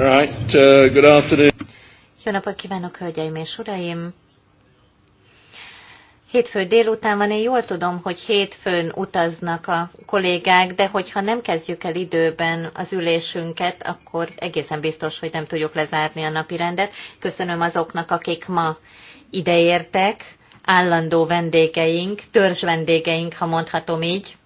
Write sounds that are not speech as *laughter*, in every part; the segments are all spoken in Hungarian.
Right, uh, good afternoon. Jó napot kívánok, hölgyeim és uraim! Hétfő délután van, én jól tudom, hogy hétfőn utaznak a kollégák, de hogyha nem kezdjük el időben az ülésünket, akkor egészen biztos, hogy nem tudjuk lezárni a napi rendet. Köszönöm azoknak, akik ma ideértek, állandó vendégeink, törzs vendégeink, ha mondhatom így.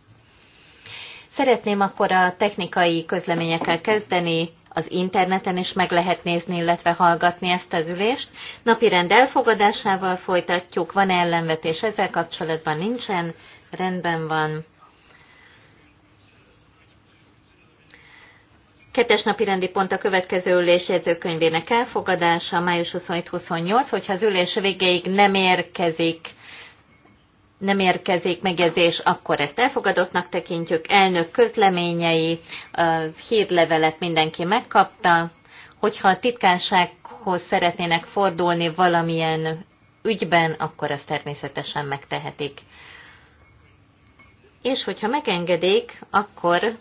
Szeretném akkor a technikai közleményekkel kezdeni az interneten is meg lehet nézni, illetve hallgatni ezt az ülést. Napirend elfogadásával folytatjuk, van -e ellenvetés ezzel kapcsolatban nincsen, rendben van. Kettes napi rendi pont a következő ülés jegyzőkönyvének elfogadása, május 27-28, hogyha az ülés végéig nem érkezik nem érkezik megjegyzés, akkor ezt elfogadottnak tekintjük. Elnök közleményei, hírlevelet mindenki megkapta. Hogyha a titkársághoz szeretnének fordulni valamilyen ügyben, akkor azt természetesen megtehetik. És hogyha megengedik, akkor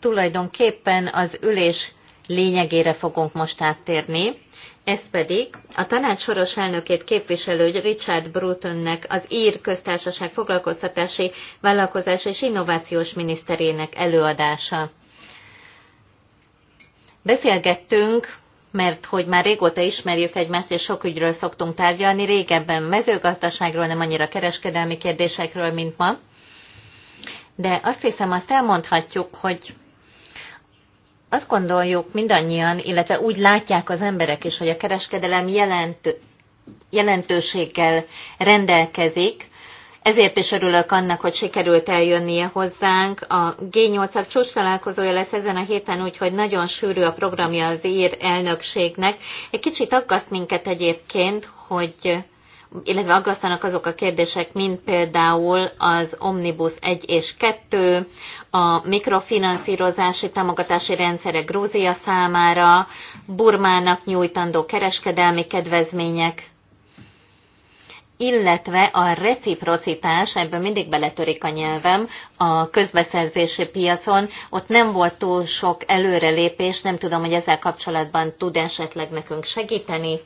tulajdonképpen az ülés lényegére fogunk most áttérni ez pedig a tanács soros elnökét képviselő Richard Brutonnek, az Ír Köztársaság foglalkoztatási vállalkozás és innovációs miniszterének előadása. Beszélgettünk mert hogy már régóta ismerjük egymást, és sok ügyről szoktunk tárgyalni, régebben mezőgazdaságról, nem annyira kereskedelmi kérdésekről, mint ma. De azt hiszem, azt elmondhatjuk, hogy azt gondoljuk mindannyian, illetve úgy látják az emberek is, hogy a kereskedelem jelentő, jelentőséggel rendelkezik, ezért is örülök annak, hogy sikerült eljönnie hozzánk. A G8-ak csúcs találkozója lesz ezen a héten, úgyhogy nagyon sűrű a programja az ír elnökségnek. Egy kicsit aggaszt minket egyébként, hogy illetve aggasztanak azok a kérdések, mint például az Omnibus 1 és 2, a mikrofinanszírozási támogatási rendszerek Grúzia számára, Burmának nyújtandó kereskedelmi kedvezmények, illetve a reciprocitás, ebben mindig beletörik a nyelvem, a közbeszerzési piacon, ott nem volt túl sok előrelépés, nem tudom, hogy ezzel kapcsolatban tud esetleg nekünk segíteni.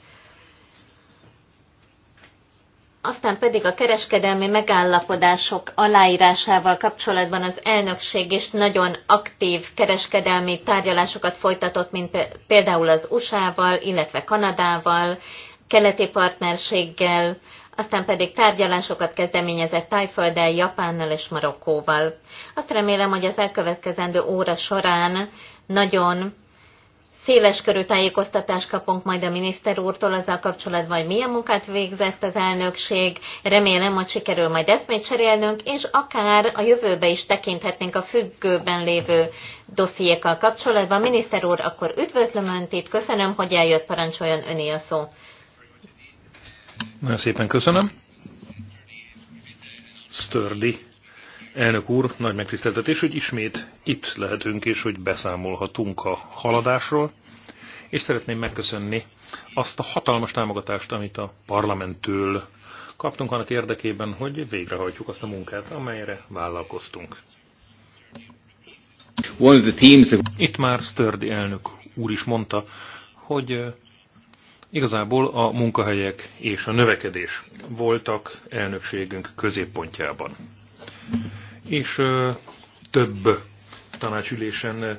Aztán pedig a kereskedelmi megállapodások aláírásával kapcsolatban az elnökség is nagyon aktív kereskedelmi tárgyalásokat folytatott, mint például az USA-val, illetve Kanadával, keleti partnerséggel, aztán pedig tárgyalásokat kezdeményezett Tájfölddel, Japánnal és Marokkóval. Azt remélem, hogy az elkövetkezendő óra során nagyon széles körű tájékoztatást kapunk majd a miniszter úrtól azzal kapcsolatban, hogy milyen munkát végzett az elnökség. Remélem, hogy sikerül majd eszmét cserélnünk, és akár a jövőbe is tekinthetnénk a függőben lévő dossziékkal kapcsolatban. Miniszter úr, akkor üdvözlöm Önt itt, köszönöm, hogy eljött, parancsoljon Öné a szó. Nagyon szépen köszönöm. Sturdy Elnök úr, nagy megtiszteltetés, hogy ismét itt lehetünk és hogy beszámolhatunk a haladásról, és szeretném megköszönni azt a hatalmas támogatást, amit a parlamenttől kaptunk annak érdekében, hogy végrehajtjuk azt a munkát, amelyre vállalkoztunk. Itt már Sturdy elnök úr is mondta, hogy igazából a munkahelyek és a növekedés voltak elnökségünk középpontjában és több tanácsülésen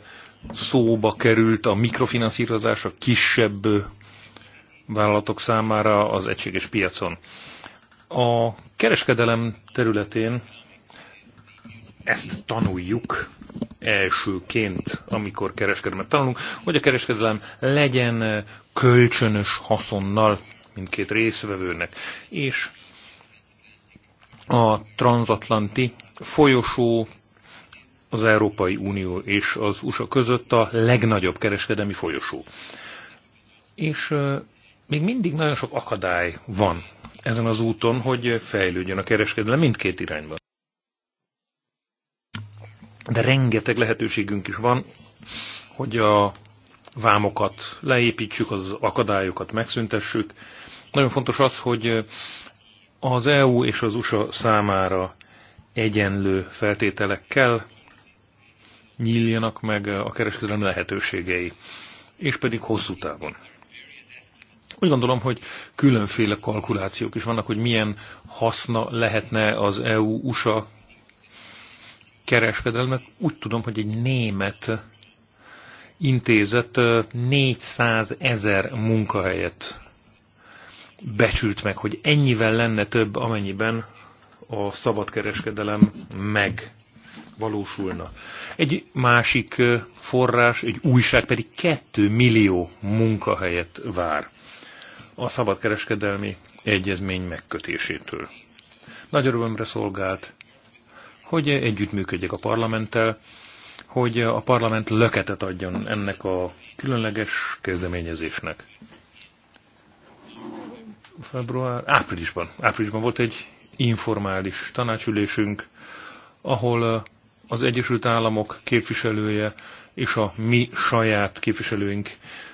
szóba került a mikrofinanszírozás a kisebb vállalatok számára az egységes piacon. A kereskedelem területén ezt tanuljuk elsőként, amikor kereskedelmet tanulunk, hogy a kereskedelem legyen kölcsönös haszonnal mindkét részvevőnek. És a transatlanti folyosó az Európai Unió és az USA között a legnagyobb kereskedelmi folyosó. És még mindig nagyon sok akadály van ezen az úton, hogy fejlődjön a kereskedelem mindkét irányban. De rengeteg lehetőségünk is van, hogy a vámokat leépítsük, az akadályokat megszüntessük. Nagyon fontos az, hogy az EU és az USA számára egyenlő feltételekkel nyíljanak meg a kereskedelem lehetőségei, és pedig hosszú távon. Úgy gondolom, hogy különféle kalkulációk is vannak, hogy milyen haszna lehetne az EU-USA kereskedelmek. Úgy tudom, hogy egy német intézet 400 ezer munkahelyet becsült meg, hogy ennyivel lenne több, amennyiben a szabadkereskedelem megvalósulna. Egy másik forrás, egy újság pedig 2 millió munkahelyet vár a szabadkereskedelmi egyezmény megkötésétől. Nagy örömömre szolgált, hogy együttműködjek a parlamenttel, hogy a parlament löketet adjon ennek a különleges kezdeményezésnek. Február, áprilisban. Áprilisban volt egy informális tanácsülésünk, ahol az Egyesült Államok képviselője és a mi saját képviselőink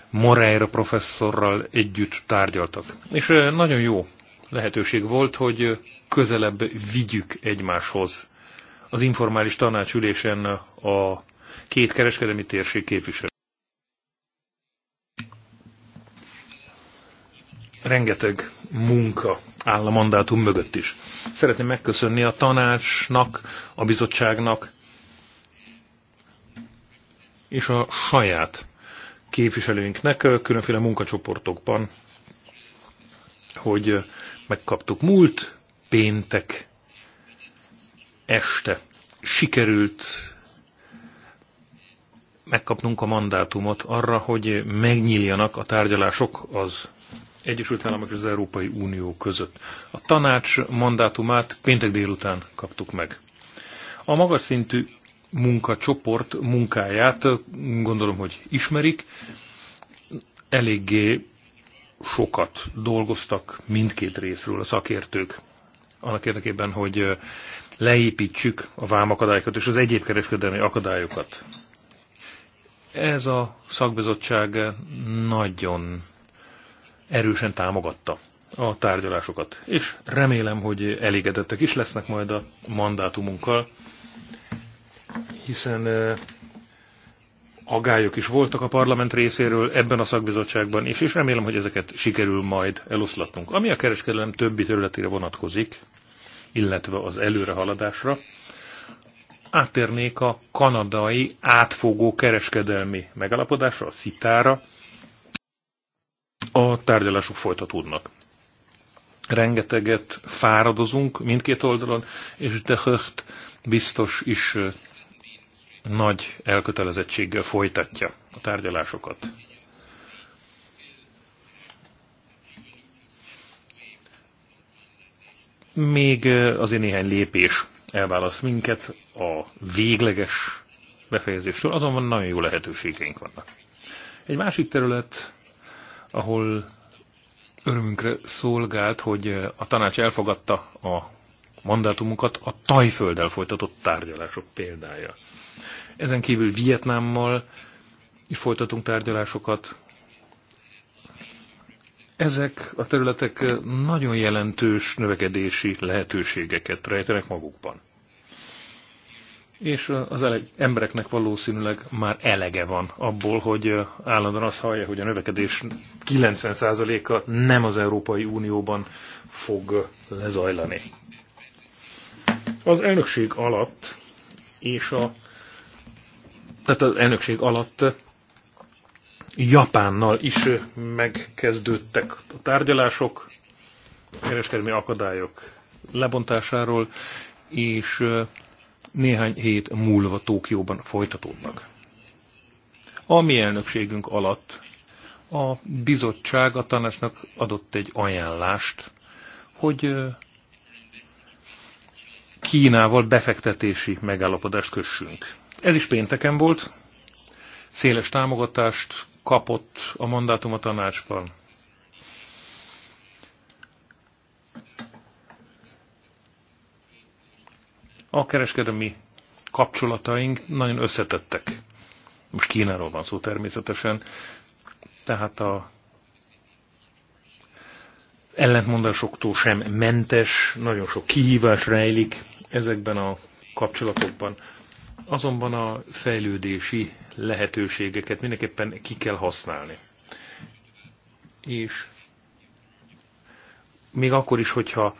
Moreira professzorral együtt tárgyaltak. És nagyon jó lehetőség volt, hogy közelebb vigyük egymáshoz az informális tanácsülésen a két kereskedelmi térség képviselő. rengeteg munka áll a mandátum mögött is. Szeretném megköszönni a tanácsnak, a bizottságnak és a saját képviselőinknek különféle munkacsoportokban, hogy megkaptuk múlt péntek este. Sikerült megkapnunk a mandátumot arra, hogy megnyíljanak a tárgyalások az Egyesült Államok és az Európai Unió között. A tanács mandátumát péntek délután kaptuk meg. A magas szintű munkacsoport munkáját gondolom, hogy ismerik. Eléggé sokat dolgoztak mindkét részről a szakértők. Annak érdekében, hogy leépítsük a vámakadályokat és az egyéb kereskedelmi akadályokat. Ez a szakbizottság nagyon erősen támogatta a tárgyalásokat, és remélem, hogy elégedettek is lesznek majd a mandátumunkkal, hiszen agályok is voltak a parlament részéről ebben a szakbizottságban is, és remélem, hogy ezeket sikerül majd eloszlatnunk. Ami a kereskedelem többi területére vonatkozik, illetve az előrehaladásra, áttérnék a kanadai átfogó kereskedelmi megalapodásra, a Citára a tárgyalások folytatódnak. Rengeteget fáradozunk mindkét oldalon, és de Höcht biztos is nagy elkötelezettséggel folytatja a tárgyalásokat. Még azért néhány lépés elválaszt minket a végleges befejezéstől, azonban nagyon jó lehetőségeink vannak. Egy másik terület ahol örömünkre szolgált, hogy eh, a tanács elfogadta a mandátumukat a Tajfölddel folytatott tárgyalások példája. Ezen kívül Vietnámmal is folytatunk tárgyalásokat. Ezek a területek eh, nagyon jelentős növekedési lehetőségeket rejtenek magukban és az eleg, embereknek valószínűleg már elege van abból, hogy állandóan azt hallja, hogy a növekedés 90%-a nem az Európai Unióban fog lezajlani. Az elnökség alatt és a tehát az elnökség alatt Japánnal is megkezdődtek a tárgyalások, kereskedelmi akadályok lebontásáról, és néhány hét múlva Tókióban folytatódnak. A mi elnökségünk alatt a bizottság a tanácsnak adott egy ajánlást, hogy Kínával befektetési megállapodást kössünk. Ez is pénteken volt, széles támogatást kapott a mandátum a tanácsban. a kereskedelmi kapcsolataink nagyon összetettek. Most Kínáról van szó természetesen. Tehát a ellentmondásoktól sem mentes, nagyon sok kihívás rejlik ezekben a kapcsolatokban. Azonban a fejlődési lehetőségeket mindenképpen ki kell használni. És még akkor is, hogyha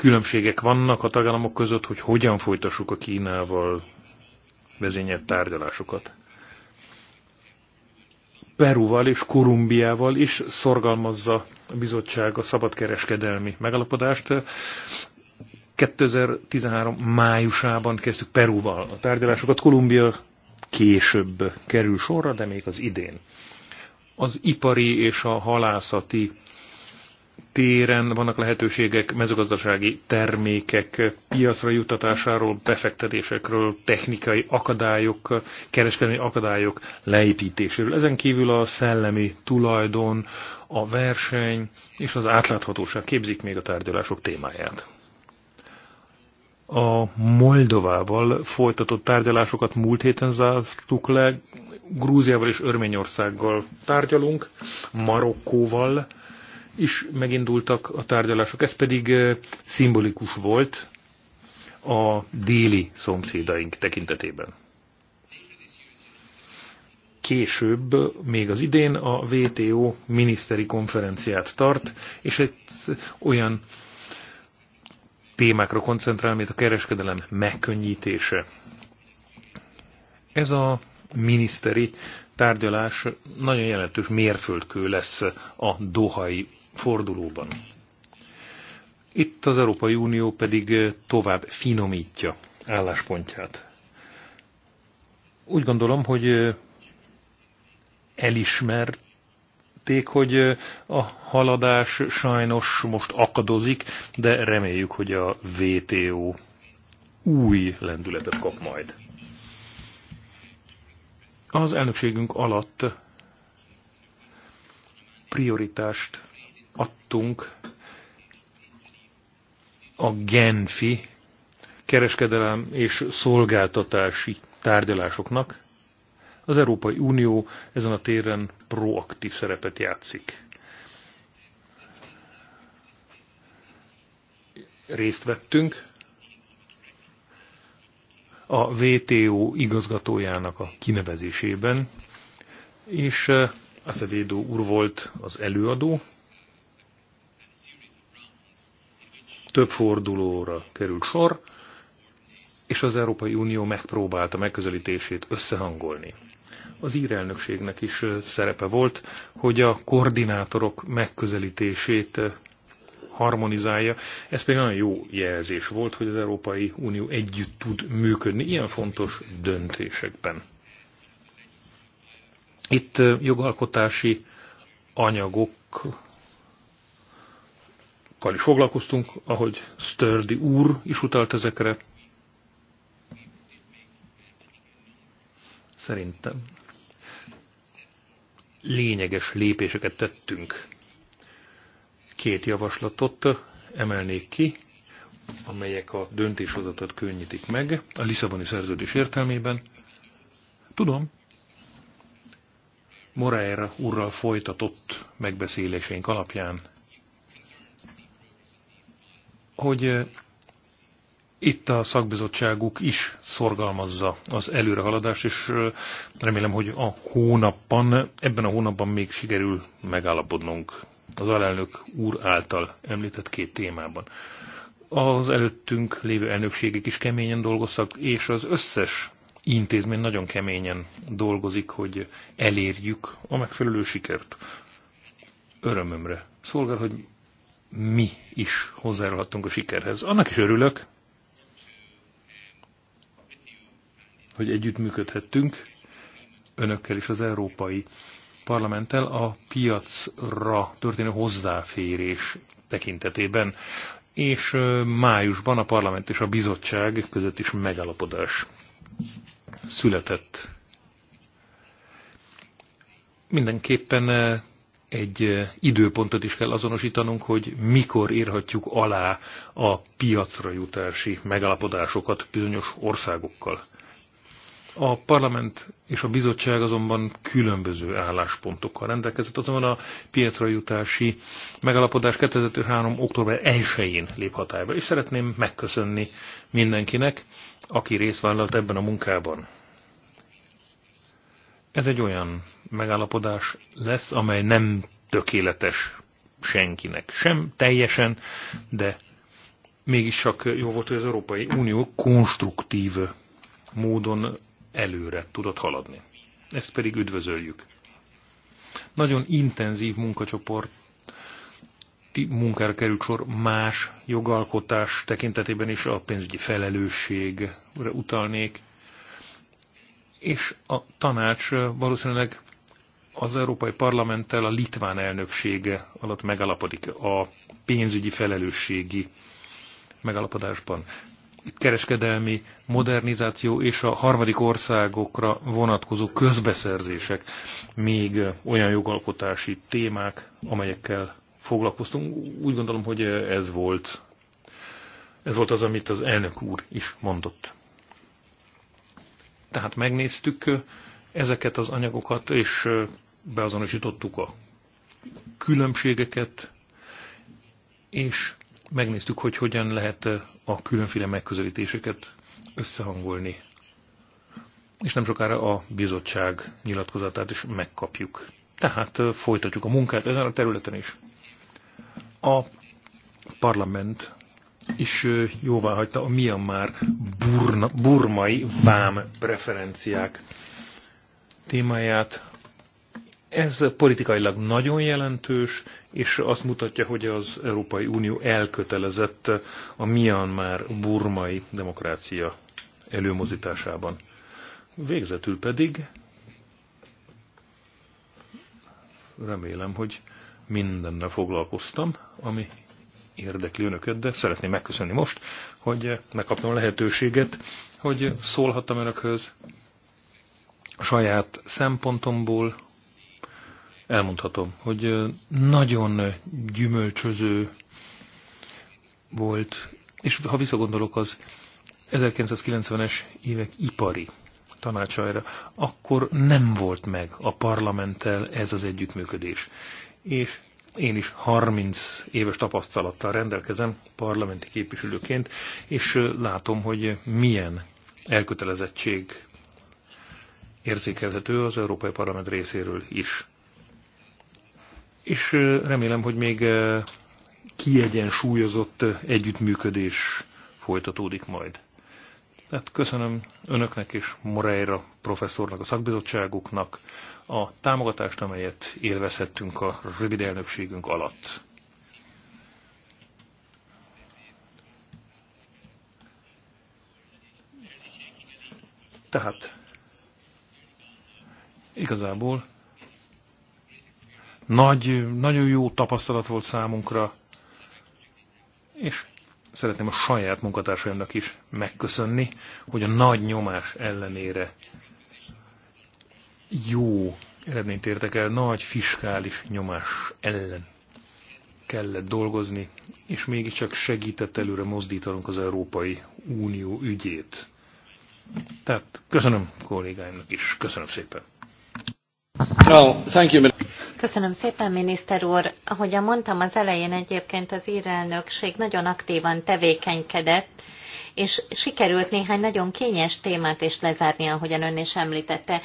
különbségek vannak a tagállamok között, hogy hogyan folytassuk a Kínával vezényelt tárgyalásokat. Peruval és Kolumbiával is szorgalmazza a bizottság a szabadkereskedelmi megalapodást. 2013 májusában kezdtük Peruval a tárgyalásokat, Kolumbia később kerül sorra, de még az idén. Az ipari és a halászati téren vannak lehetőségek mezőgazdasági termékek piacra juttatásáról, befektetésekről, technikai akadályok, kereskedelmi akadályok leépítéséről. Ezen kívül a szellemi tulajdon, a verseny és az átláthatóság képzik még a tárgyalások témáját. A Moldovával folytatott tárgyalásokat múlt héten zártuk le, Grúziával és Örményországgal tárgyalunk, Marokkóval, is megindultak a tárgyalások, ez pedig szimbolikus volt a déli szomszédaink tekintetében. Később, még az idén a WTO miniszteri konferenciát tart, és egy olyan témákra koncentrál, mint a kereskedelem megkönnyítése. Ez a miniszteri tárgyalás nagyon jelentős mérföldkő lesz a Dohai fordulóban. Itt az Európai Unió pedig tovább finomítja álláspontját. Úgy gondolom, hogy elismerték, hogy a haladás sajnos most akadozik, de reméljük, hogy a VTO új lendületet kap majd. Az elnökségünk alatt prioritást adtunk a Genfi kereskedelem és szolgáltatási tárgyalásoknak. Az Európai Unió ezen a téren proaktív szerepet játszik. Részt vettünk a VTO igazgatójának a kinevezésében, és eh, Acevedo úr volt az előadó, több fordulóra került sor, és az Európai Unió megpróbálta megközelítését összehangolni. Az írelnökségnek is szerepe volt, hogy a koordinátorok megközelítését harmonizálja. Ez pedig nagyon jó jelzés volt, hogy az Európai Unió együtt tud működni ilyen fontos döntésekben. Itt jogalkotási anyagok kal is foglalkoztunk, ahogy Stördi úr is utalt ezekre. Szerintem lényeges lépéseket tettünk. Két javaslatot emelnék ki, amelyek a döntéshozatot könnyítik meg a Lisszaboni szerződés értelmében. Tudom, Moreira úrral folytatott megbeszéléseink alapján hogy itt a szakbizottságuk is szorgalmazza az előrehaladást, és remélem, hogy a hónapban, ebben a hónapban még sikerül megállapodnunk az alelnök úr által említett két témában. Az előttünk lévő elnökségek is keményen dolgoztak, és az összes intézmény nagyon keményen dolgozik, hogy elérjük a megfelelő sikert. Örömömre szolgál, hogy mi is hozzájárulhattunk a sikerhez. Annak is örülök, hogy együttműködhettünk önökkel is az Európai Parlamenttel a piacra történő hozzáférés tekintetében, és májusban a parlament és a bizottság között is megalapodás született. Mindenképpen egy időpontot is kell azonosítanunk, hogy mikor írhatjuk alá a piacra jutási megállapodásokat bizonyos országokkal. A parlament és a bizottság azonban különböző álláspontokkal rendelkezett, azonban a piacra jutási megalapodás 2003. október 1-én lép hatályba, és szeretném megköszönni mindenkinek, aki részt vállalt ebben a munkában. Ez egy olyan megállapodás lesz, amely nem tökéletes senkinek sem teljesen, de mégis csak jó volt, hogy az Európai Unió konstruktív módon előre tudott haladni. Ezt pedig üdvözöljük. Nagyon intenzív munkacsoport munkára került sor más jogalkotás tekintetében is a pénzügyi felelősségre utalnék, és a tanács valószínűleg az Európai Parlamenttel a litván elnöksége alatt megalapodik a pénzügyi felelősségi megalapodásban. Itt kereskedelmi modernizáció és a harmadik országokra vonatkozó közbeszerzések még olyan jogalkotási témák, amelyekkel foglalkoztunk. Úgy gondolom, hogy ez volt, ez volt az, amit az elnök úr is mondott. Tehát megnéztük ezeket az anyagokat, és beazonosítottuk a különbségeket, és megnéztük, hogy hogyan lehet a különféle megközelítéseket összehangolni. És nem sokára a bizottság nyilatkozatát is megkapjuk. Tehát folytatjuk a munkát ezen a területen is. A parlament és jóvá hagyta a Myanmar burna, burmai vám preferenciák témáját. Ez politikailag nagyon jelentős, és azt mutatja, hogy az Európai Unió elkötelezett a Myanmar burmai demokrácia előmozításában. Végzetül pedig remélem, hogy mindennel foglalkoztam, ami érdekli önöket, de szeretném megköszönni most, hogy megkaptam a lehetőséget, hogy szólhattam önökhöz a saját szempontomból. Elmondhatom, hogy nagyon gyümölcsöző volt, és ha visszagondolok az 1990-es évek ipari tanácsaira, akkor nem volt meg a parlamenttel ez az együttműködés. És én is 30 éves tapasztalattal rendelkezem parlamenti képviselőként, és látom, hogy milyen elkötelezettség érzékelhető az Európai Parlament részéről is. És remélem, hogy még kiegyensúlyozott együttműködés folytatódik majd. Tehát köszönöm önöknek és Moreira professzornak, a szakbizottságuknak, a támogatást, amelyet élvezhettünk a rövid elnökségünk alatt. Tehát igazából nagy, nagyon jó tapasztalat volt számunkra, és szeretném a saját munkatársaimnak is megköszönni, hogy a nagy nyomás ellenére jó eredményt értek el, nagy fiskális nyomás ellen kellett dolgozni, és mégiscsak segített előre mozdítanunk az Európai Unió ügyét. Tehát köszönöm kollégáimnak is, köszönöm szépen. thank you. Köszönöm szépen, miniszter úr. Ahogy mondtam az elején, egyébként az írelnökség nagyon aktívan tevékenykedett, és sikerült néhány nagyon kényes témát is lezárni, ahogyan ön is említette.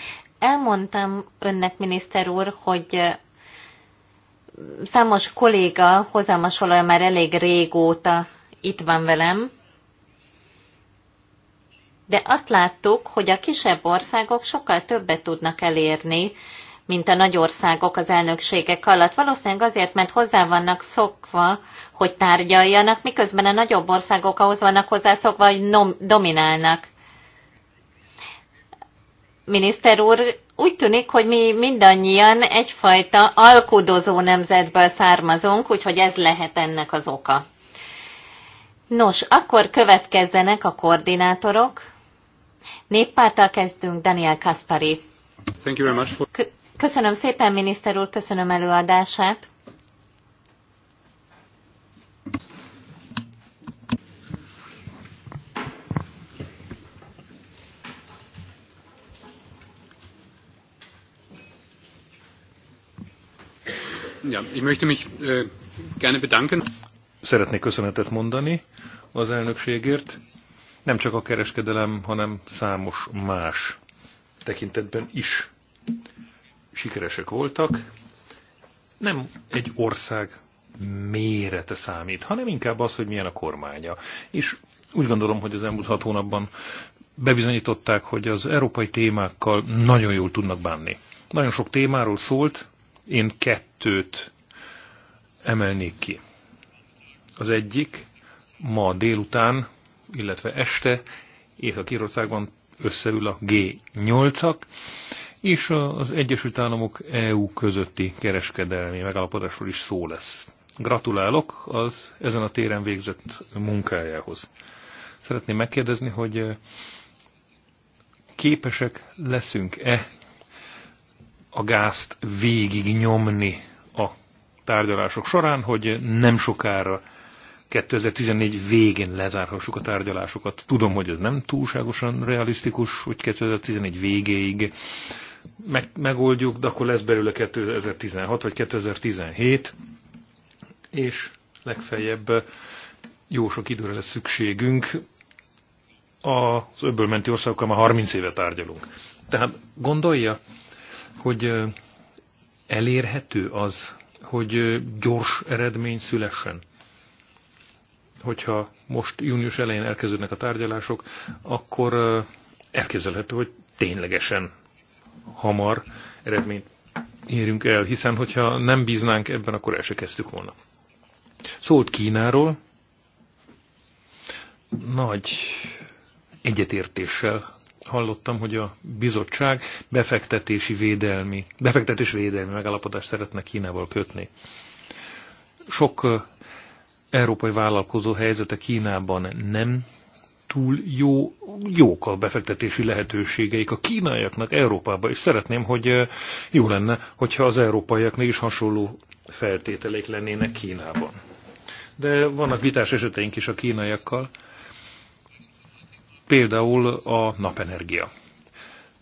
Elmondtam önnek, miniszter úr, hogy számos kolléga hozzámasolója már elég régóta itt van velem, de azt láttuk, hogy a kisebb országok sokkal többet tudnak elérni, mint a nagy országok az elnökségek alatt. Valószínűleg azért, mert hozzá vannak szokva, hogy tárgyaljanak, miközben a nagyobb országok ahhoz vannak hozzászokva, hogy nom- dominálnak miniszter úr, úgy tűnik, hogy mi mindannyian egyfajta alkudozó nemzetből származunk, úgyhogy ez lehet ennek az oka. Nos, akkor következzenek a koordinátorok. Néppártal kezdünk, Daniel Kaspari. Thank you very much for... Köszönöm szépen, miniszter úr, köszönöm előadását. Ja, ich möchte mich äh, gerne bedanken. Szeretnék köszönetet mondani az elnökségért. Nem csak a kereskedelem, hanem számos más tekintetben is sikeresek voltak. Nem egy ország mérete számít, hanem inkább az, hogy milyen a kormánya. És úgy gondolom, hogy az elmúlt hat hónapban bebizonyították, hogy az európai témákkal nagyon jól tudnak bánni. Nagyon sok témáról szólt, én kettőt emelnék ki. Az egyik ma délután, illetve este Észak-Írországban összeül a G8-ak, és az Egyesült Államok EU közötti kereskedelmi megállapodásról is szó lesz. Gratulálok az ezen a téren végzett munkájához. Szeretném megkérdezni, hogy képesek leszünk-e a gázt végig nyomni a tárgyalások során, hogy nem sokára 2014 végén lezárhassuk a tárgyalásokat. Tudom, hogy ez nem túlságosan realisztikus, hogy 2014 végéig meg, megoldjuk, de akkor lesz belőle 2016 vagy 2017, és legfeljebb jó sok időre lesz szükségünk. Az öbölmenti menti országokkal már 30 éve tárgyalunk. Tehát gondolja, hogy elérhető az, hogy gyors eredmény szülessen. Hogyha most június elején elkezdődnek a tárgyalások, akkor elképzelhető, hogy ténylegesen hamar eredményt érünk el, hiszen hogyha nem bíznánk ebben, akkor el se kezdtük volna. Szólt Kínáról, nagy egyetértéssel hallottam, hogy a bizottság befektetési védelmi, befektetés védelmi megállapodást szeretne Kínával kötni. Sok európai vállalkozó helyzete Kínában nem túl jó, jók a befektetési lehetőségeik a kínaiaknak Európában, és szeretném, hogy jó lenne, hogyha az európaiak mégis hasonló feltételeik lennének Kínában. De vannak vitás eseteink is a kínaiakkal, Például a napenergia.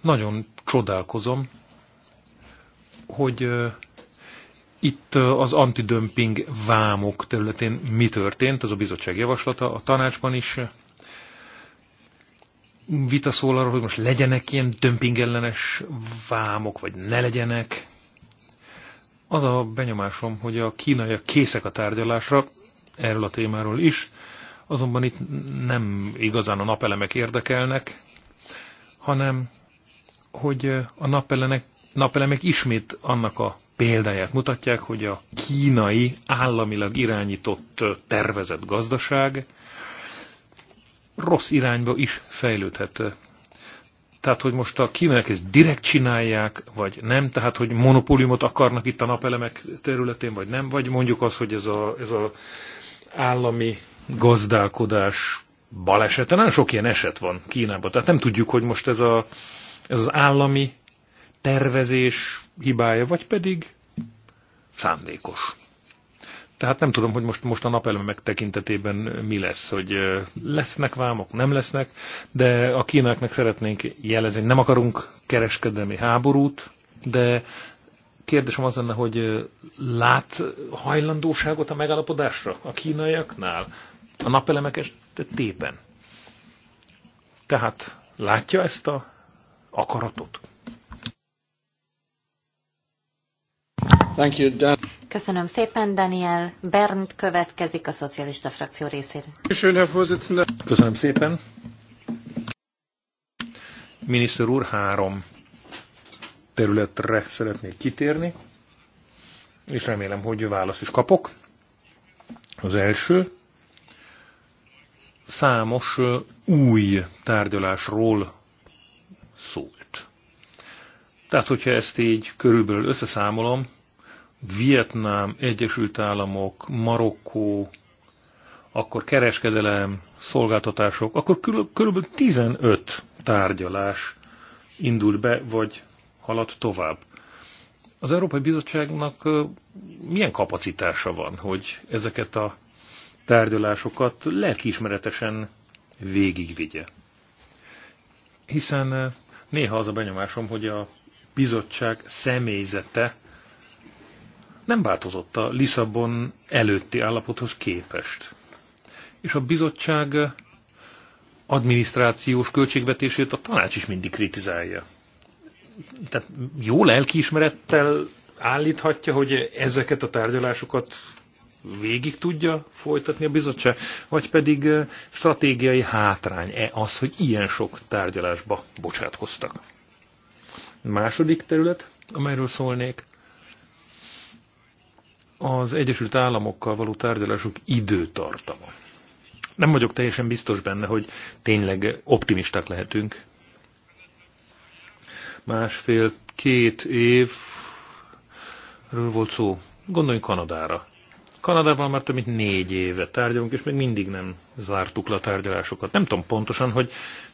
Nagyon csodálkozom, hogy itt az antidömping vámok területén mi történt, ez a bizottság javaslata, a tanácsban is vita szól arra, hogy most legyenek ilyen dömpingellenes vámok, vagy ne legyenek. Az a benyomásom, hogy a kínaiak készek a tárgyalásra, erről a témáról is, Azonban itt nem igazán a napelemek érdekelnek, hanem hogy a napelemek, napelemek ismét annak a példáját mutatják, hogy a kínai államilag irányított tervezett gazdaság rossz irányba is fejlődhet. Tehát, hogy most a kínaiak ezt direkt csinálják, vagy nem, tehát, hogy monopóliumot akarnak itt a napelemek területén, vagy nem, vagy mondjuk az, hogy ez a, ez a állami gazdálkodás balesete. Nagyon sok ilyen eset van Kínában, tehát nem tudjuk, hogy most ez, a, ez az állami tervezés hibája, vagy pedig szándékos. Tehát nem tudom, hogy most, most a napelemek tekintetében mi lesz, hogy lesznek vámok, nem lesznek, de a kínáknak szeretnénk jelezni, nem akarunk kereskedelmi háborút, de kérdésem az lenne, hogy lát hajlandóságot a megállapodásra a kínaiaknál, a napelemek esetében. Tehát látja ezt a akaratot? Thank you, Dan. Köszönöm szépen, Daniel. Bernd következik a szocialista frakció részéről. Köszönöm szépen. Miniszter úr, három területre szeretnék kitérni, és remélem, hogy választ is kapok. Az első, számos új tárgyalásról szólt. Tehát, hogyha ezt így körülbelül összeszámolom, Vietnám, Egyesült Államok, Marokkó, akkor kereskedelem, szolgáltatások, akkor körülbelül 15 tárgyalás indult be, vagy halad tovább. Az Európai Bizottságnak milyen kapacitása van, hogy ezeket a tárgyalásokat lelkiismeretesen végigvigye? Hiszen néha az a benyomásom, hogy a bizottság személyzete nem változott a Lisszabon előtti állapothoz képest. És a bizottság adminisztrációs költségvetését a tanács is mindig kritizálja tehát jó lelkiismerettel állíthatja, hogy ezeket a tárgyalásokat végig tudja folytatni a bizottság, vagy pedig eh, stratégiai hátrány-e az, hogy ilyen sok tárgyalásba bocsátkoztak. Második terület, amelyről szólnék, az Egyesült Államokkal való tárgyalások időtartama. Nem vagyok teljesen biztos benne, hogy tényleg optimisták lehetünk, másfél-két évről volt szó. Gondoljunk Kanadára. Kanadával már több mint négy éve tárgyalunk, és még mindig nem zártuk le a tárgyalásokat. Nem tudom pontosan, hogy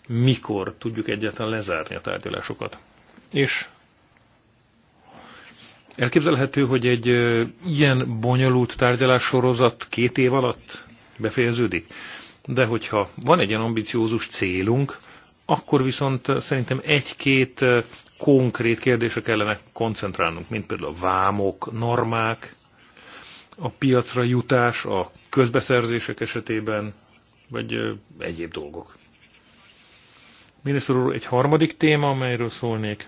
mikor tudjuk egyáltalán lezárni a tárgyalásokat. És elképzelhető, hogy egy ilyen bonyolult tárgyalássorozat két év alatt befejeződik. De hogyha van egy ilyen ambiciózus célunk, akkor viszont eh, szerintem egy-két eh, konkrét kérdésre kellene koncentrálnunk, mint például a vámok, normák, a piacra jutás, a közbeszerzések esetében, vagy eh, egyéb dolgok. Miniszter úr, egy harmadik téma, amelyről szólnék.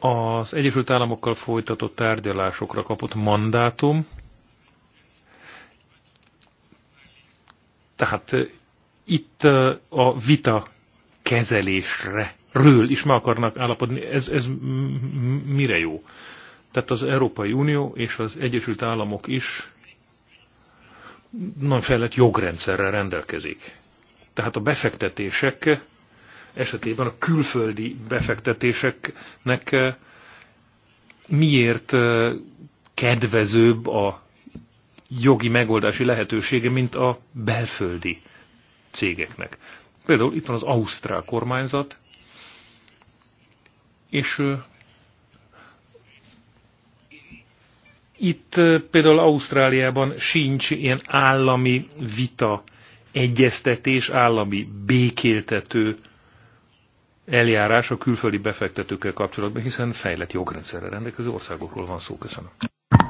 Az Egyesült Államokkal folytatott tárgyalásokra kapott mandátum, tehát itt a vita kezelésre ről is meg akarnak állapodni. Ez, ez mire jó? Tehát az Európai Unió és az Egyesült Államok is nagyon fejlett jogrendszerrel rendelkezik. Tehát a befektetések esetében a külföldi befektetéseknek miért kedvezőbb a jogi megoldási lehetősége, mint a belföldi cégeknek. Például itt van az Ausztrál kormányzat, és itt például Ausztráliában sincs ilyen állami vita, egyeztetés, állami békéltető eljárás a külföldi befektetőkkel kapcsolatban, hiszen fejlett jogrendszerre rendelkező országokról van szó. Köszönöm.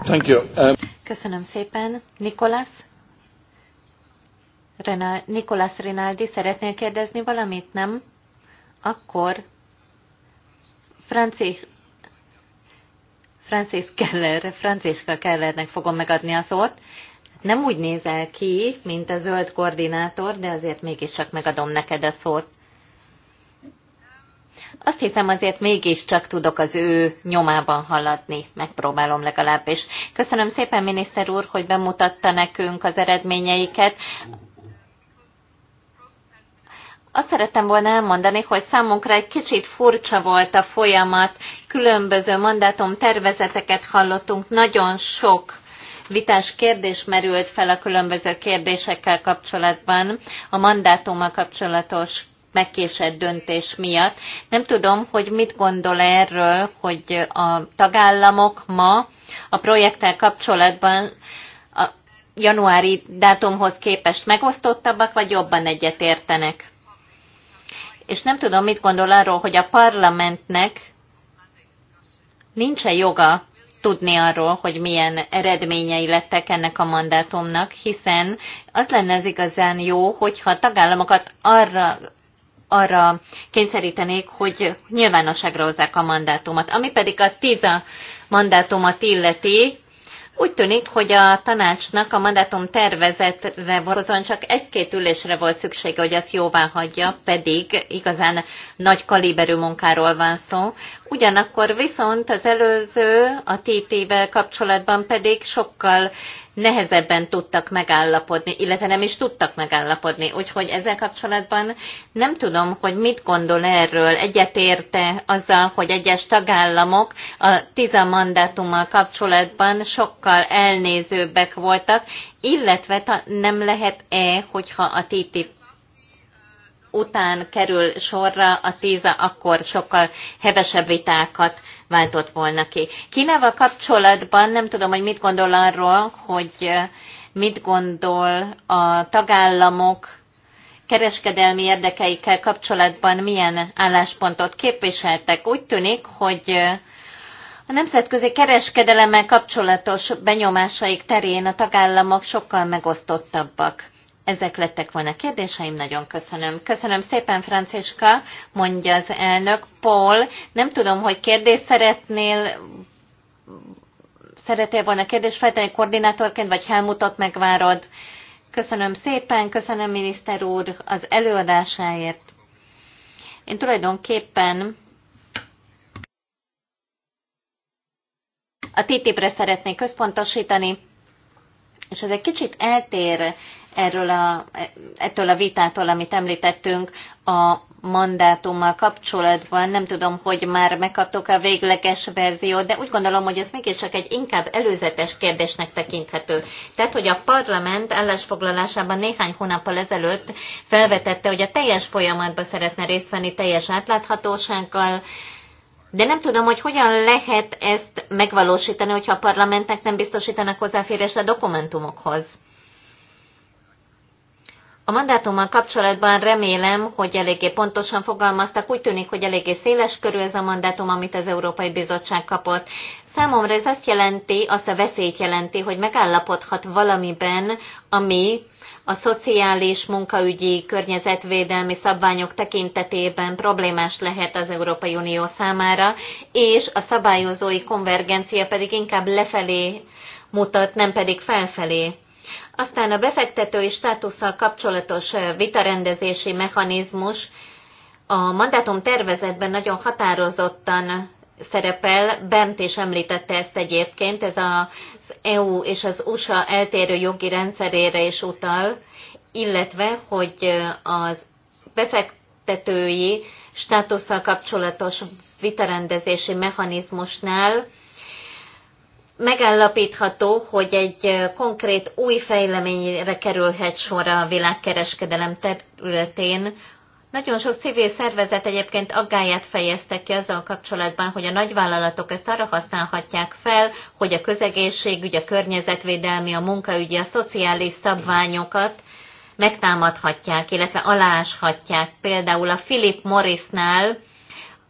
Thank you. Um... Köszönöm szépen. Nikolász? Renal, Nikolas Rinaldi, szeretnél kérdezni valamit, nem? Akkor Francis, Francis Keller, Franciska Kellernek fogom megadni a szót. Nem úgy nézel ki, mint a zöld koordinátor, de azért mégiscsak megadom neked a szót. Azt hiszem azért mégiscsak tudok az ő nyomában haladni, megpróbálom legalábbis. Köszönöm szépen, miniszter úr, hogy bemutatta nekünk az eredményeiket. Azt szerettem volna elmondani, hogy számunkra egy kicsit furcsa volt a folyamat, különböző mandátum tervezeteket hallottunk, nagyon sok vitás kérdés merült fel a különböző kérdésekkel kapcsolatban, a mandátummal kapcsolatos megkésett döntés miatt. Nem tudom, hogy mit gondol erről, hogy a tagállamok ma a projekttel kapcsolatban a januári dátumhoz képest megosztottabbak, vagy jobban egyetértenek? és nem tudom, mit gondol arról, hogy a parlamentnek nincsen joga tudni arról, hogy milyen eredményei lettek ennek a mandátumnak, hiszen az lenne az igazán jó, hogyha a tagállamokat arra arra kényszerítenék, hogy nyilvánosságra hozzák a mandátumot. Ami pedig a TISA mandátumot illeti, úgy tűnik, hogy a tanácsnak a mandátum tervezetre vonatkozóan csak egy-két ülésre volt szüksége, hogy ezt jóvá hagyja, pedig igazán nagy kaliberű munkáról van szó. Ugyanakkor viszont az előző, a TT-vel kapcsolatban pedig sokkal nehezebben tudtak megállapodni, illetve nem is tudtak megállapodni. Úgyhogy ezzel kapcsolatban nem tudom, hogy mit gondol erről. Egyetérte azzal, hogy egyes tagállamok a tiza mandátummal kapcsolatban sokkal elnézőbbek voltak, illetve nem lehet-e, hogyha a TTIP után kerül sorra a tíza, akkor sokkal hevesebb vitákat váltott volna ki. Kínával kapcsolatban nem tudom, hogy mit gondol arról, hogy mit gondol a tagállamok kereskedelmi érdekeikkel kapcsolatban milyen álláspontot képviseltek. Úgy tűnik, hogy a nemzetközi kereskedelemmel kapcsolatos benyomásaik terén a tagállamok sokkal megosztottabbak. Ezek lettek volna kérdéseim, nagyon köszönöm. Köszönöm szépen, Franciska, mondja az elnök. Paul, nem tudom, hogy kérdés szeretnél, szeretél volna kérdést feltenni koordinátorként, vagy Helmutot megvárod. Köszönöm szépen, köszönöm miniszter úr az előadásáért. Én tulajdonképpen a TTIP-re szeretnék központosítani, és ez egy kicsit eltér erről a, ettől a vitától, amit említettünk a mandátummal kapcsolatban. Nem tudom, hogy már megkaptok a végleges verziót, de úgy gondolom, hogy ez mégiscsak egy inkább előzetes kérdésnek tekinthető. Tehát, hogy a parlament állásfoglalásában néhány hónappal ezelőtt felvetette, hogy a teljes folyamatban szeretne részt venni teljes átláthatósággal, de nem tudom, hogy hogyan lehet ezt megvalósítani, hogyha a parlamentnek nem biztosítanak hozzáférést a dokumentumokhoz. A mandátummal kapcsolatban remélem, hogy eléggé pontosan fogalmaztak. Úgy tűnik, hogy eléggé széles körül ez a mandátum, amit az Európai Bizottság kapott. Számomra ez azt jelenti, azt a veszélyt jelenti, hogy megállapodhat valamiben, ami a szociális, munkaügyi, környezetvédelmi szabványok tekintetében problémás lehet az Európai Unió számára, és a szabályozói konvergencia pedig inkább lefelé mutat, nem pedig felfelé. Aztán a befektetői státusszal kapcsolatos vitarendezési mechanizmus a mandátum tervezetben nagyon határozottan szerepel, Bent is említette ezt egyébként, ez az EU és az USA eltérő jogi rendszerére is utal, illetve, hogy az befektetői státusszal kapcsolatos vitarendezési mechanizmusnál megállapítható, hogy egy konkrét új fejleményre kerülhet sor a világkereskedelem területén. Nagyon sok civil szervezet egyébként aggáját fejezte ki azzal kapcsolatban, hogy a nagyvállalatok ezt arra használhatják fel, hogy a közegészségügy, a környezetvédelmi, a munkaügyi, a szociális szabványokat megtámadhatják, illetve aláshatják. Például a Philip Morrisnál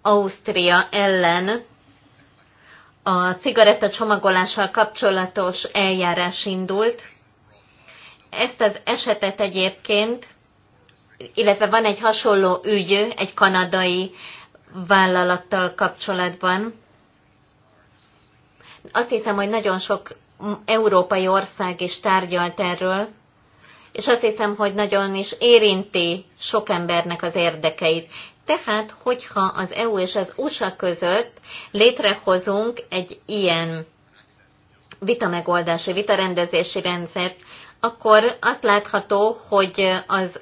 Ausztria ellen a cigaretta csomagolással kapcsolatos eljárás indult. Ezt az esetet egyébként, illetve van egy hasonló ügy egy kanadai vállalattal kapcsolatban. Azt hiszem, hogy nagyon sok európai ország is tárgyalt erről, és azt hiszem, hogy nagyon is érinti sok embernek az érdekeit. Tehát, hogyha az EU és az USA között létrehozunk egy ilyen vitamegoldási, vitarendezési rendszert, akkor azt látható, hogy az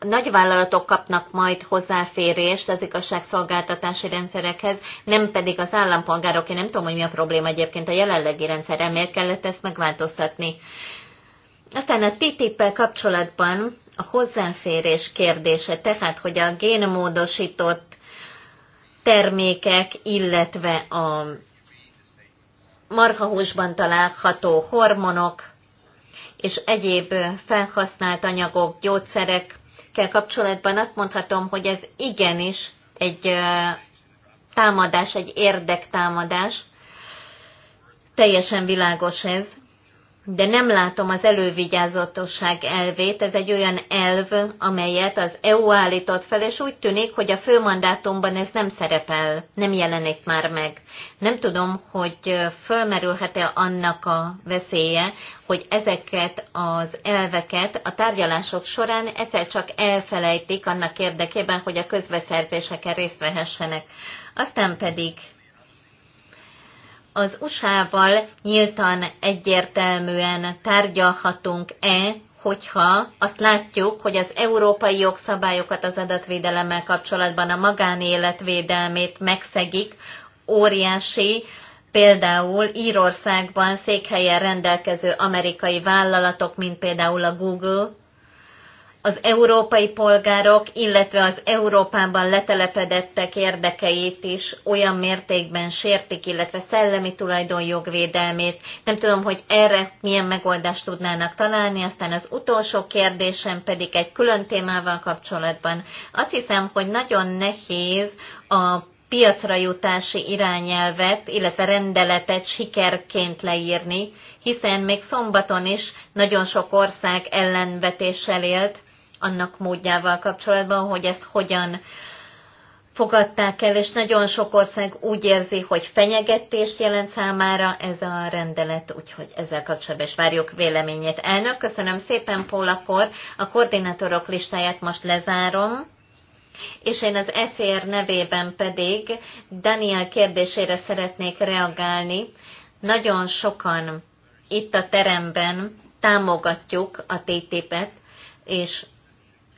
nagyvállalatok kapnak majd hozzáférést az igazságszolgáltatási rendszerekhez, nem pedig az állampolgárok. Én nem tudom, hogy mi a probléma egyébként a jelenlegi rendszerrel, miért kellett ezt megváltoztatni. Aztán a TTIP-pel kapcsolatban a hozzáférés kérdése, tehát hogy a génmódosított termékek, illetve a marhahúsban található hormonok és egyéb felhasznált anyagok, gyógyszerekkel kapcsolatban azt mondhatom, hogy ez igenis egy támadás, egy érdektámadás. Teljesen világos ez de nem látom az elővigyázatosság elvét, ez egy olyan elv, amelyet az EU állított fel, és úgy tűnik, hogy a főmandátumban ez nem szerepel, nem jelenik már meg. Nem tudom, hogy fölmerülhet-e annak a veszélye, hogy ezeket az elveket a tárgyalások során egyszer csak elfelejtik annak érdekében, hogy a közbeszerzéseken részt vehessenek. Aztán pedig az USA-val nyíltan egyértelműen tárgyalhatunk-e, hogyha azt látjuk, hogy az európai jogszabályokat az adatvédelemmel kapcsolatban a magánéletvédelmét megszegik, óriási, például Írországban székhelyen rendelkező amerikai vállalatok, mint például a Google, az európai polgárok, illetve az Európában letelepedettek érdekeit is olyan mértékben sértik, illetve szellemi tulajdonjogvédelmét. Nem tudom, hogy erre milyen megoldást tudnának találni. Aztán az utolsó kérdésem pedig egy külön témával kapcsolatban. Azt hiszem, hogy nagyon nehéz a piacra jutási irányelvet, illetve rendeletet sikerként leírni, hiszen még szombaton is nagyon sok ország ellenvetéssel élt, annak módjával kapcsolatban, hogy ezt hogyan fogadták el, és nagyon sok ország úgy érzi, hogy fenyegetés jelent számára ez a rendelet, úgyhogy ezzel kapcsolatban is várjuk véleményét. Elnök, köszönöm szépen, Pól, a koordinátorok listáját most lezárom. És én az ECR nevében pedig Daniel kérdésére szeretnék reagálni. Nagyon sokan itt a teremben támogatjuk a TTIP-et, és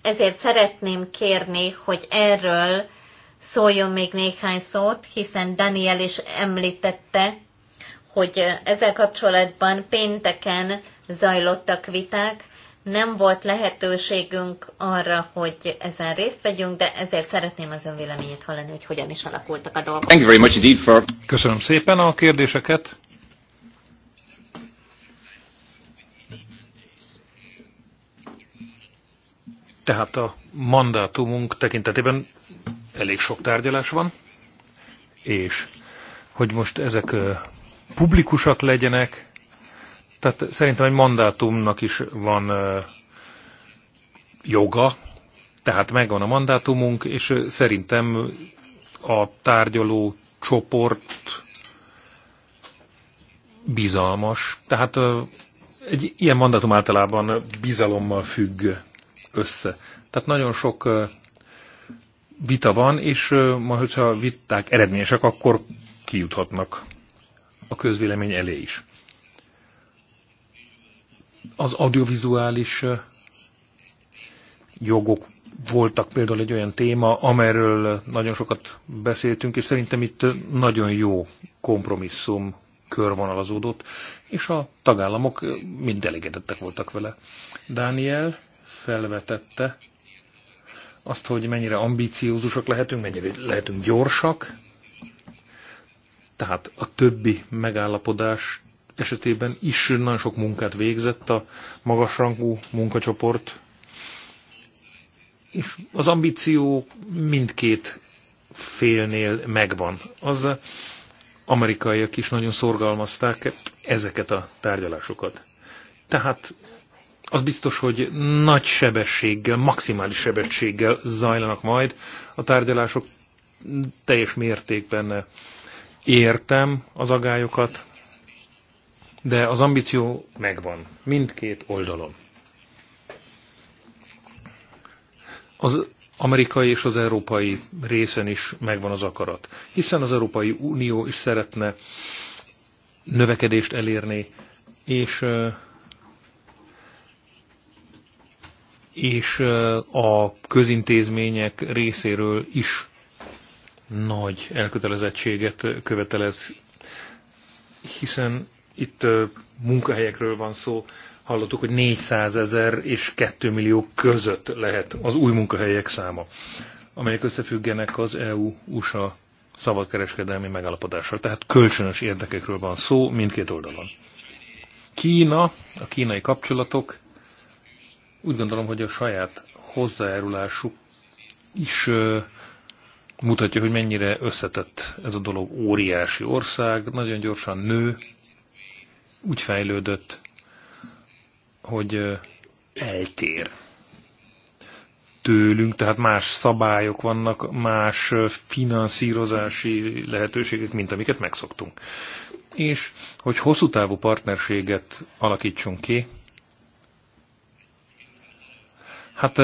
ezért szeretném kérni, hogy erről szóljon még néhány szót, hiszen Daniel is említette, hogy ezzel kapcsolatban pénteken zajlottak viták, nem volt lehetőségünk arra, hogy ezen részt vegyünk, de ezért szeretném az ön véleményét hallani, hogy hogyan is alakultak a dolgok. Köszönöm szépen a kérdéseket. Tehát a mandátumunk tekintetében elég sok tárgyalás van, és hogy most ezek publikusak legyenek, tehát szerintem egy mandátumnak is van joga, tehát megvan a mandátumunk, és szerintem a tárgyaló csoport bizalmas. Tehát egy ilyen mandátum általában bizalommal függ össze. Tehát nagyon sok vita van, és ma, hogyha viták eredményesek, akkor kijuthatnak a közvélemény elé is. Az audiovizuális jogok voltak például egy olyan téma, amerről nagyon sokat beszéltünk, és szerintem itt nagyon jó kompromisszum körvonalazódott, és a tagállamok mind elégedettek voltak vele. Dániel felvetette azt, hogy mennyire ambíciózusak lehetünk, mennyire lehetünk gyorsak. Tehát a többi megállapodás esetében is nagyon sok munkát végzett a magasrangú munkacsoport. És az ambíció mindkét félnél megvan. Az amerikaiak is nagyon szorgalmazták ezeket a tárgyalásokat. Tehát az biztos, hogy nagy sebességgel, maximális sebességgel zajlanak majd a tárgyalások. Teljes mértékben értem az agályokat, de az ambíció megvan mindkét oldalon. Az amerikai és az európai részen is megvan az akarat, hiszen az Európai Unió is szeretne növekedést elérni, és és a közintézmények részéről is nagy elkötelezettséget követelez, hiszen itt munkahelyekről van szó, hallottuk, hogy 400 ezer és 2 millió között lehet az új munkahelyek száma, amelyek összefüggenek az EU-USA szabadkereskedelmi megállapodással. Tehát kölcsönös érdekekről van szó mindkét oldalon. Kína, a kínai kapcsolatok úgy gondolom, hogy a saját hozzájárulásuk is mutatja, hogy mennyire összetett ez a dolog. Óriási ország, nagyon gyorsan nő, úgy fejlődött, hogy eltér tőlünk, tehát más szabályok vannak, más finanszírozási lehetőségek, mint amiket megszoktunk. És hogy hosszú távú partnerséget alakítsunk ki, Hát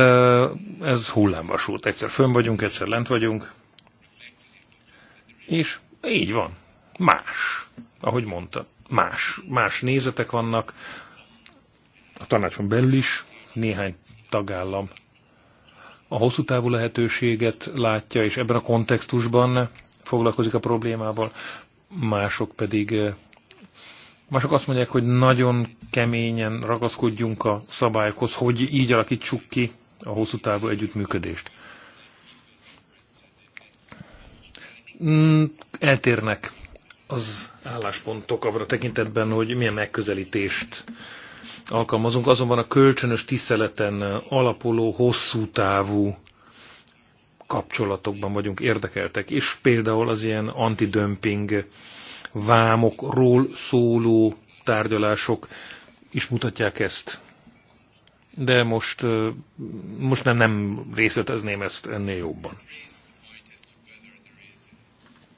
ez hullámvasút. Egyszer fönn vagyunk, egyszer lent vagyunk. És így van. Más. Ahogy mondta. Más. Más nézetek vannak. A tanácson belül is néhány tagállam a hosszú távú lehetőséget látja, és ebben a kontextusban foglalkozik a problémával, mások pedig Mások azt mondják, hogy nagyon keményen ragaszkodjunk a szabályokhoz, hogy így alakítsuk ki a hosszú távú együttműködést. Hmm, eltérnek az álláspontok abban a tekintetben, hogy milyen megközelítést alkalmazunk, azonban a kölcsönös tiszteleten alapuló, hosszú távú kapcsolatokban vagyunk érdekeltek, és például az ilyen antidömping vámokról szóló tárgyalások is mutatják ezt. De most, most nem, nem részletezném ezt ennél jobban.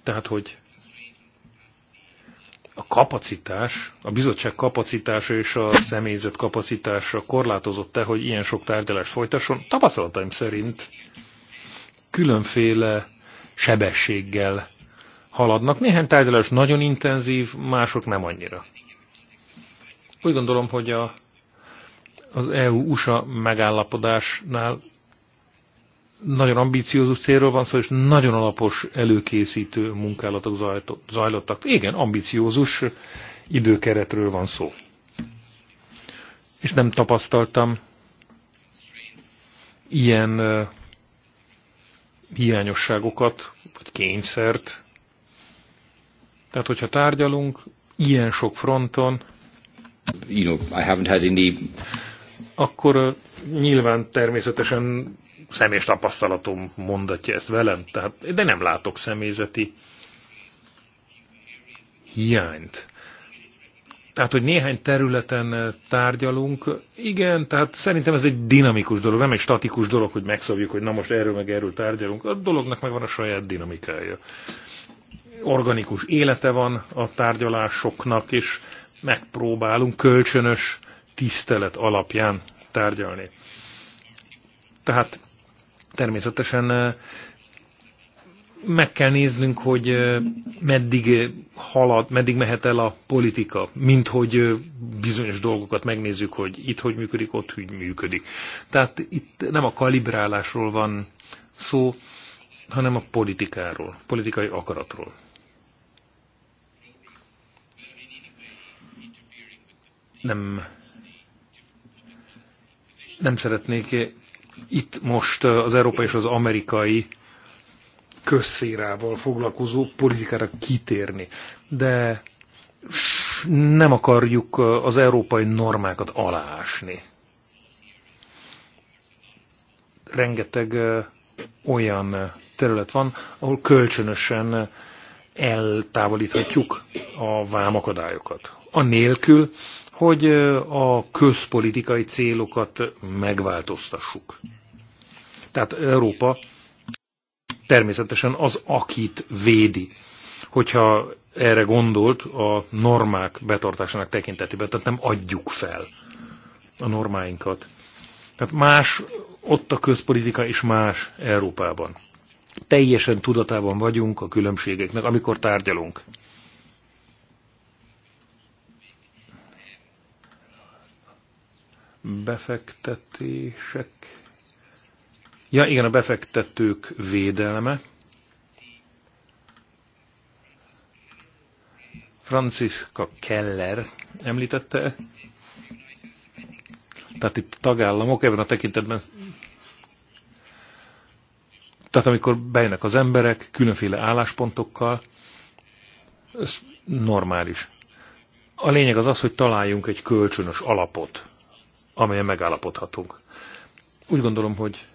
Tehát, hogy a kapacitás, a bizottság kapacitása és a személyzet kapacitása korlátozott-e, hogy ilyen sok tárgyalást folytasson? Tapasztalataim szerint különféle sebességgel haladnak. Néhány tárgyalás nagyon intenzív, mások nem annyira. Úgy gondolom, hogy a, az EU-USA megállapodásnál nagyon ambíciózó célról van szó, és nagyon alapos előkészítő munkálatok zajlottak. Igen, ambiciózus időkeretről van szó. És nem tapasztaltam ilyen hiányosságokat, vagy kényszert, tehát, hogyha tárgyalunk ilyen sok fronton, you know, I haven't had any... akkor nyilván természetesen személyes tapasztalatom mondatja ezt velem, tehát, de nem látok személyzeti hiányt. Tehát, hogy néhány területen tárgyalunk, igen, tehát szerintem ez egy dinamikus dolog, nem egy statikus dolog, hogy megszabjuk, hogy na most erről meg erről tárgyalunk. A dolognak megvan a saját dinamikája organikus élete van a tárgyalásoknak, és megpróbálunk kölcsönös tisztelet alapján tárgyalni. Tehát természetesen eh, meg kell néznünk, hogy eh, meddig halad, meddig mehet el a politika, mint hogy eh, bizonyos dolgokat megnézzük, hogy itt hogy működik, ott hogy működik. Tehát itt nem a kalibrálásról van szó, hanem a politikáról, politikai akaratról. nem, nem szeretnék itt most az európai és az amerikai közszérával foglalkozó politikára kitérni. De nem akarjuk az európai normákat aláásni. Rengeteg olyan terület van, ahol kölcsönösen eltávolíthatjuk a vámakadályokat. Anélkül, hogy a közpolitikai célokat megváltoztassuk. Tehát Európa természetesen az, akit védi, hogyha erre gondolt a normák betartásának tekintetében, tehát nem adjuk fel a normáinkat. Tehát más ott a közpolitika, és más Európában. Teljesen tudatában vagyunk a különbségeknek, amikor tárgyalunk. befektetések. Ja, igen, a befektetők védelme. Franciska Keller említette. Tehát itt tagállamok ebben a tekintetben tehát amikor bejönnek az emberek különféle álláspontokkal, ez normális. A lényeg az az, hogy találjunk egy kölcsönös alapot amelyen megállapodhatunk. Úgy gondolom, hogy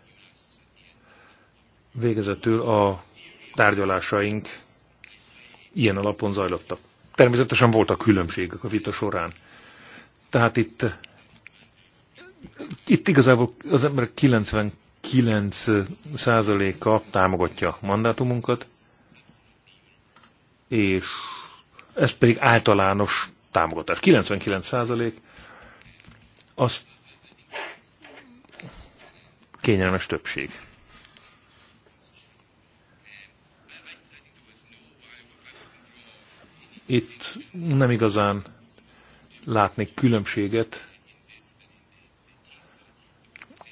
végezetül a tárgyalásaink ilyen alapon zajlottak. Természetesen voltak különbségek a vita során. Tehát itt, itt igazából az ember 99 százaléka támogatja mandátumunkat, és ez pedig általános támogatás. 99 százalék az kényelmes többség. Itt nem igazán látnék különbséget.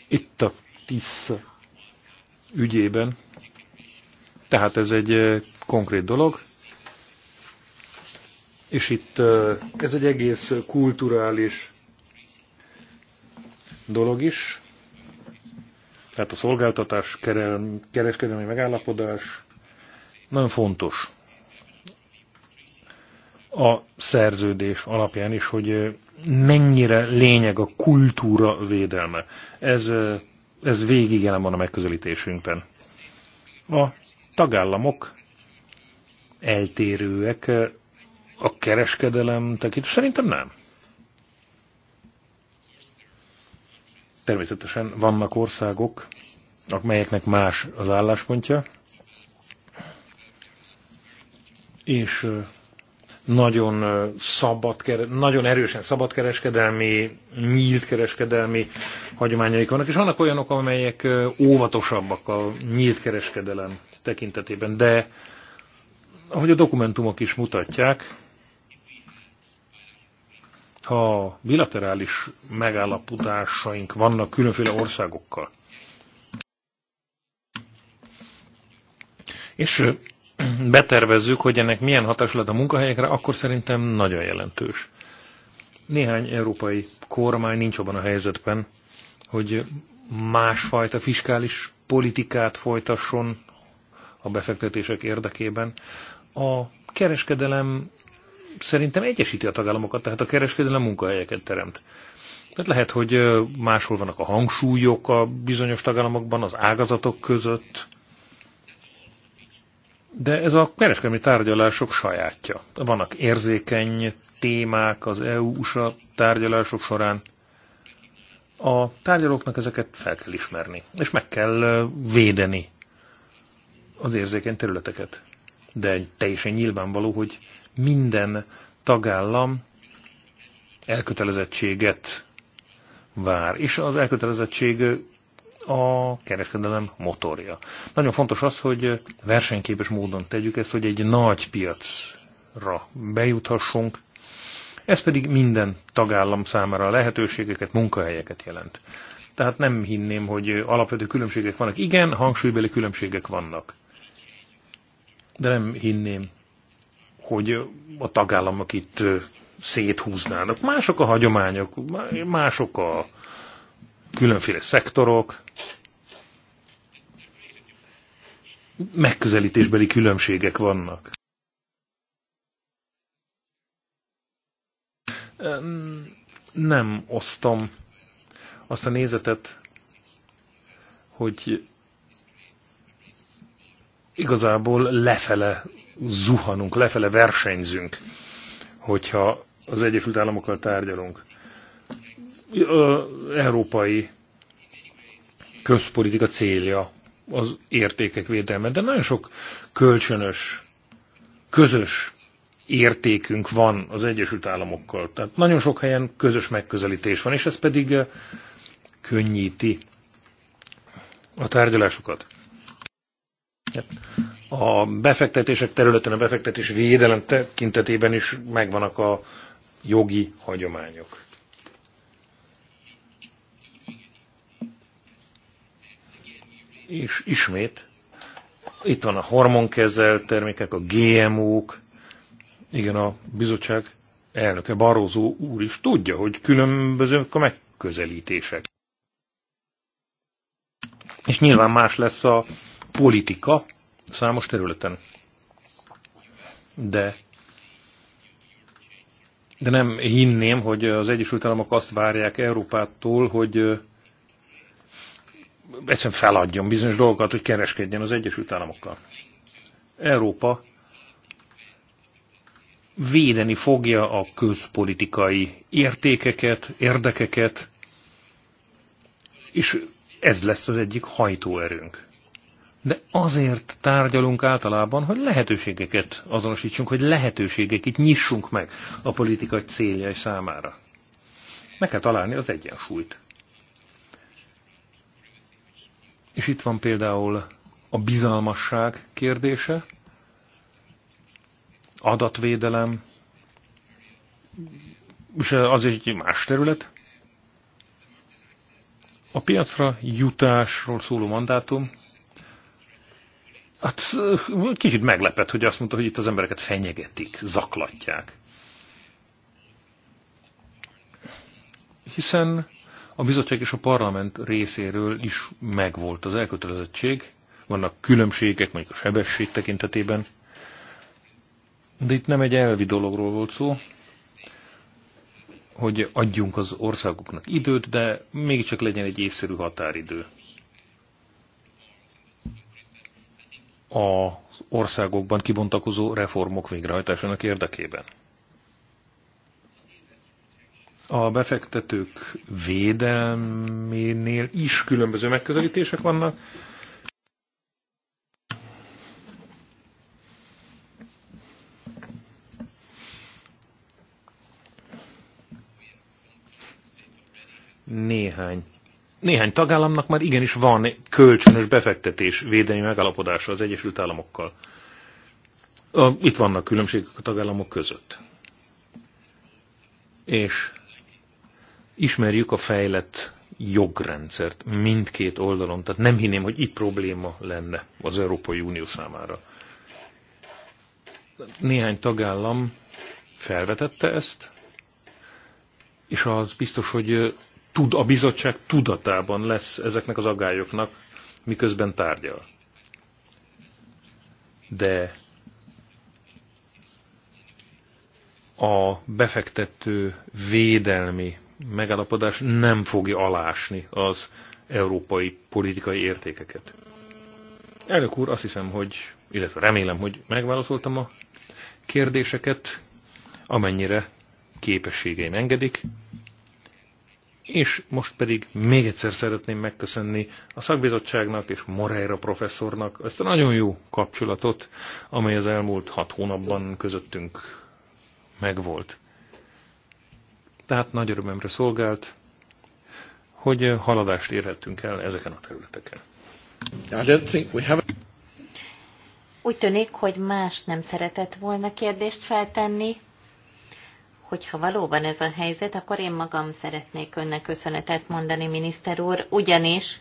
Itt a TISZ ügyében. Tehát ez egy eh, konkrét dolog. És itt eh, ez egy egész kulturális dolog is, tehát a szolgáltatás, kereskedelmi megállapodás nagyon fontos. A szerződés alapján is, hogy mennyire lényeg a kultúra védelme. Ez, ez végig jelen van a megközelítésünkben. A tagállamok eltérőek a kereskedelem tekintetében Szerintem nem. Természetesen vannak országok, amelyeknek más az álláspontja, és nagyon szabad, nagyon erősen szabadkereskedelmi, nyílt kereskedelmi hagyományaik vannak, és vannak olyanok, amelyek óvatosabbak a nyílt kereskedelem tekintetében, de ahogy a dokumentumok is mutatják, ha bilaterális megállapodásaink vannak különféle országokkal, és betervezzük, hogy ennek milyen hatás lehet a munkahelyekre, akkor szerintem nagyon jelentős. Néhány európai kormány nincs abban a helyzetben, hogy másfajta fiskális politikát folytasson a befektetések érdekében. A kereskedelem szerintem egyesíti a tagállamokat, tehát a kereskedelem munkahelyeket teremt. Tehát lehet, hogy máshol vannak a hangsúlyok a bizonyos tagállamokban, az ágazatok között, de ez a kereskedelmi tárgyalások sajátja. Vannak érzékeny témák az EU-USA tárgyalások során. A tárgyalóknak ezeket fel kell ismerni, és meg kell védeni az érzékeny területeket. De teljesen nyilvánvaló, hogy minden tagállam elkötelezettséget vár, és az elkötelezettség a kereskedelem motorja. Nagyon fontos az, hogy versenyképes módon tegyük ezt, hogy egy nagy piacra bejuthassunk, ez pedig minden tagállam számára a lehetőségeket, munkahelyeket jelent. Tehát nem hinném, hogy alapvető különbségek vannak. Igen, hangsúlybeli különbségek vannak. De nem hinném, hogy a tagállamok itt széthúznának. Mások a hagyományok, mások a különféle szektorok, megközelítésbeli különbségek vannak. Nem osztom azt a nézetet, hogy igazából lefele zuhanunk, lefele versenyzünk, hogyha az Egyesült Államokkal tárgyalunk. Európai közpolitika célja az értékek védelme, de nagyon sok kölcsönös, közös értékünk van az Egyesült Államokkal. Tehát nagyon sok helyen közös megközelítés van, és ez pedig eh, könnyíti a tárgyalásokat a befektetések területen, a befektetés védelem tekintetében is megvannak a jogi hagyományok. És ismét, itt van a hormonkezelt termékek, a GMO-k, igen, a bizottság elnöke Barózó úr is tudja, hogy különböző a megközelítések. És nyilván más lesz a politika, számos területen. De, de nem hinném, hogy az Egyesült Államok azt várják Európától, hogy egyszerűen feladjon bizonyos dolgokat, hogy kereskedjen az Egyesült Államokkal. Európa védeni fogja a közpolitikai értékeket, érdekeket, és ez lesz az egyik hajtóerőnk de azért tárgyalunk általában, hogy lehetőségeket azonosítsunk, hogy lehetőségeket nyissunk meg a politikai céljai számára. Meg kell találni az egyensúlyt. És itt van például a bizalmasság kérdése, adatvédelem, és az egy más terület. A piacra jutásról szóló mandátum Hát kicsit meglepett, hogy azt mondta, hogy itt az embereket fenyegetik, zaklatják. Hiszen a bizottság és a parlament részéről is megvolt az elkötelezettség, vannak különbségek, mondjuk a sebesség tekintetében, de itt nem egy elvi dologról volt szó, hogy adjunk az országoknak időt, de mégiscsak legyen egy észszerű határidő. az országokban kibontakozó reformok végrehajtásának érdekében. A befektetők védelménél is különböző megközelítések vannak. Néhány néhány tagállamnak már igenis van kölcsönös befektetés védelmi megalapodása az Egyesült Államokkal. Itt vannak különbségek a tagállamok között. És ismerjük a fejlett jogrendszert mindkét oldalon, tehát nem hinném, hogy itt probléma lenne az Európai Unió számára. Néhány tagállam felvetette ezt, és az biztos, hogy tud, a bizottság tudatában lesz ezeknek az agályoknak, miközben tárgyal. De a befektető védelmi megállapodás nem fogja alásni az európai politikai értékeket. Elnök úr, azt hiszem, hogy, illetve remélem, hogy megválaszoltam a kérdéseket, amennyire képességeim engedik. És most pedig még egyszer szeretném megköszönni a szakbizottságnak és Moreira professzornak ezt a nagyon jó kapcsolatot, amely az elmúlt hat hónapban közöttünk megvolt. Tehát nagy örömömre szolgált, hogy haladást érhettünk el ezeken a területeken. Úgy tűnik, hogy más nem szeretett volna kérdést feltenni, hogyha valóban ez a helyzet, akkor én magam szeretnék önnek köszönetet mondani, miniszter úr, ugyanis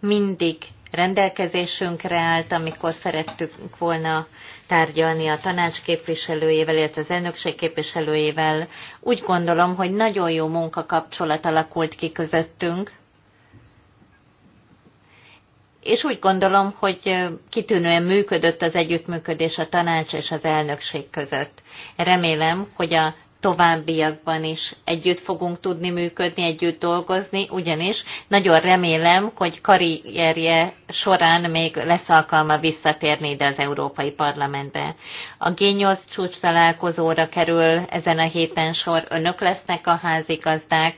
mindig rendelkezésünkre állt, amikor szerettük volna tárgyalni a tanács képviselőjével, illetve az elnökség képviselőjével. Úgy gondolom, hogy nagyon jó munkakapcsolat alakult ki közöttünk, és úgy gondolom, hogy kitűnően működött az együttműködés a tanács és az elnökség között. Remélem, hogy a továbbiakban is együtt fogunk tudni működni, együtt dolgozni, ugyanis nagyon remélem, hogy karrierje során még lesz alkalma visszatérni ide az Európai Parlamentbe. A G8 csúcs találkozóra kerül ezen a héten sor, önök lesznek a házigazdák,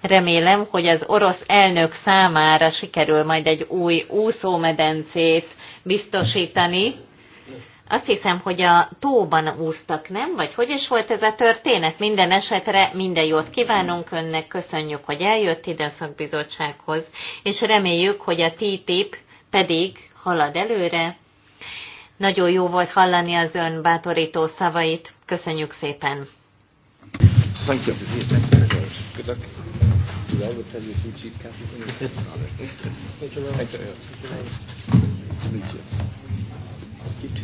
Remélem, hogy az orosz elnök számára sikerül majd egy új úszómedencét biztosítani, azt hiszem, hogy a tóban úsztak, nem? Vagy hogy is volt ez a történet? Minden esetre minden jót kívánunk önnek, köszönjük, hogy eljött ide a szakbizottsághoz, és reméljük, hogy a TTIP pedig halad előre. Nagyon jó volt hallani az ön bátorító szavait. Köszönjük szépen! Thank you. Thank you. Right,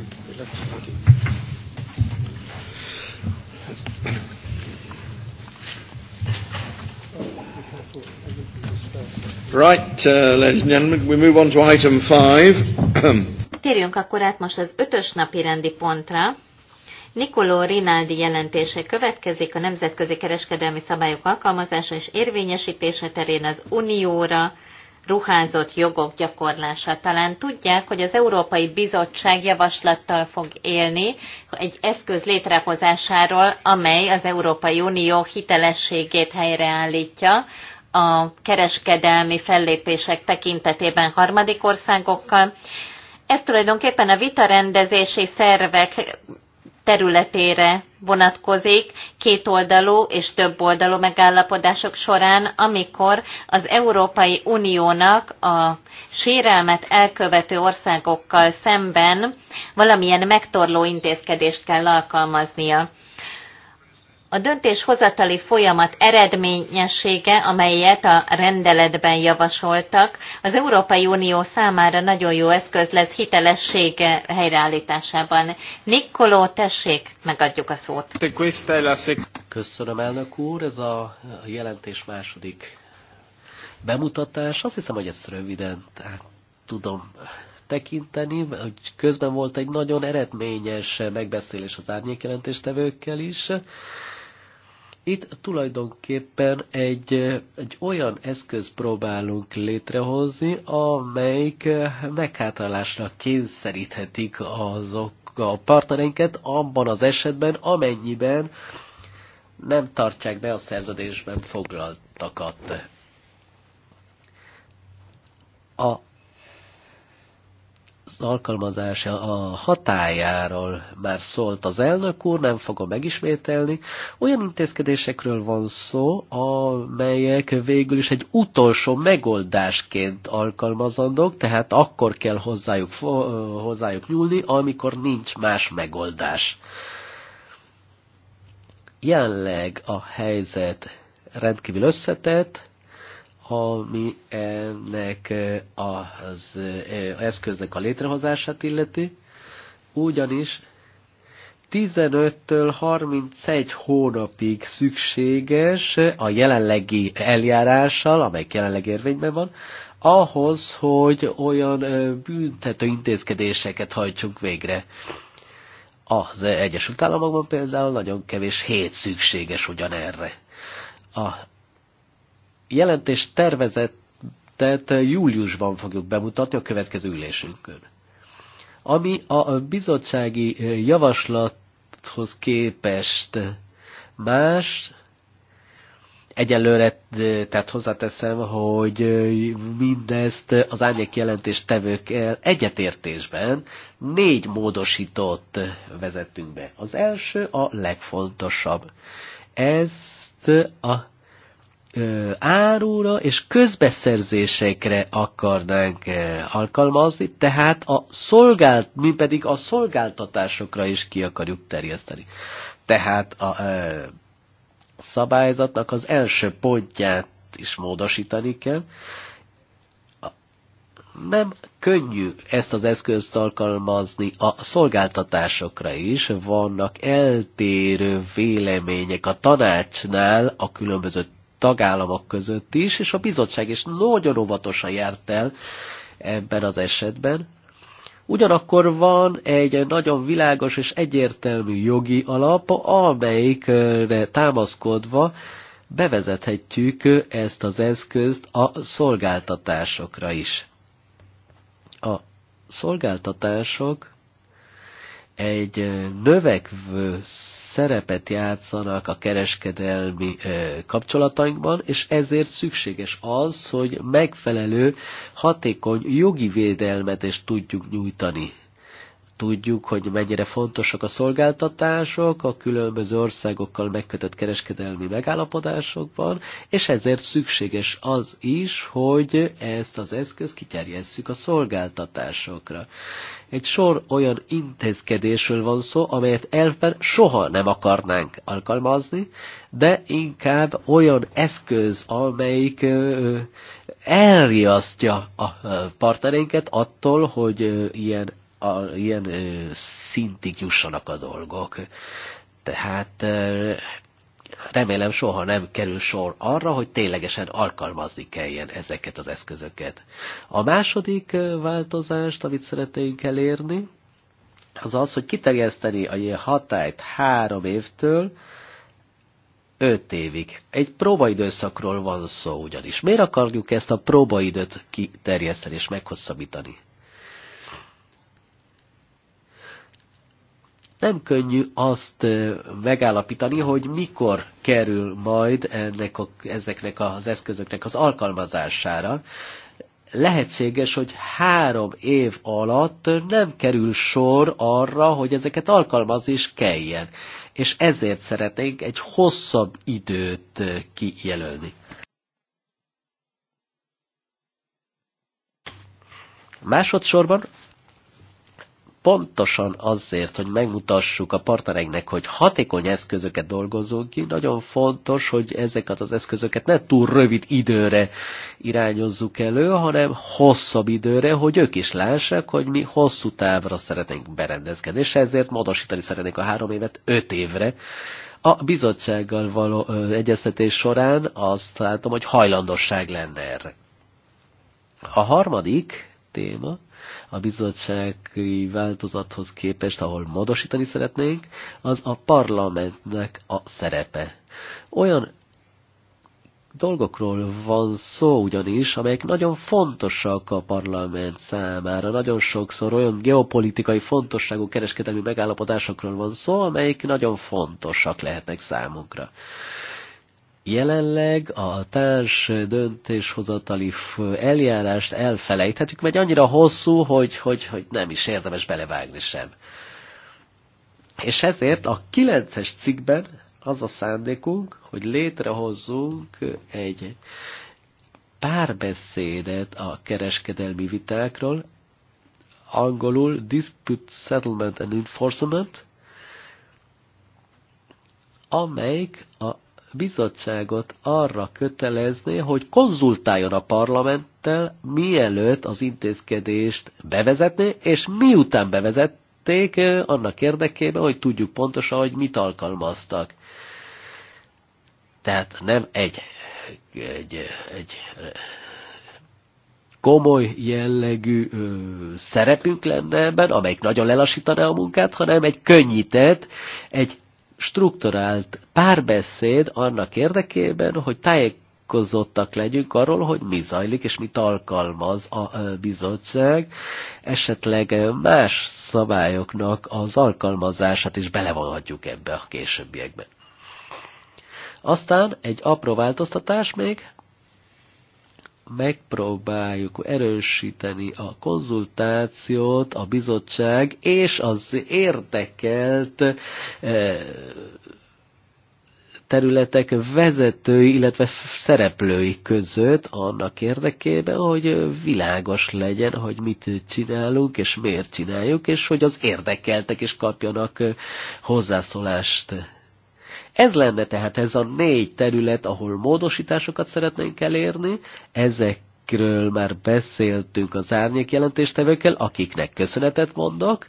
uh, ladies and gentlemen, we move on to item five. *clears throat* Térjünk akkor át most az ötös napi rendi pontra. Nicolo Rinaldi jelentése következik a nemzetközi kereskedelmi szabályok alkalmazása és érvényesítése terén az Unióra ruházott jogok gyakorlása. Talán tudják, hogy az Európai Bizottság javaslattal fog élni egy eszköz létrehozásáról, amely az Európai Unió hitelességét helyreállítja a kereskedelmi fellépések tekintetében harmadik országokkal. Ez tulajdonképpen a vitarendezési szervek területére vonatkozik kétoldalú és többoldalú megállapodások során, amikor az Európai Uniónak a sérelmet elkövető országokkal szemben valamilyen megtorló intézkedést kell alkalmaznia. A döntéshozatali folyamat eredményessége, amelyet a rendeletben javasoltak, az Európai Unió számára nagyon jó eszköz lesz hitelessége helyreállításában. Nikoló tessék, megadjuk a szót. Köszönöm, elnök úr, ez a jelentés második bemutatás. Azt hiszem, hogy ezt röviden tudom tekinteni, hogy közben volt egy nagyon eredményes megbeszélés az árnyékjelentéstevőkkel is. Itt tulajdonképpen egy, egy olyan eszköz próbálunk létrehozni, amelyik meghátrálásra kényszeríthetik azok a partnereinket abban az esetben, amennyiben nem tartják be a szerződésben foglaltakat. A az alkalmazása a hatájáról már szólt az elnök úr, nem fogom megismételni. Olyan intézkedésekről van szó, amelyek végül is egy utolsó megoldásként alkalmazandók, tehát akkor kell hozzájuk, hozzájuk nyúlni, amikor nincs más megoldás. Jelenleg a helyzet rendkívül összetett, ami ennek az eszköznek a létrehozását illeti, ugyanis 15-től 31 hónapig szükséges a jelenlegi eljárással, amely jelenleg érvényben van, ahhoz, hogy olyan büntető intézkedéseket hajtsunk végre. Az Egyesült Államokban például nagyon kevés hét szükséges ugyanerre. A jelentés tervezetet júliusban fogjuk bemutatni a következő ülésünkön. Ami a bizottsági javaslathoz képest más, egyelőre, tehát hozzáteszem, hogy mindezt az árnyék jelentést tevők el egyetértésben négy módosított vezettünk be. Az első a legfontosabb. Ezt a árura és közbeszerzésekre akarnánk alkalmazni, tehát a szolgált, mi pedig a szolgáltatásokra is ki akarjuk terjeszteni. Tehát a ö, szabályzatnak az első pontját is módosítani kell. Nem könnyű ezt az eszközt alkalmazni a szolgáltatásokra is. Vannak eltérő vélemények a tanácsnál a különböző tagállamok között is, és a bizottság is nagyon óvatosan járt el ebben az esetben. Ugyanakkor van egy nagyon világos és egyértelmű jogi alap, amelyikre támaszkodva bevezethetjük ezt az eszközt a szolgáltatásokra is. A szolgáltatások egy növekvő szerepet játszanak a kereskedelmi kapcsolatainkban, és ezért szükséges az, hogy megfelelő, hatékony jogi védelmet is tudjuk nyújtani tudjuk, hogy mennyire fontosak a szolgáltatások a különböző országokkal megkötött kereskedelmi megállapodásokban, és ezért szükséges az is, hogy ezt az eszközt kiterjesszük a szolgáltatásokra. Egy sor olyan intézkedésről van szó, amelyet elvben soha nem akarnánk alkalmazni, de inkább olyan eszköz, amelyik elriasztja a partnerénket attól, hogy ilyen a, ilyen ö, szintig jussanak a dolgok. Tehát ö, remélem soha nem kerül sor arra, hogy ténylegesen alkalmazni kelljen ezeket az eszközöket. A második változást, amit szeretnénk elérni, az az, hogy kiterjeszteni a hatályt három évtől, 5 évig. Egy próbaidőszakról van szó ugyanis. Miért akarjuk ezt a próbaidőt kiterjeszteni és meghosszabbítani? nem könnyű azt megállapítani, hogy mikor kerül majd ennek a, ezeknek az eszközöknek az alkalmazására. Lehetséges, hogy három év alatt nem kerül sor arra, hogy ezeket alkalmazni is kelljen. És ezért szeretnénk egy hosszabb időt kijelölni. Másodszorban pontosan azért, hogy megmutassuk a partnereinknek, hogy hatékony eszközöket dolgozunk ki, nagyon fontos, hogy ezeket az eszközöket ne túl rövid időre irányozzuk elő, hanem hosszabb időre, hogy ők is lássák, hogy mi hosszú távra szeretnénk berendezkedni, és ezért módosítani szeretnénk a három évet öt évre, a bizottsággal való egyeztetés során azt látom, hogy hajlandosság lenne erre. A harmadik téma a bizottsági változathoz képest, ahol módosítani szeretnénk, az a parlamentnek a szerepe. Olyan dolgokról van szó ugyanis, amelyek nagyon fontosak a parlament számára. Nagyon sokszor olyan geopolitikai fontosságú kereskedelmi megállapodásokról van szó, amelyek nagyon fontosak lehetnek számunkra jelenleg a társ döntéshozatali eljárást elfelejthetjük, mert annyira hosszú, hogy, hogy, hogy nem is érdemes belevágni sem. És ezért a 9-es cikkben az a szándékunk, hogy létrehozzunk egy párbeszédet a kereskedelmi vitákról, angolul Dispute Settlement and Enforcement, amelyik a bizottságot arra kötelezné, hogy konzultáljon a parlamenttel, mielőtt az intézkedést bevezetné, és miután bevezették, annak érdekében, hogy tudjuk pontosan, hogy mit alkalmaztak. Tehát nem egy, egy, egy komoly jellegű ö, szerepünk lenne ebben, amelyik nagyon lelassítaná a munkát, hanem egy könnyített, egy strukturált párbeszéd annak érdekében, hogy tájékozottak legyünk arról, hogy mi zajlik és mit alkalmaz a bizottság, esetleg más szabályoknak az alkalmazását is belevonhatjuk ebbe a későbbiekben. Aztán egy apró változtatás még, megpróbáljuk erősíteni a konzultációt, a bizottság és az érdekelt eh, területek vezetői, illetve szereplői között annak érdekében, hogy világos legyen, hogy mit csinálunk, és miért csináljuk, és hogy az érdekeltek is kapjanak eh, hozzászólást ez lenne tehát ez a négy terület, ahol módosításokat szeretnénk elérni, Ezekről már beszéltünk az árnyék jelentéstevőkkel, akiknek köszönetet mondok.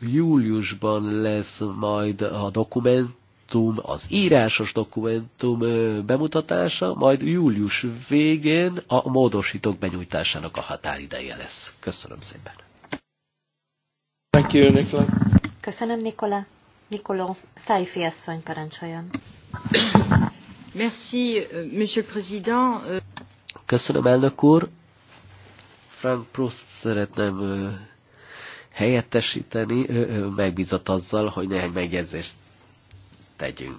Júliusban lesz majd a dokumentum, az írásos dokumentum bemutatása, majd július végén a módosítók benyújtásának a határideje lesz. Köszönöm szépen. Thank you, Nikola. Köszönöm, Nikola. Nikoló Szájfi asszony parancsoljon. Merci, euh, Monsieur Président. Köszönöm, elnök úr. Frank Proust szeretném helyettesíteni, megbízott azzal, hogy néhány megjegyzést tegyünk.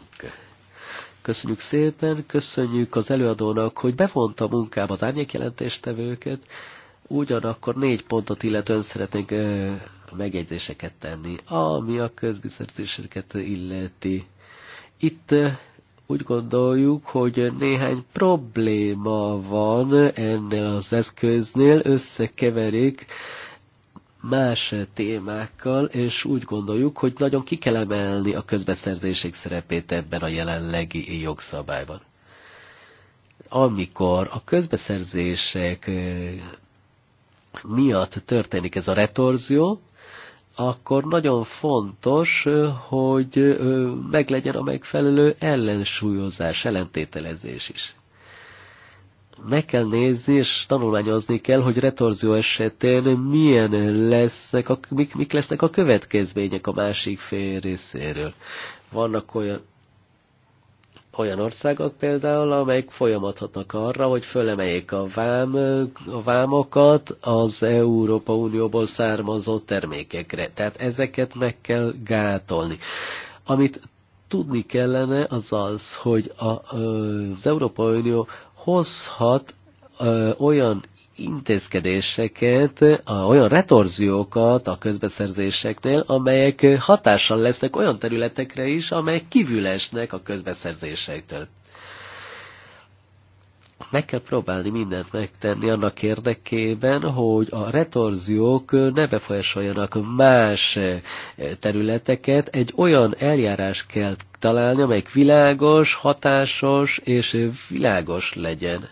Köszönjük szépen, köszönjük az előadónak, hogy bevonta a munkába az árnyékjelentéstevőket, jelentéstevőket, Ugyanakkor négy pontot illetően szeretnénk ö, megjegyzéseket tenni, ami a közbeszerzéseket illeti. Itt ö, úgy gondoljuk, hogy néhány probléma van ennél az eszköznél, összekeverik más témákkal, és úgy gondoljuk, hogy nagyon ki kell emelni a közbeszerzések szerepét ebben a jelenlegi jogszabályban. Amikor a közbeszerzések miatt történik ez a retorzió, akkor nagyon fontos, hogy meglegyen a megfelelő ellensúlyozás, ellentételezés is. Meg kell nézni és tanulmányozni kell, hogy retorzió esetén milyen lesznek a, mik, mik lesznek a következmények a másik fél részéről. Vannak olyan olyan országok például, amelyek folyamathatnak arra, hogy fölemeljék a, vám, a vámokat az Európa Unióból származó termékekre. Tehát ezeket meg kell gátolni. Amit tudni kellene az az, hogy a, az Európai Unió hozhat olyan intézkedéseket, a, olyan retorziókat a közbeszerzéseknél, amelyek hatással lesznek olyan területekre is, amelyek esnek a közbeszerzésektől. Meg kell próbálni mindent megtenni annak érdekében, hogy a retorziók ne befolyásoljanak más eh, területeket. Egy olyan eljárás kell találni, amelyik világos, hatásos és világos legyen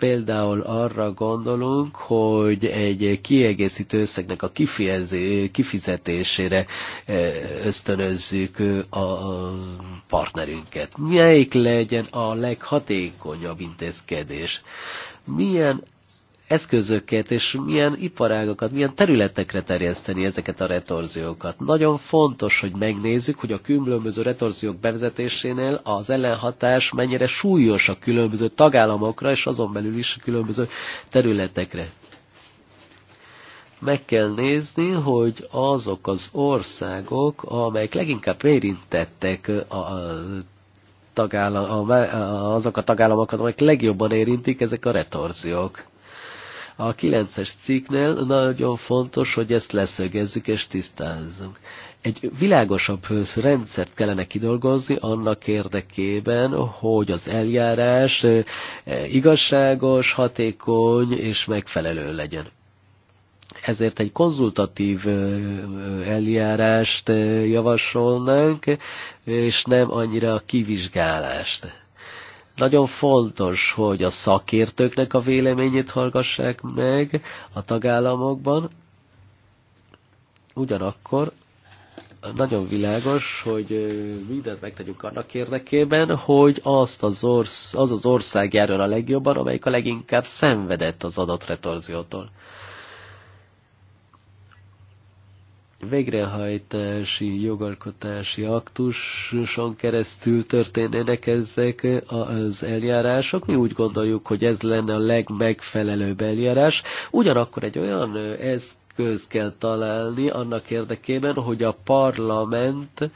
Például arra gondolunk, hogy egy kiegészítő összegnek a kifizetésére eh, ösztönözzük a partnerünket. Melyik legyen a leghatékonyabb intézkedés? Milyen eszközöket és milyen iparágokat, milyen területekre terjeszteni ezeket a retorziókat. Nagyon fontos, hogy megnézzük, hogy a különböző retorziók bevezetésénél az ellenhatás mennyire súlyos a különböző tagállamokra és azon belül is a különböző területekre. Meg kell nézni, hogy azok az országok, amelyek leginkább érintettek a tagállam, azok a tagállamokat, amelyek legjobban érintik ezek a retorziók. A 9-es cikknél nagyon fontos, hogy ezt leszögezzük és tisztázzunk. Egy világosabb rendszert kellene kidolgozni annak érdekében, hogy az eljárás igazságos, hatékony és megfelelő legyen ezért egy konzultatív eljárást javasolnánk, és nem annyira a kivizsgálást. Nagyon fontos, hogy a szakértőknek a véleményét hallgassák meg a tagállamokban. Ugyanakkor nagyon világos, hogy mindent megtegyünk annak érdekében, hogy azt az, orsz, az az ország járjon a legjobban, amelyik a leginkább szenvedett az adatretorziótól. végrehajtási, jogalkotási aktuson keresztül történnek ezek az eljárások. Mi úgy gondoljuk, hogy ez lenne a legmegfelelőbb eljárás. Ugyanakkor egy olyan eszköz kell találni annak érdekében, hogy a parlament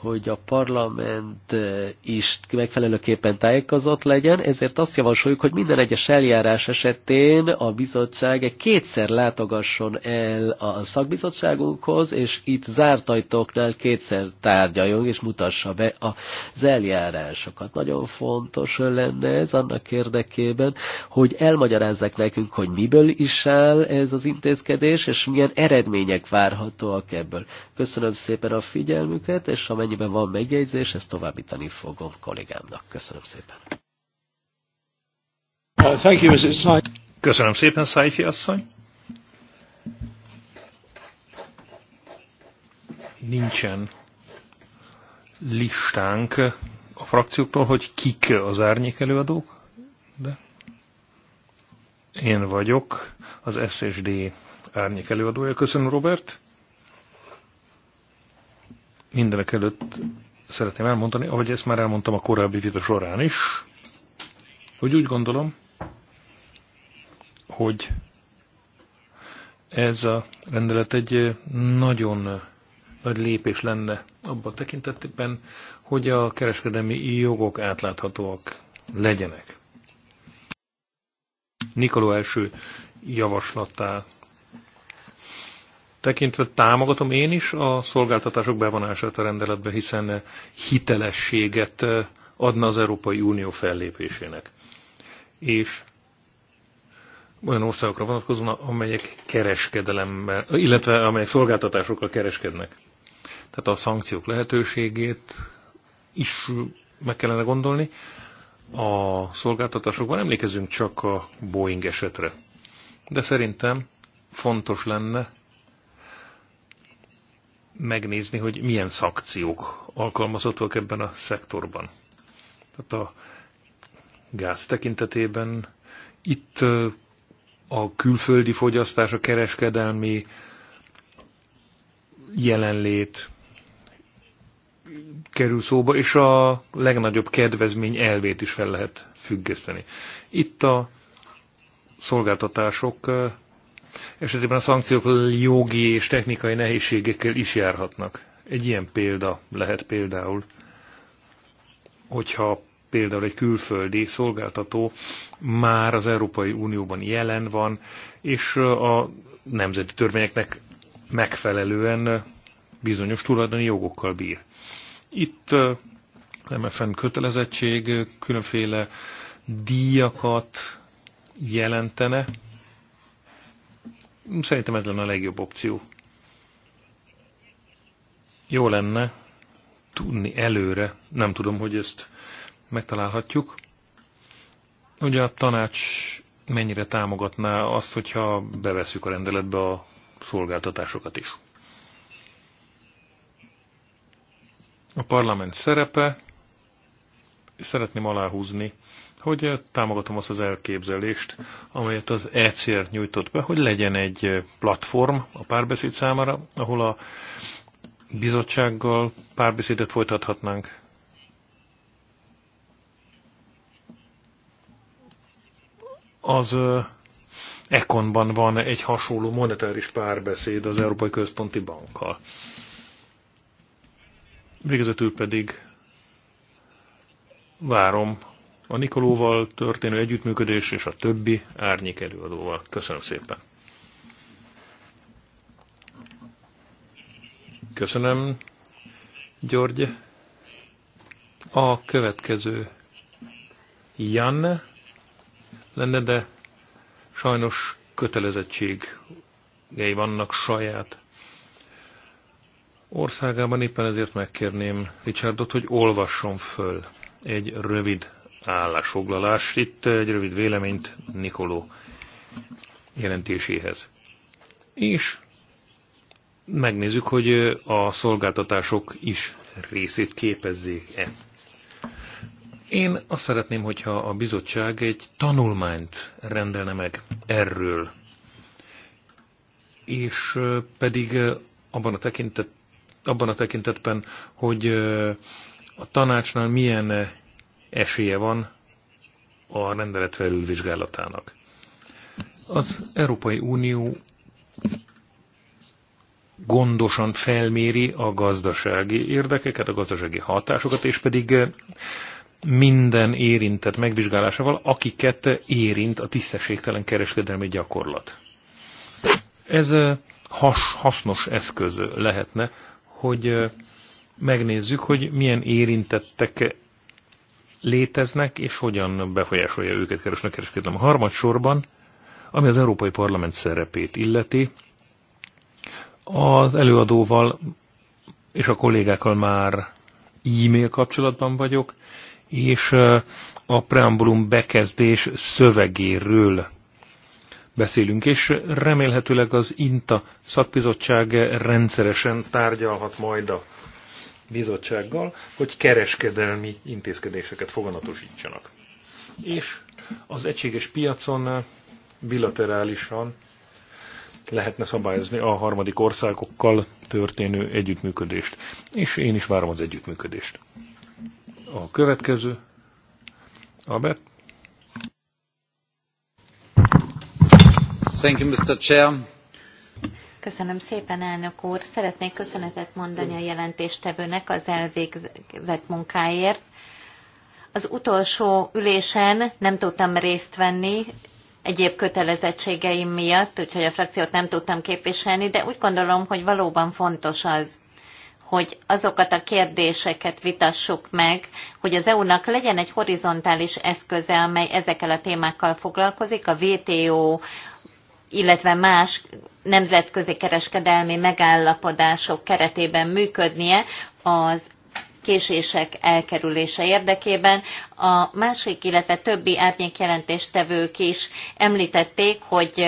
hogy a parlament eh, is megfelelőképpen tájékozott legyen, ezért azt javasoljuk, hogy minden egyes eljárás esetén a bizottság kétszer látogasson el a szakbizottságunkhoz, és itt zárt ajtóknál kétszer tárgyaljon, és mutassa be az eljárásokat. Nagyon fontos lenne ez annak érdekében, hogy elmagyarázzák nekünk, hogy miből is áll ez az intézkedés, és milyen eredmények várhatóak ebből. Köszönöm szépen a figyelmüket, és amennyi amennyiben van megjegyzés, ezt továbbítani fogom kollégámnak. Köszönöm szépen. Uh, Köszönöm szépen, Szájfi asszony. Nincsen listánk a frakcióktól, hogy kik az árnyék előadók, de én vagyok az SSD árnyék előadója. Köszönöm, Robert mindenek előtt szeretném elmondani, ahogy ezt már elmondtam a korábbi videó során is, hogy úgy gondolom, hogy ez a rendelet egy nagyon nagy lépés lenne abban tekintetben, hogy a kereskedelmi jogok átláthatóak legyenek. Nikoló első javaslatá tekintve támogatom én is a szolgáltatások bevonását a rendeletbe, hiszen hitelességet adna az Európai Unió fellépésének. És olyan országokra vonatkozóan, amelyek kereskedelemmel, illetve amelyek szolgáltatásokkal kereskednek. Tehát a szankciók lehetőségét is meg kellene gondolni. A szolgáltatásokban emlékezünk csak a Boeing esetre. De szerintem fontos lenne megnézni, hogy milyen szakciók alkalmazottak ebben a szektorban. Tehát a gáz tekintetében itt a külföldi fogyasztás, a kereskedelmi jelenlét kerül szóba, és a legnagyobb kedvezmény elvét is fel lehet függeszteni. Itt a szolgáltatások esetében a szankciók jogi és technikai nehézségekkel is járhatnak. Egy ilyen példa lehet például, hogyha például egy külföldi szolgáltató már az Európai Unióban jelen van, és a nemzeti törvényeknek megfelelően bizonyos tulajdoni jogokkal bír. Itt MFN kötelezettség különféle díjakat jelentene, Szerintem ez lenne a legjobb opció. Jó lenne tudni előre, nem tudom, hogy ezt megtalálhatjuk, ugye a tanács mennyire támogatná azt, hogyha beveszük a rendeletbe a szolgáltatásokat is. A parlament szerepe, szeretném aláhúzni, hogy eh, támogatom azt az elképzelést, amelyet az ECR nyújtott be, hogy legyen egy eh, platform a párbeszéd számára, ahol a bizottsággal párbeszédet folytathatnánk. Az Ekonban eh, van egy hasonló monetáris párbeszéd az Európai Központi Bankkal. Végezetül pedig várom a Nikolóval történő együttműködés és a többi árnyék előadóval. Köszönöm szépen. Köszönöm, György. A következő Jan lenne, de sajnos kötelezettségei vannak saját országában, éppen ezért megkérném Richardot, hogy olvasson föl egy rövid állásfoglalás. Itt egy rövid véleményt Nikoló jelentéséhez. És megnézzük, hogy a szolgáltatások is részét képezzék-e. Én azt szeretném, hogyha a bizottság egy tanulmányt rendelne meg erről, és pedig abban a, tekintet, abban a tekintetben, hogy a tanácsnál milyen esélye van a rendelet felülvizsgálatának. Az Európai Unió gondosan felméri a gazdasági érdekeket, a gazdasági hatásokat, és pedig eh, minden érintett megvizsgálásával, akiket érint a tisztességtelen kereskedelmi gyakorlat. Ez eh, has, hasznos eszköz lehetne, hogy eh, megnézzük, hogy milyen érintettek léteznek, és hogyan befolyásolja őket keresnek kereskedelem. Harmadsorban, ami az Európai Parlament szerepét illeti, az előadóval és a kollégákkal már e-mail kapcsolatban vagyok, és a preambulum bekezdés szövegéről beszélünk, és remélhetőleg az INTA szakbizottság rendszeresen tárgyalhat majd a bizottsággal, hogy kereskedelmi intézkedéseket foganatosítsanak. És az egységes piacon bilaterálisan lehetne szabályozni a harmadik országokkal történő együttműködést. És én is várom az együttműködést. A következő. Albert. Thank you, Mr. Chair. Köszönöm szépen, elnök úr. Szeretnék köszönetet mondani a jelentéstevőnek az elvégzett munkáért. Az utolsó ülésen nem tudtam részt venni, egyéb kötelezettségeim miatt, úgyhogy a frakciót nem tudtam képviselni, de úgy gondolom, hogy valóban fontos az, hogy azokat a kérdéseket vitassuk meg, hogy az EU-nak legyen egy horizontális eszköze, amely ezekkel a témákkal foglalkozik, a WTO, illetve más nemzetközi kereskedelmi megállapodások keretében működnie az késések elkerülése érdekében. A másik, illetve többi árnyékjelentéstevők is említették, hogy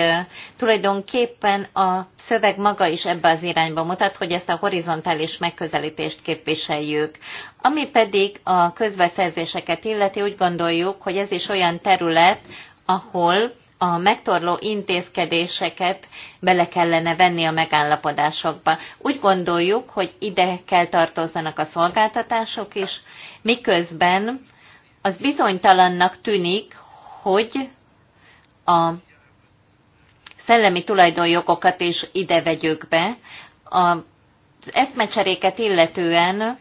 tulajdonképpen a szöveg maga is ebbe az irányba mutat, hogy ezt a horizontális megközelítést képviseljük. Ami pedig a közbeszerzéseket illeti, úgy gondoljuk, hogy ez is olyan terület, ahol a megtorló intézkedéseket bele kellene venni a megállapodásokba. Úgy gondoljuk, hogy ide kell tartozzanak a szolgáltatások is, miközben az bizonytalannak tűnik, hogy a szellemi tulajdonjogokat is ide vegyük be. Az eszmecseréket illetően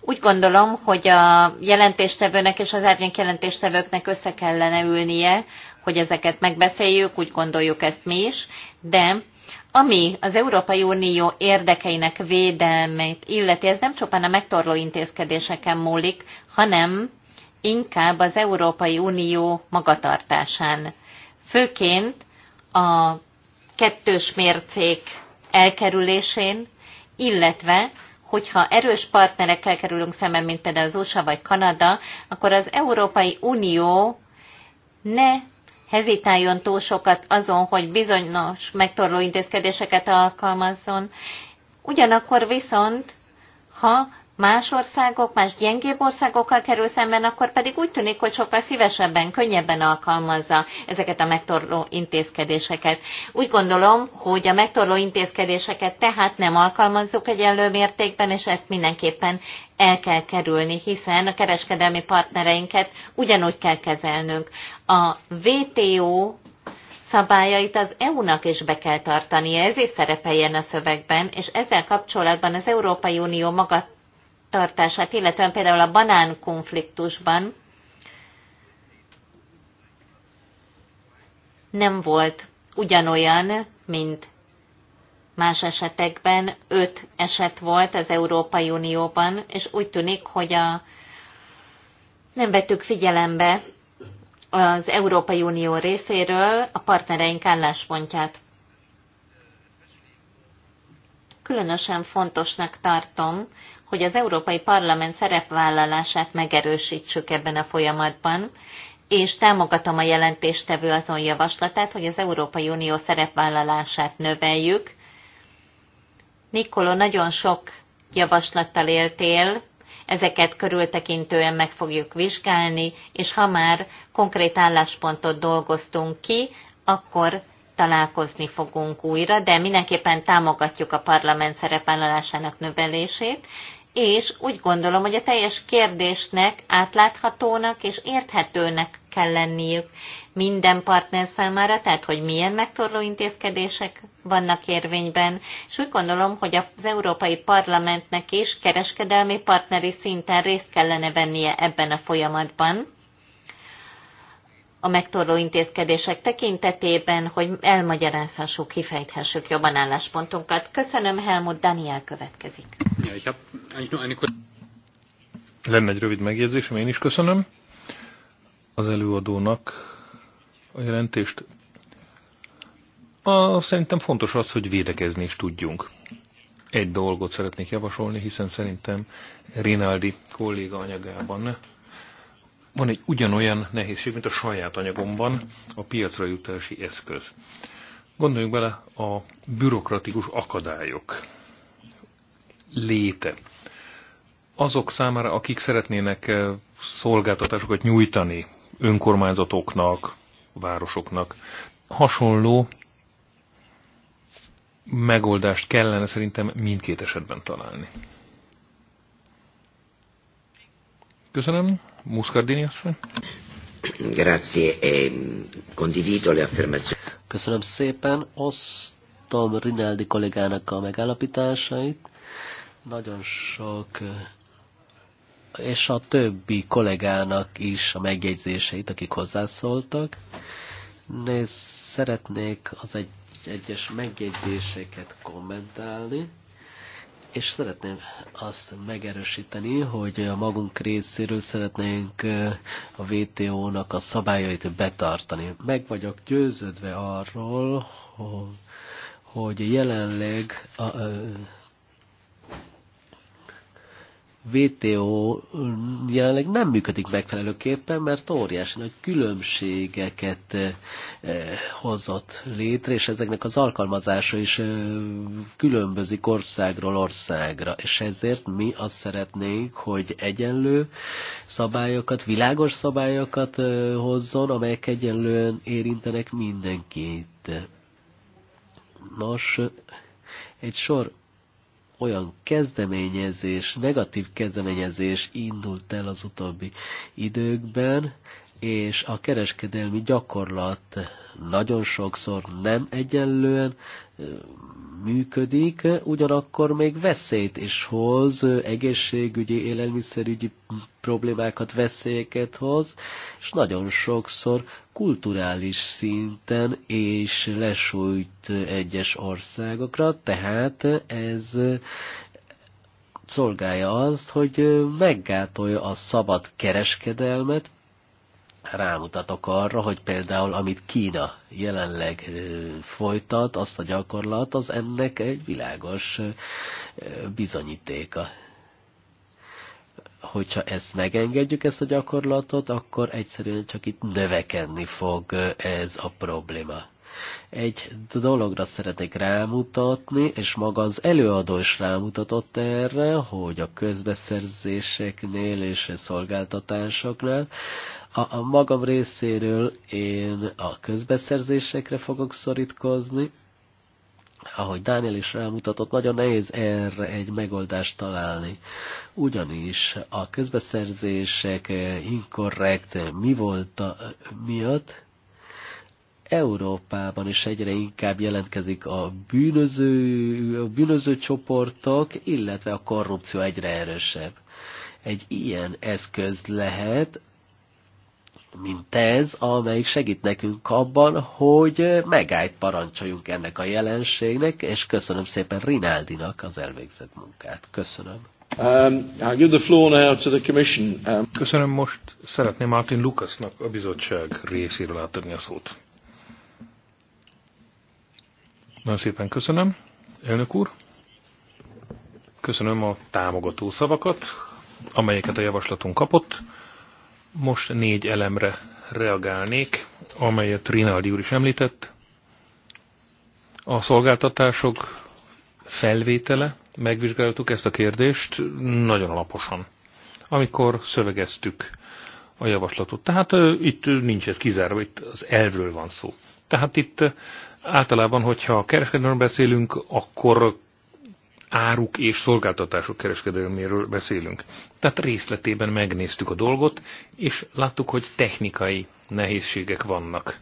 úgy gondolom, hogy a jelentéstevőnek és az árnyék jelentéstevőknek össze kellene ülnie hogy ezeket megbeszéljük, úgy gondoljuk ezt mi is, de ami az Európai Unió érdekeinek védelmét illeti, ez nem csupán a megtorló intézkedéseken múlik, hanem inkább az Európai Unió magatartásán. Főként a kettős mércék elkerülésén, illetve hogyha erős partnerekkel kerülünk szemben, mint például az USA vagy Kanada, akkor az Európai Unió ne hezitáljon túl sokat azon, hogy bizonyos megtorló intézkedéseket alkalmazzon. Ugyanakkor viszont, ha más országok, más gyengébb országokkal kerül szemben, akkor pedig úgy tűnik, hogy sokkal szívesebben, könnyebben alkalmazza ezeket a megtorló intézkedéseket. Úgy gondolom, hogy a megtorló intézkedéseket tehát nem alkalmazzuk egyenlő mértékben, és ezt mindenképpen el kell kerülni, hiszen a kereskedelmi partnereinket ugyanúgy kell kezelnünk. A WTO szabályait az EU-nak is be kell tartania, ez szerepeljen a szövegben, és ezzel kapcsolatban az Európai Unió maga tartását, illetően például a banán konfliktusban nem volt ugyanolyan, mint más esetekben. Öt eset volt az Európai Unióban, és úgy tűnik, hogy a, nem vettük figyelembe az Európai Unió részéről a partnereink álláspontját. Különösen fontosnak tartom, hogy az Európai Parlament szerepvállalását megerősítsük ebben a folyamatban, és támogatom a jelentéstevő azon javaslatát, hogy az Európai Unió szerepvállalását növeljük. Nikoló, nagyon sok javaslattal éltél, ezeket körültekintően meg fogjuk vizsgálni, és ha már konkrét álláspontot dolgoztunk ki, akkor találkozni fogunk újra, de mindenképpen támogatjuk a parlament szerepvállalásának növelését, és úgy gondolom, hogy a teljes kérdésnek átláthatónak és érthetőnek kell lenniük minden partner számára, tehát hogy milyen megtorló intézkedések vannak érvényben, és úgy gondolom, hogy az Európai Parlamentnek is kereskedelmi partneri szinten részt kellene vennie ebben a folyamatban, a megtorló intézkedések tekintetében, hogy elmagyarázhassuk, kifejthessük jobban álláspontunkat. Köszönöm, Helmut Daniel következik. Lenne egy rövid megjegyzésem, én is köszönöm az előadónak a jelentést. A, szerintem fontos az, hogy védekezni is tudjunk. Egy dolgot szeretnék javasolni, hiszen szerintem Rinaldi kolléga anyagában van egy ugyanolyan nehézség, mint a saját anyagomban a piacra jutási eszköz. Gondoljunk bele a bürokratikus akadályok léte. Azok számára, akik szeretnének eh, szolgáltatásokat nyújtani önkormányzatoknak, városoknak, hasonló megoldást kellene szerintem mindkét esetben találni. Köszönöm. Muscardini asszony. Grazie, ehm, condivido le affermazioni. Köszönöm szépen, osztom Rinaldi kollégának a megállapításait. Nagyon sok eh, és a többi kollégának is a megjegyzéseit, akik hozzászóltak. Nézd, szeretnék az egy, egyes megjegyzéseket kommentálni és szeretném azt megerősíteni, hogy a magunk részéről szeretnénk a WTO-nak a szabályait betartani. Meg vagyok győződve arról, hogy jelenleg a, a, VTO jelenleg nem működik megfelelőképpen, mert óriási nagy különbségeket eh, hozott létre, és ezeknek az alkalmazása is eh, különbözik országról országra. És ezért mi azt szeretnénk, hogy egyenlő szabályokat, világos szabályokat eh, hozzon, amelyek egyenlően érintenek mindenkit. Nos, egy sor olyan kezdeményezés, negatív kezdeményezés indult el az utóbbi időkben, és a kereskedelmi gyakorlat nagyon sokszor nem egyenlően működik, ugyanakkor még veszélyt is hoz, egészségügyi, élelmiszerügyi problémákat, veszélyeket hoz, és nagyon sokszor kulturális szinten és lesújt egyes országokra, tehát ez szolgálja azt, hogy meggátolja a szabad kereskedelmet, rámutatok arra, hogy például amit Kína jelenleg folytat, azt a gyakorlat, az ennek egy világos bizonyítéka. Hogyha ezt megengedjük, ezt a gyakorlatot, akkor egyszerűen csak itt növekedni fog ez a probléma egy dologra szeretnék rámutatni, és maga az előadó is rámutatott erre, hogy a közbeszerzéseknél és a szolgáltatásoknál a, a magam részéről én a közbeszerzésekre fogok szorítkozni. Ahogy Dániel is rámutatott, nagyon nehéz erre egy megoldást találni. Ugyanis a közbeszerzések inkorrekt mi volt a, miatt Európában is egyre inkább jelentkezik a bűnöző, a bűnöző csoportok, illetve a korrupció egyre erősebb. Egy ilyen eszköz lehet mint ez, amelyik segít nekünk abban, hogy megállt parancsoljunk ennek a jelenségnek, és köszönöm szépen Rinaldinak az elvégzett munkát. Köszönöm. Um, give the floor now to the commission. Um... Köszönöm, most szeretném Martin Lukasnak a bizottság részéről átadni a szót. Nagyon szépen köszönöm, elnök úr. Köszönöm a támogató szavakat, amelyeket a javaslatunk kapott. Most négy elemre reagálnék, amelyet Rinaldi úr is említett. A szolgáltatások felvétele, megvizsgáltuk ezt a kérdést nagyon alaposan, amikor szövegeztük a javaslatot. Tehát uh, itt nincs ez kizárva, itt az elvről van szó. Tehát itt általában, hogyha kereskedőről beszélünk, akkor áruk és szolgáltatások kereskedelméről beszélünk. Tehát részletében megnéztük a dolgot, és láttuk, hogy technikai nehézségek vannak.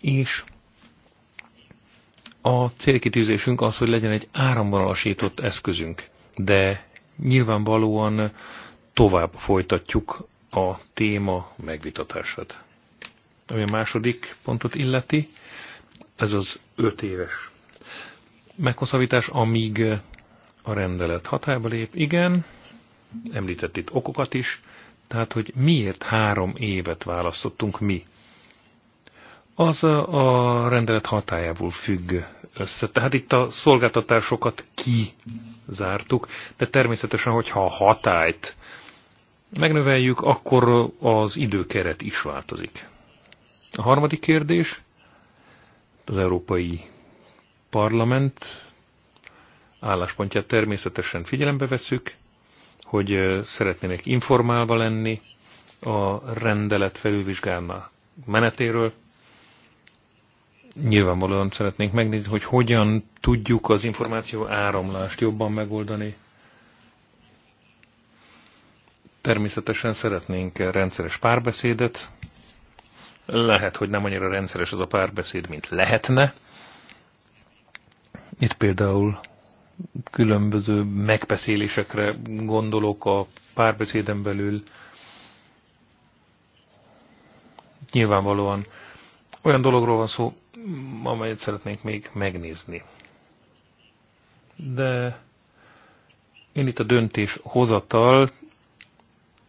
És a célkitűzésünk az, hogy legyen egy áramvonalasított eszközünk, de nyilvánvalóan tovább folytatjuk a téma megvitatását. Ami a második pontot illeti, ez az öt éves meghosszabbítás, amíg a rendelet hatályba lép. Igen, említett itt okokat is, tehát hogy miért három évet választottunk mi. Az a rendelet hatájából függ össze. Tehát itt a szolgáltatásokat kizártuk, de természetesen, hogyha a hatályt megnöveljük, akkor az időkeret is változik. A harmadik kérdés, az Európai parlament álláspontját természetesen figyelembe vesszük, hogy szeretnének informálva lenni a rendelet felülvizsgálna menetéről. Nyilvánvalóan szeretnénk megnézni, hogy hogyan tudjuk az információ áramlást jobban megoldani. Természetesen szeretnénk rendszeres párbeszédet. Lehet, hogy nem annyira rendszeres az a párbeszéd, mint lehetne, itt például különböző megbeszélésekre gondolok a párbeszéden belül. Nyilvánvalóan olyan dologról van szó, amelyet szeretnénk még megnézni. De én itt a döntés hozatal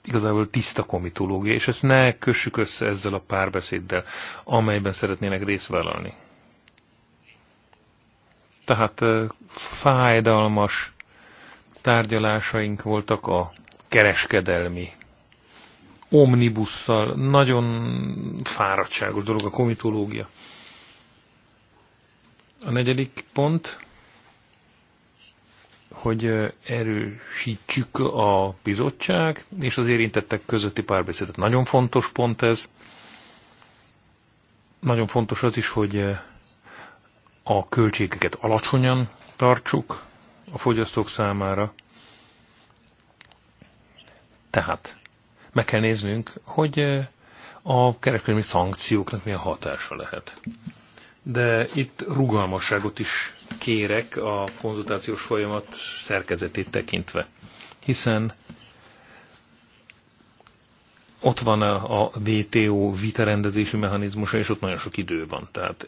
igazából tiszta komitológia, és ezt ne kössük össze ezzel a párbeszéddel, amelyben szeretnének részt vállalni. Tehát fájdalmas tárgyalásaink voltak a kereskedelmi omnibusszal. Nagyon fáradtságos dolog a komitológia. A negyedik pont, hogy erősítsük a bizottság és az érintettek közötti párbeszédet. Nagyon fontos pont ez. Nagyon fontos az is, hogy a költségeket alacsonyan tartsuk a fogyasztók számára. Tehát meg kell néznünk, hogy eh, a kereskedelmi szankcióknak milyen hatása lehet. De itt rugalmasságot is kérek a konzultációs folyamat szerkezetét tekintve. Hiszen ott van a WTO vitarendezési mechanizmusa, és ott nagyon sok idő van. Tehát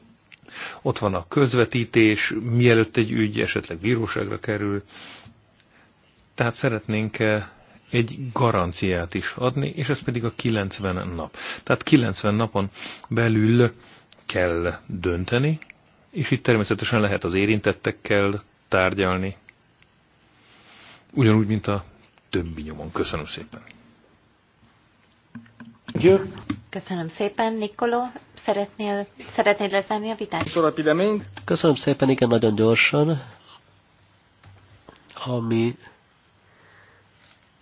ott van a közvetítés, mielőtt egy ügy esetleg bíróságra kerül. Tehát szeretnénk eh, egy garanciát is adni, és ez pedig a 90 nap. Tehát 90 napon belül kell dönteni, és itt természetesen lehet az érintettekkel tárgyalni, ugyanúgy, mint a többi nyomon. Köszönöm szépen! Köszönöm szépen, Nikoló. Szeretnél, szeretnéd lezárni a vitát? Köszönöm szépen, igen, nagyon gyorsan. Ami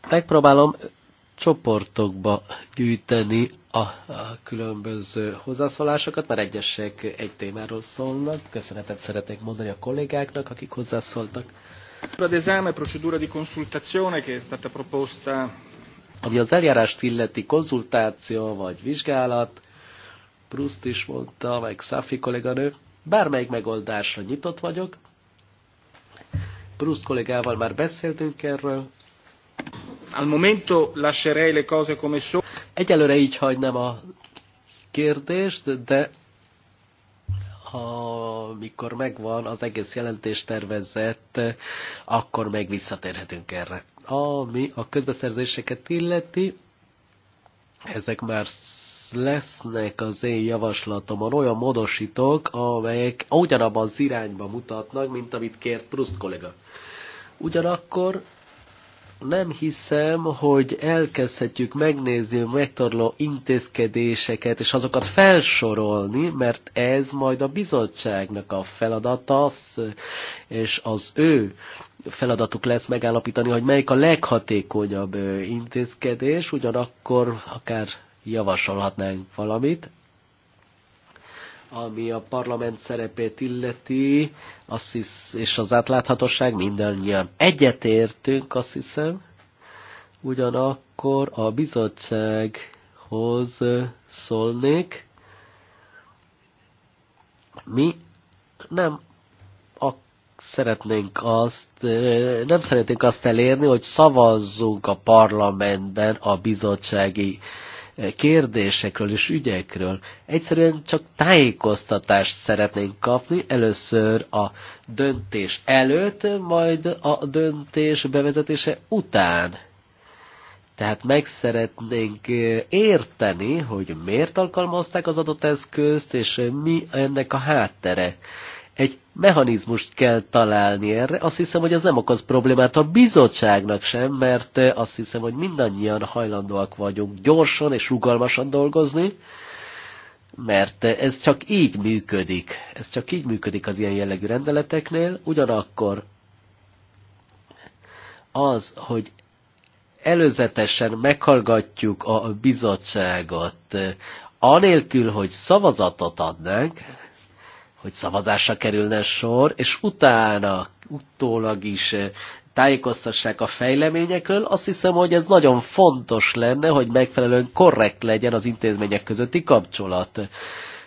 megpróbálom csoportokba gyűjteni a, a különböző hozzászólásokat, mert egyesek egy témáról szólnak. Köszönetet szeretnék mondani a kollégáknak, akik hozzászóltak. D'esame procedura di consultazione che è stata proposta ami az eljárást illeti konzultáció vagy vizsgálat, Proust is mondta, meg Szafi kolléganő, bármelyik megoldásra nyitott vagyok. Proust kollégával már beszéltünk erről. Al momento lascerei le cose come sono. Egyelőre így hagynám a kérdést, de amikor megvan az egész tervezett, akkor meg visszatérhetünk erre. Ami a közbeszerzéseket illeti, ezek már lesznek az én javaslatomon olyan módosítók, amelyek ugyanabban az irányba mutatnak, mint amit kért Proust kollega. Ugyanakkor nem hiszem, hogy elkezdhetjük megnézni a megtorló intézkedéseket, és azokat felsorolni, mert ez majd a bizottságnak a feladata, és az ő feladatuk lesz megállapítani, hogy melyik a leghatékonyabb intézkedés, ugyanakkor akár javasolhatnánk valamit, ami a parlament szerepét illeti, azt hisz, és az átláthatóság mindannyian egyetértünk, azt hiszem. Ugyanakkor a bizottsághoz szólnék. Mi nem a, szeretnénk azt, nem szeretnénk azt elérni, hogy szavazzunk a parlamentben a bizottsági kérdésekről és ügyekről. Egyszerűen csak tájékoztatást szeretnénk kapni, először a döntés előtt, majd a döntés bevezetése után. Tehát meg szeretnénk érteni, hogy miért alkalmazták az adott eszközt, és mi ennek a háttere mechanizmust kell találni erre. Azt hiszem, hogy ez nem okoz problémát a bizottságnak sem, mert eh, azt hiszem, hogy mindannyian hajlandóak vagyunk gyorsan és rugalmasan dolgozni, mert eh, ez csak így működik. Ez csak így működik az ilyen jellegű rendeleteknél. Ugyanakkor az, hogy előzetesen meghallgatjuk a bizottságot, eh, anélkül, hogy szavazatot adnánk, hogy szavazásra kerülne sor, és utána, utólag is eh, tájékoztassák a fejleményekről, azt hiszem, hogy ez nagyon fontos lenne, hogy megfelelően korrekt legyen az intézmények közötti kapcsolat.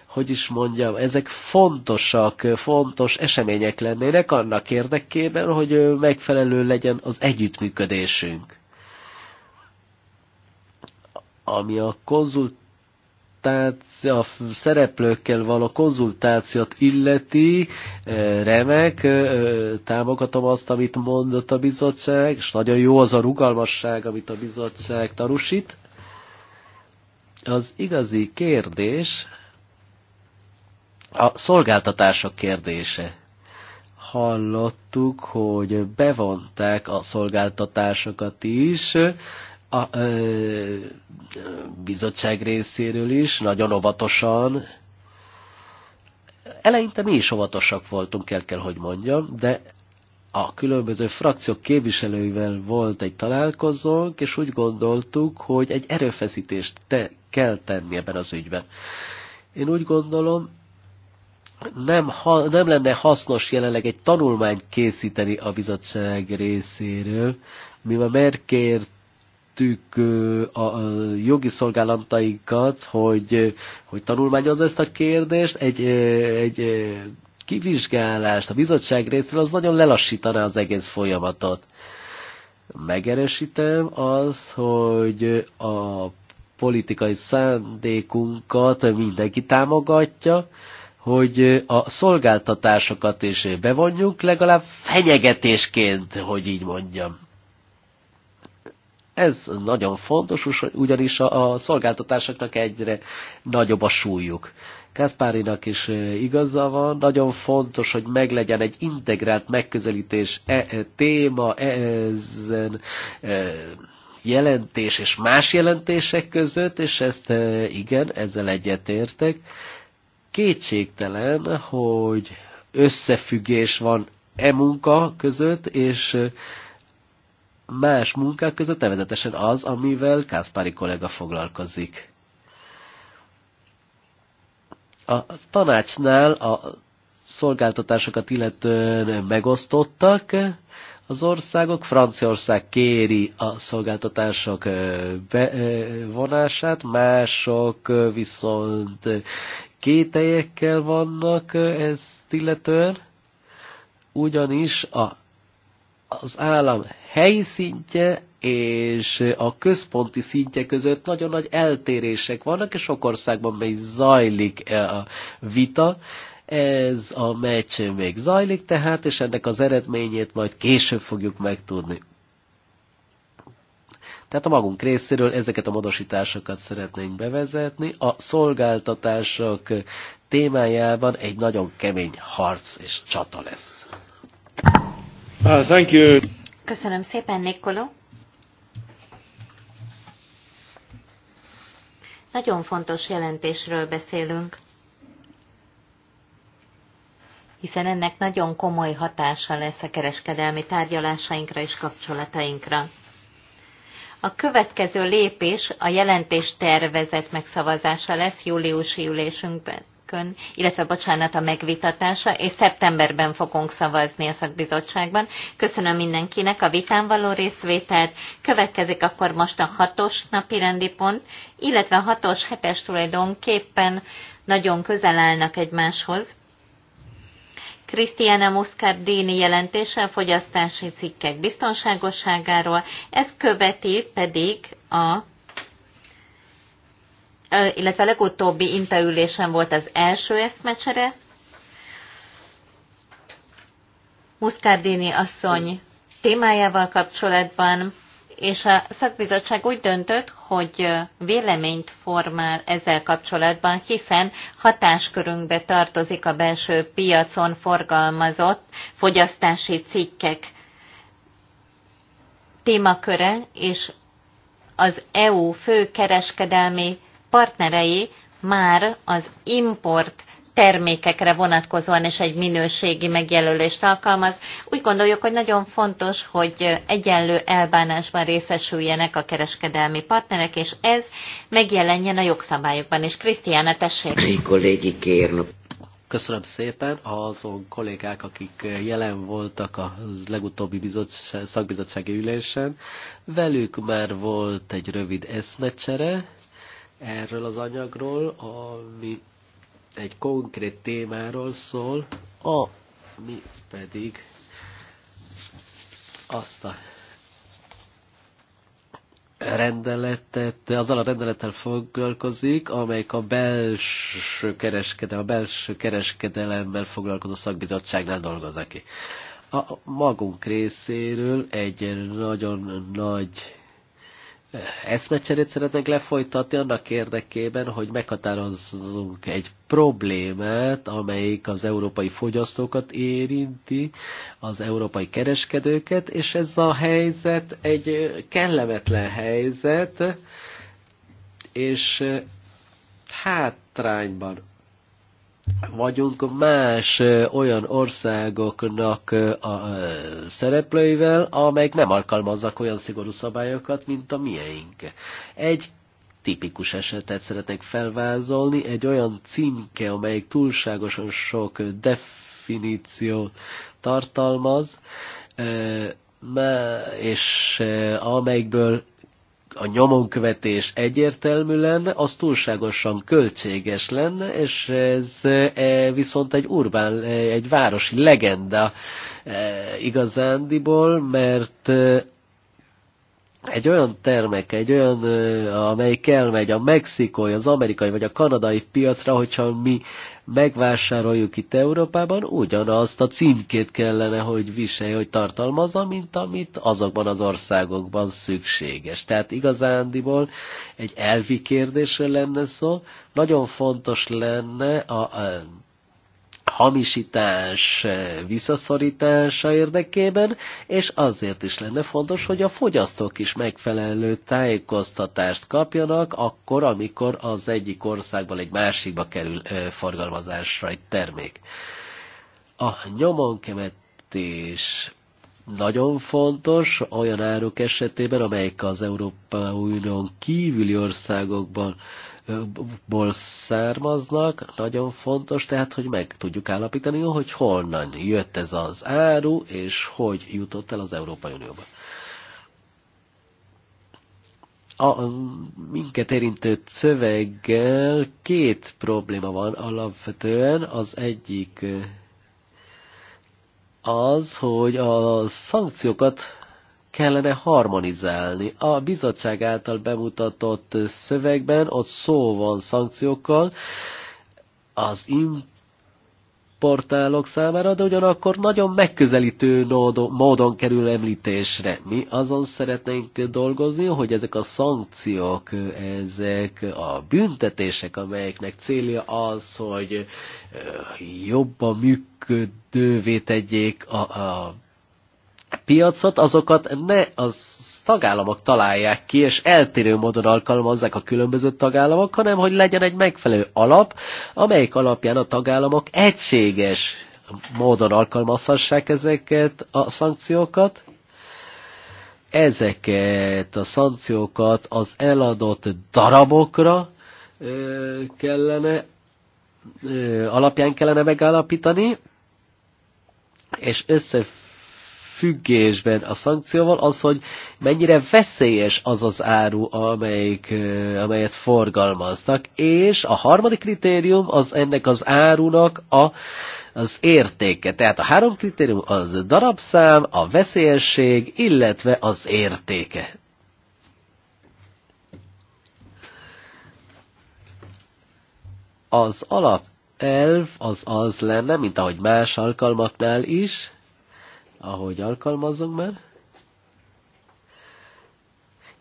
Hogy is mondjam, ezek fontosak, fontos események lennének annak érdekében, hogy eh, megfelelő legyen az együttműködésünk. Ami a konzult konzultáció, a szereplőkkel való konzultációt illeti, eh, remek, eh, támogatom azt, amit mondott a bizottság, és nagyon jó az a rugalmasság, amit a bizottság tarusít. Az igazi kérdés a szolgáltatások kérdése hallottuk, hogy bevonták a szolgáltatásokat is a ö, bizottság részéről is, nagyon óvatosan. Eleinte mi is óvatosak voltunk, el kell, hogy mondjam, de a különböző frakciók képviselőivel volt egy találkozónk, és úgy gondoltuk, hogy egy erőfeszítést te kell tenni ebben az ügyben. Én úgy gondolom, nem, ha, nem lenne hasznos jelenleg egy tanulmányt készíteni a bizottság részéről, mivel merkért kértük a jogi szolgálataikat, hogy, hogy tanulmányoz ezt a kérdést. Egy, egy kivizsgálást a bizottság részéről az nagyon lelassítaná az egész folyamatot. Megerősítem az, hogy a politikai szándékunkat mindenki támogatja, hogy a szolgáltatásokat is bevonjuk, legalább fenyegetésként, hogy így mondjam. Ez nagyon fontos, ugyanis a szolgáltatásoknak egyre nagyobb a súlyuk. Kaspárinak is igaza van, nagyon fontos, hogy meglegyen egy integrált megközelítés e, e, téma ezen e, jelentés és más jelentések között, és ezt e, igen, ezzel egyetértek. Kétségtelen, hogy összefüggés van e munka között, és e, más munkák között, nevezetesen az, amivel Kászpári kollega foglalkozik. A tanácsnál a szolgáltatásokat illetően megosztottak, az országok. Franciaország kéri a szolgáltatások bevonását, mások viszont kételyekkel vannak ezt illetően, ugyanis a az állam helyi szintje és a központi szintje között nagyon nagy eltérések vannak, és sok országban még zajlik e a vita. Ez a meccs még zajlik tehát, és ennek az eredményét majd később fogjuk megtudni. Tehát a magunk részéről ezeket a modosításokat szeretnénk bevezetni. A szolgáltatások témájában egy nagyon kemény harc és csata lesz. Ah, thank you. Köszönöm szépen, Nikoló. Nagyon fontos jelentésről beszélünk, hiszen ennek nagyon komoly hatása lesz a kereskedelmi tárgyalásainkra és kapcsolatainkra. A következő lépés a jelentés tervezet megszavazása lesz júliusi ülésünkben ülésükön, illetve bocsánat, a megvitatása, és szeptemberben fogunk szavazni a szakbizottságban. Köszönöm mindenkinek a vitán való részvételt. Következik akkor most a hatos napi rendi pont, illetve a hatos, hetes tulajdonképpen nagyon közel állnak egymáshoz. Krisztiána Muscardini jelentése a fogyasztási cikkek biztonságosságáról, ez követi pedig a illetve a legutóbbi inteülésen volt az első eszmecsere. Muszkárdini asszony témájával kapcsolatban, és a szakbizottság úgy döntött, hogy véleményt formál ezzel kapcsolatban, hiszen hatáskörünkbe tartozik a belső piacon forgalmazott fogyasztási cikkek témaköre, és az EU fő kereskedelmi partnerei már az import termékekre vonatkozóan is egy minőségi megjelölést alkalmaz. Úgy gondoljuk, hogy nagyon fontos, hogy egyenlő elbánásban részesüljenek a kereskedelmi partnerek, és ez megjelenjen a jogszabályokban. is. Krisztiána, tessék! kollégi kérnök. Köszönöm szépen azon kollégák, akik jelen voltak a legutóbbi bizottság, szakbizottsági ülésen. Velük már volt egy rövid eszmecsere, erről az anyagról, ami egy konkrét témáról szól, ami pedig azt a rendeletet, azzal a rendelettel foglalkozik, amelyik a belső kereskedelem, a belső kereskedelemmel foglalkozó szakbizottságnál dolgozik. A magunk részéről egy nagyon nagy eszmecserét szeretnék lefolytatni annak érdekében, hogy meghatározzunk egy problémát, amelyik az európai fogyasztókat érinti, az európai kereskedőket, és ez a helyzet egy kellemetlen helyzet, és hátrányban vagyunk más olyan országoknak a szereplőivel, amelyek nem alkalmaznak olyan szigorú szabályokat, mint a miénk. Egy tipikus esetet szeretnék felvázolni, egy olyan címke, amelyik túlságosan sok definíció tartalmaz, és amelyikből a nyomonkövetés egyértelmű lenne, az túlságosan költséges lenne, és ez e, viszont egy urbán, e, egy városi legenda e, igazándiból, mert egy olyan termék, egy olyan, amelyik elmegy a mexikói, az amerikai vagy a kanadai piacra, hogyha mi megvásároljuk itt Európában, ugyanazt a címkét kellene, hogy viselje, hogy tartalmazza, mint amit azokban az országokban szükséges. Tehát igazándiból egy elvi kérdésre lenne szó. Nagyon fontos lenne a, a hamisítás visszaszorítása érdekében, és azért is lenne fontos, hogy a fogyasztók is megfelelő tájékoztatást kapjanak, akkor, amikor az egyik országban egy másikba kerül forgalmazásra egy termék. A kemetés nagyon fontos olyan áruk esetében, amelyek az Európai Unión kívüli országokban ból származnak, nagyon fontos, tehát hogy meg tudjuk állapítani, hogy honnan jött ez az áru, és hogy jutott el az Európai Unióba. A minket érintő szöveggel két probléma van alapvetően. Az egyik az, hogy a szankciókat kellene harmonizálni. A bizottság által bemutatott szövegben ott szó van szankciókkal, az importálók számára, de ugyanakkor nagyon megközelítő módon kerül említésre. Mi azon szeretnénk dolgozni, hogy ezek a szankciók, ezek a büntetések, amelyeknek célja az, hogy jobban működővé tegyék a, a piacot, azokat ne az tagállamok találják ki, és eltérő módon alkalmazzák a különböző tagállamok, hanem hogy legyen egy megfelelő alap, amelyik alapján a tagállamok egységes módon alkalmazhassák ezeket a szankciókat. Ezeket a szankciókat az eladott darabokra kellene, alapján kellene megállapítani, és összefügg összefüggésben a szankcióval az, hogy mennyire veszélyes az az áru, amelyik, amelyet forgalmaznak, és a harmadik kritérium az ennek az árunak a az értéke. Tehát a három kritérium az darabszám, a veszélyesség, illetve az értéke. Az alapelv az az lenne, mint ahogy más alkalmaknál is, ahogy alkalmazzunk már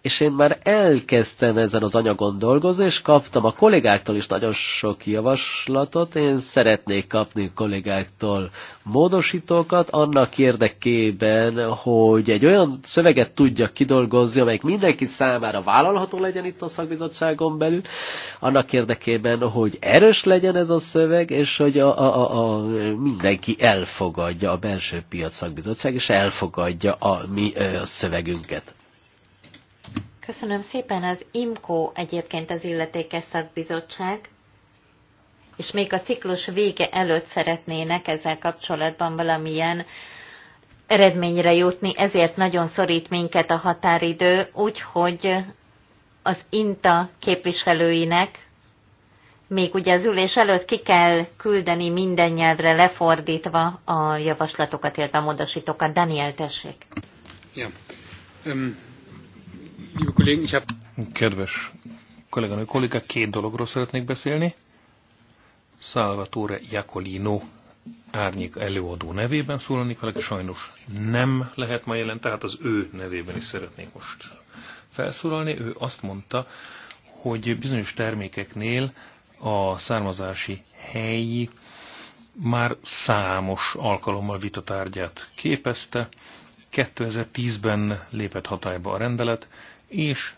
és én már elkezdtem ezen az anyagon dolgozni, és kaptam a kollégáktól is nagyon sok javaslatot. Én szeretnék kapni kollégáktól módosítókat annak érdekében, hogy egy olyan szöveget tudjak kidolgozni, amelyik mindenki számára vállalható legyen itt a szakbizottságon belül, annak érdekében, hogy erős legyen ez a szöveg, és hogy a, a, a, a mindenki elfogadja a belső piac szakbizottság, és elfogadja a mi a szövegünket. Köszönöm szépen. Az IMCO egyébként az illetékes szakbizottság, és még a ciklus vége előtt szeretnének ezzel kapcsolatban valamilyen eredményre jutni, ezért nagyon szorít minket a határidő, úgyhogy az INTA képviselőinek még ugye az ülés előtt ki kell küldeni minden nyelvre lefordítva a javaslatokat, illetve a módosítókat. Daniel, tessék. Ja. Um, Kedves kolléganő kolléga, két dologról szeretnék beszélni. Salvatore Iacolino árnyék előadó nevében szólalni, valaki sajnos nem lehet ma jelen, tehát az ő nevében is szeretnék most felszólalni. Ő azt mondta, hogy bizonyos termékeknél a származási helyi már számos alkalommal tárgyát képezte. 2010-ben lépett hatályba a rendelet, és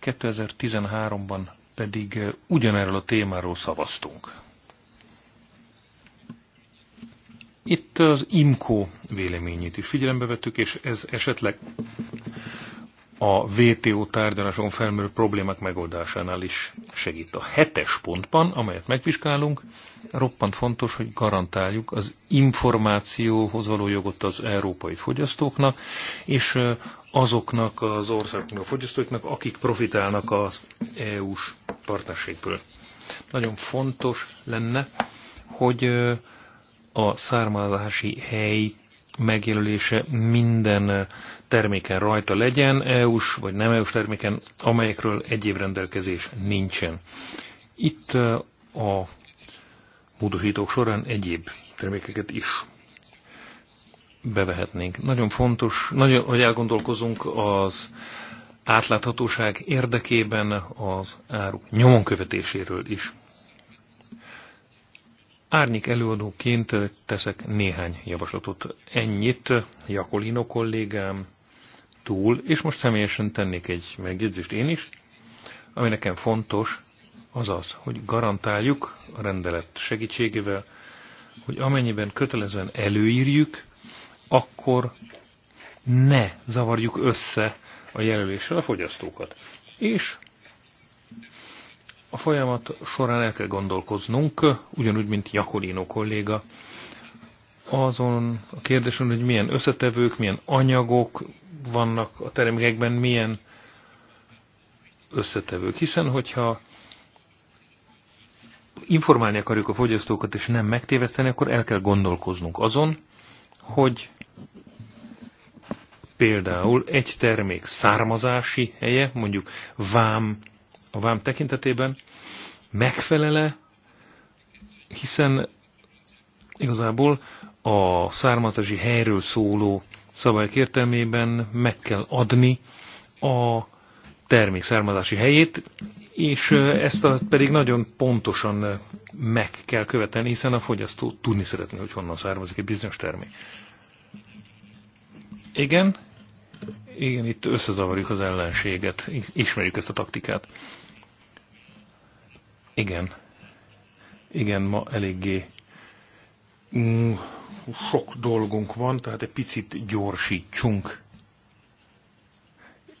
2013-ban pedig eh, ugyanerről a témáról szavaztunk. Itt az IMCO véleményét is figyelembe vettük, és ez esetleg a WTO tárgyaláson felmerülő problémák megoldásánál is segít. A hetes pontban, amelyet megvizsgálunk, roppant fontos, hogy garantáljuk az információhoz való jogot az európai fogyasztóknak, és azoknak az országoknak, a fogyasztóknak, akik profitálnak az EU-s partnerségből. Nagyon fontos lenne, hogy a származási hely megjelölése minden terméken rajta legyen, EU-s vagy nem EU-s terméken, amelyekről egyéb rendelkezés nincsen. Itt uh, a módosítók során egyéb termékeket is bevehetnénk. Nagyon fontos, nagyon, hogy elgondolkozunk az átláthatóság érdekében az áruk nyomon követéséről is. Árnyék előadóként teszek néhány javaslatot. Ennyit Jakolino kollégám túl, és most személyesen tennék egy megjegyzést én is, ami nekem fontos, az az, hogy garantáljuk a rendelet segítségével, hogy amennyiben kötelezően előírjuk, akkor ne zavarjuk össze a jelöléssel a fogyasztókat. És a folyamat során el kell gondolkoznunk, ugyanúgy, mint Jakolino kolléga, azon a kérdésen, hogy milyen összetevők, milyen anyagok vannak a termékekben, milyen összetevők. Hiszen, hogyha informálni akarjuk a fogyasztókat és nem megtéveszteni, akkor el kell gondolkoznunk azon, hogy például egy termék származási helye, mondjuk vám, a vám tekintetében megfelele, hiszen igazából a származási helyről szóló szabályok értelmében meg kell adni a termék származási helyét, és ezt pedig nagyon pontosan meg kell követelni, hiszen a fogyasztó tudni szeretné, hogy honnan származik egy bizonyos termék. Igen, igen, itt összezavarjuk az ellenséget, ismerjük ezt a taktikát. Igen, igen, ma eléggé sok dolgunk van, tehát egy picit gyorsítsunk.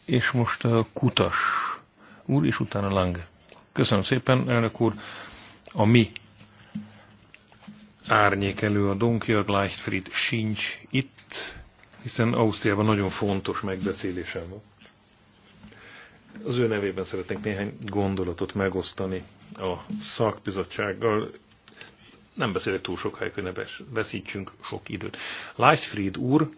És most a uh, Kutas úr, és utána lang. Köszönöm szépen, elnök úr. A mi árnyék előadónk, Jörg Leichtfried sincs itt, hiszen Ausztriában nagyon fontos megbeszélésem van. Az ő nevében szeretnék néhány gondolatot megosztani a szakbizottsággal, nem beszélek túl sokáig, hogy ne veszítsünk sok időt. Leichtfried úr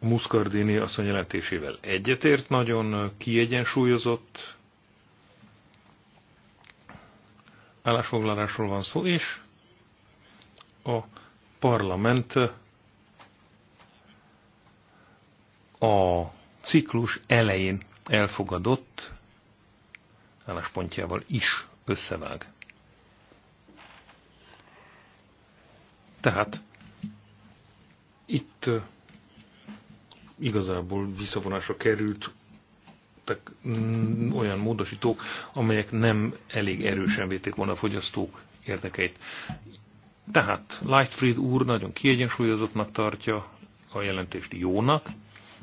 Muscardini asszony jelentésével egyetért, nagyon kiegyensúlyozott állásfoglalásról van szó, és a parlament a ciklus elején elfogadott álláspontjával is összevág. Tehát itt igazából visszavonásra került mm, olyan módosítók, amelyek nem elég erősen védték volna a fogyasztók érdekeit. Tehát Lightfried úr nagyon kiegyensúlyozottnak tartja a jelentést jónak,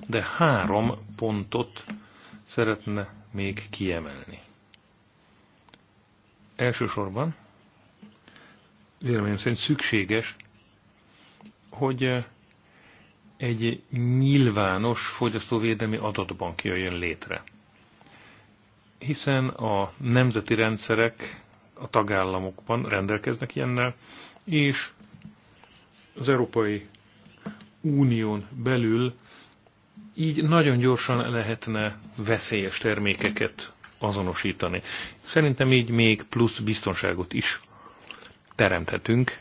de három pontot szeretne még kiemelni. Elsősorban véleményem szerint szükséges hogy eh, egy nyilvános fogyasztóvédelmi adatbank jöjjön létre. Hiszen a nemzeti rendszerek a tagállamokban rendelkeznek ilyennel, és az Európai Unión belül így nagyon gyorsan lehetne veszélyes termékeket azonosítani. Szerintem így még plusz biztonságot is teremthetünk,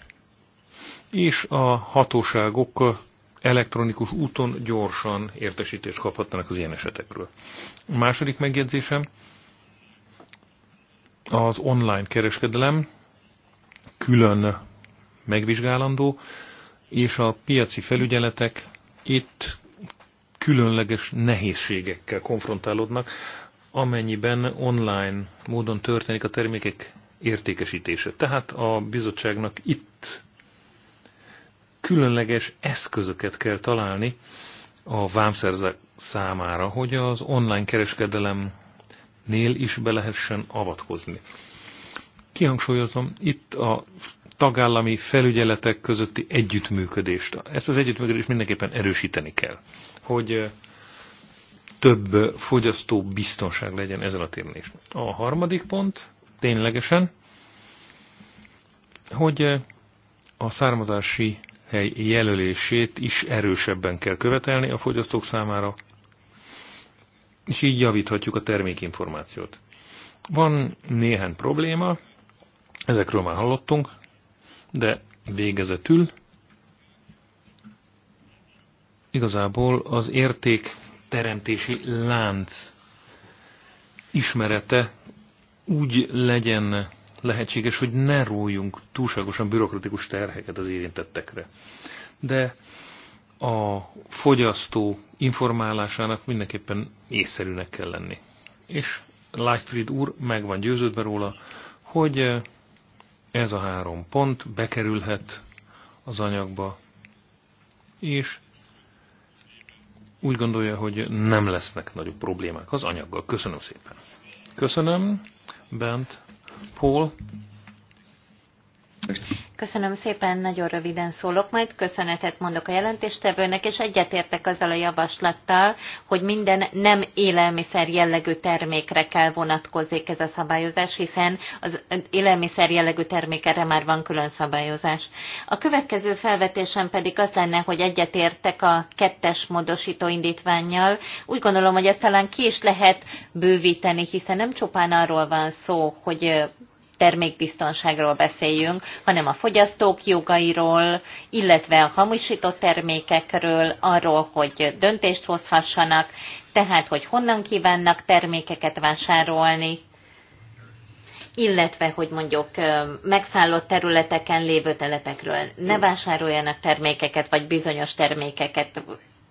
és a hatóságok elektronikus úton gyorsan értesítést kaphatnak az ilyen esetekről. A második megjegyzésem, az online kereskedelem külön megvizsgálandó, és a piaci felügyeletek itt különleges nehézségekkel konfrontálódnak, amennyiben online módon történik a termékek értékesítése. Tehát a bizottságnak itt különleges eszközöket kell találni a vámszerzek számára, hogy az online kereskedelemnél is be lehessen avatkozni. Kihangsúlyozom, itt a tagállami felügyeletek közötti együttműködést. Ezt az együttműködést mindenképpen erősíteni kell, hogy eh, több eh, fogyasztó biztonság legyen ezen a téren is. A harmadik pont ténylegesen, hogy eh, a származási hely jelölését is erősebben kell követelni a fogyasztók számára, és így javíthatjuk a termékinformációt. Van néhány probléma, ezekről már hallottunk, de végezetül igazából az érték teremtési lánc ismerete úgy legyen lehetséges, hogy ne rójunk túlságosan bürokratikus terheket az érintettekre. De a fogyasztó informálásának mindenképpen észszerűnek kell lenni. És Lightfried úr meg van győződve róla, hogy eh, ez a három pont bekerülhet az anyagba, és úgy gondolja, hogy nem lesznek nagyobb problémák az anyaggal. Köszönöm szépen. Köszönöm, Bent Paul. Köszönöm szépen, nagyon röviden szólok majd. Köszönetet mondok a jelentéstevőnek, és egyetértek azzal a javaslattal, hogy minden nem élelmiszer jellegű termékre kell vonatkozik ez a szabályozás, hiszen az élelmiszer jellegű termékre már van külön szabályozás. A következő felvetésem pedig az lenne, hogy egyetértek a kettes módosító indítványjal. Úgy gondolom, hogy ezt talán ki is lehet bővíteni, hiszen nem csupán arról van szó, hogy termékbiztonságról beszéljünk, hanem a fogyasztók jogairól, illetve a hamisított termékekről, arról, hogy döntést hozhassanak, tehát hogy honnan kívánnak termékeket vásárolni, illetve hogy mondjuk megszállott területeken lévő telepekről ne vásároljanak termékeket, vagy bizonyos termékeket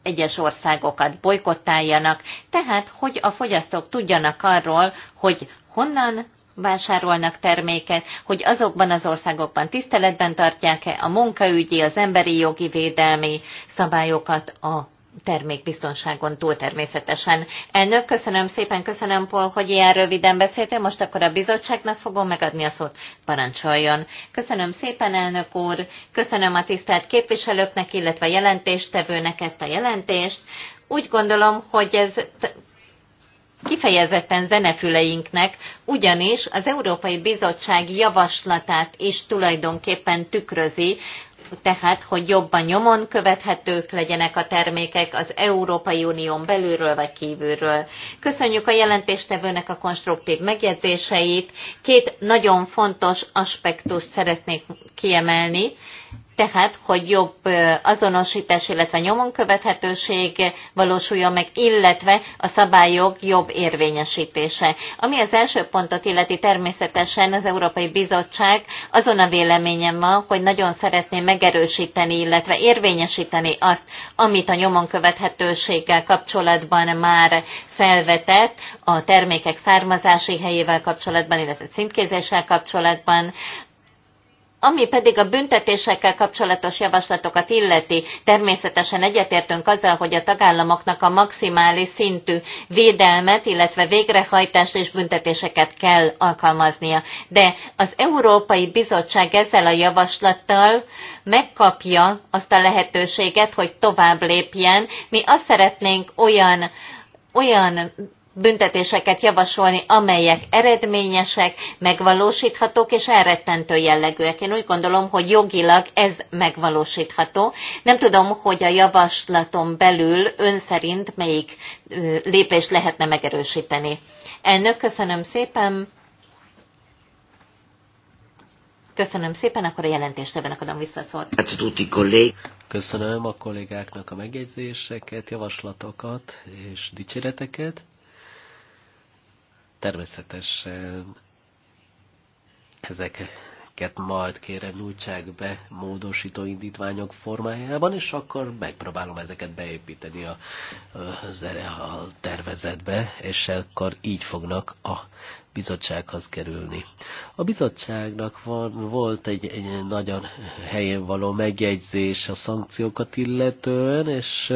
egyes országokat bolykottáljanak, tehát hogy a fogyasztók tudjanak arról, hogy honnan vásárolnak terméket, hogy azokban az országokban tiszteletben tartják-e a munkaügyi, az emberi jogi védelmi szabályokat a termékbiztonságon túl természetesen. Elnök, köszönöm szépen, köszönöm Paul, hogy ilyen röviden beszéltél, most akkor a bizottságnak fogom megadni a szót, parancsoljon. Köszönöm szépen, elnök úr, köszönöm a tisztelt képviselőknek, illetve a jelentéstevőnek ezt a jelentést. Úgy gondolom, hogy ez kifejezetten zenefüleinknek, ugyanis az Európai Bizottság javaslatát is tulajdonképpen tükrözi, tehát, hogy jobban nyomon követhetők legyenek a termékek az Európai Unión belülről vagy kívülről. Köszönjük a jelentéstevőnek a konstruktív megjegyzéseit. Két nagyon fontos aspektust szeretnék kiemelni tehát, hogy jobb azonosítás, illetve nyomon követhetőség valósuljon meg, illetve a szabályok jobb érvényesítése. Ami az első pontot illeti természetesen az Európai Bizottság azon a véleményem van, hogy nagyon szeretné megerősíteni, illetve érvényesíteni azt, amit a nyomon követhetőséggel kapcsolatban már felvetett a termékek származási helyével kapcsolatban, illetve címkézéssel kapcsolatban, ami pedig a büntetésekkel kapcsolatos javaslatokat illeti, természetesen egyetértünk azzal, hogy a tagállamoknak a maximális szintű védelmet, illetve végrehajtást és büntetéseket kell alkalmaznia. De az Európai Bizottság ezzel a javaslattal megkapja azt a lehetőséget, hogy tovább lépjen. Mi azt szeretnénk olyan olyan büntetéseket javasolni, amelyek eredményesek, megvalósíthatók és elrettentő jellegűek. Én úgy gondolom, hogy jogilag ez megvalósítható. Nem tudom, hogy a javaslaton belül ön szerint melyik lépést lehetne megerősíteni. Elnök, köszönöm szépen. Köszönöm szépen, akkor a jelentéstevőnek adom vissza a Köszönöm a kollégáknak a megjegyzéseket, javaslatokat és dicséreteket természetes ezeket majd kérem nyújtsák be módosító indítványok formájában, és akkor megpróbálom ezeket beépíteni a, a tervezetbe, és akkor így fognak a bizottsághoz kerülni. A bizottságnak van, volt egy, egy nagyon helyén való megjegyzés a szankciókat illetően, és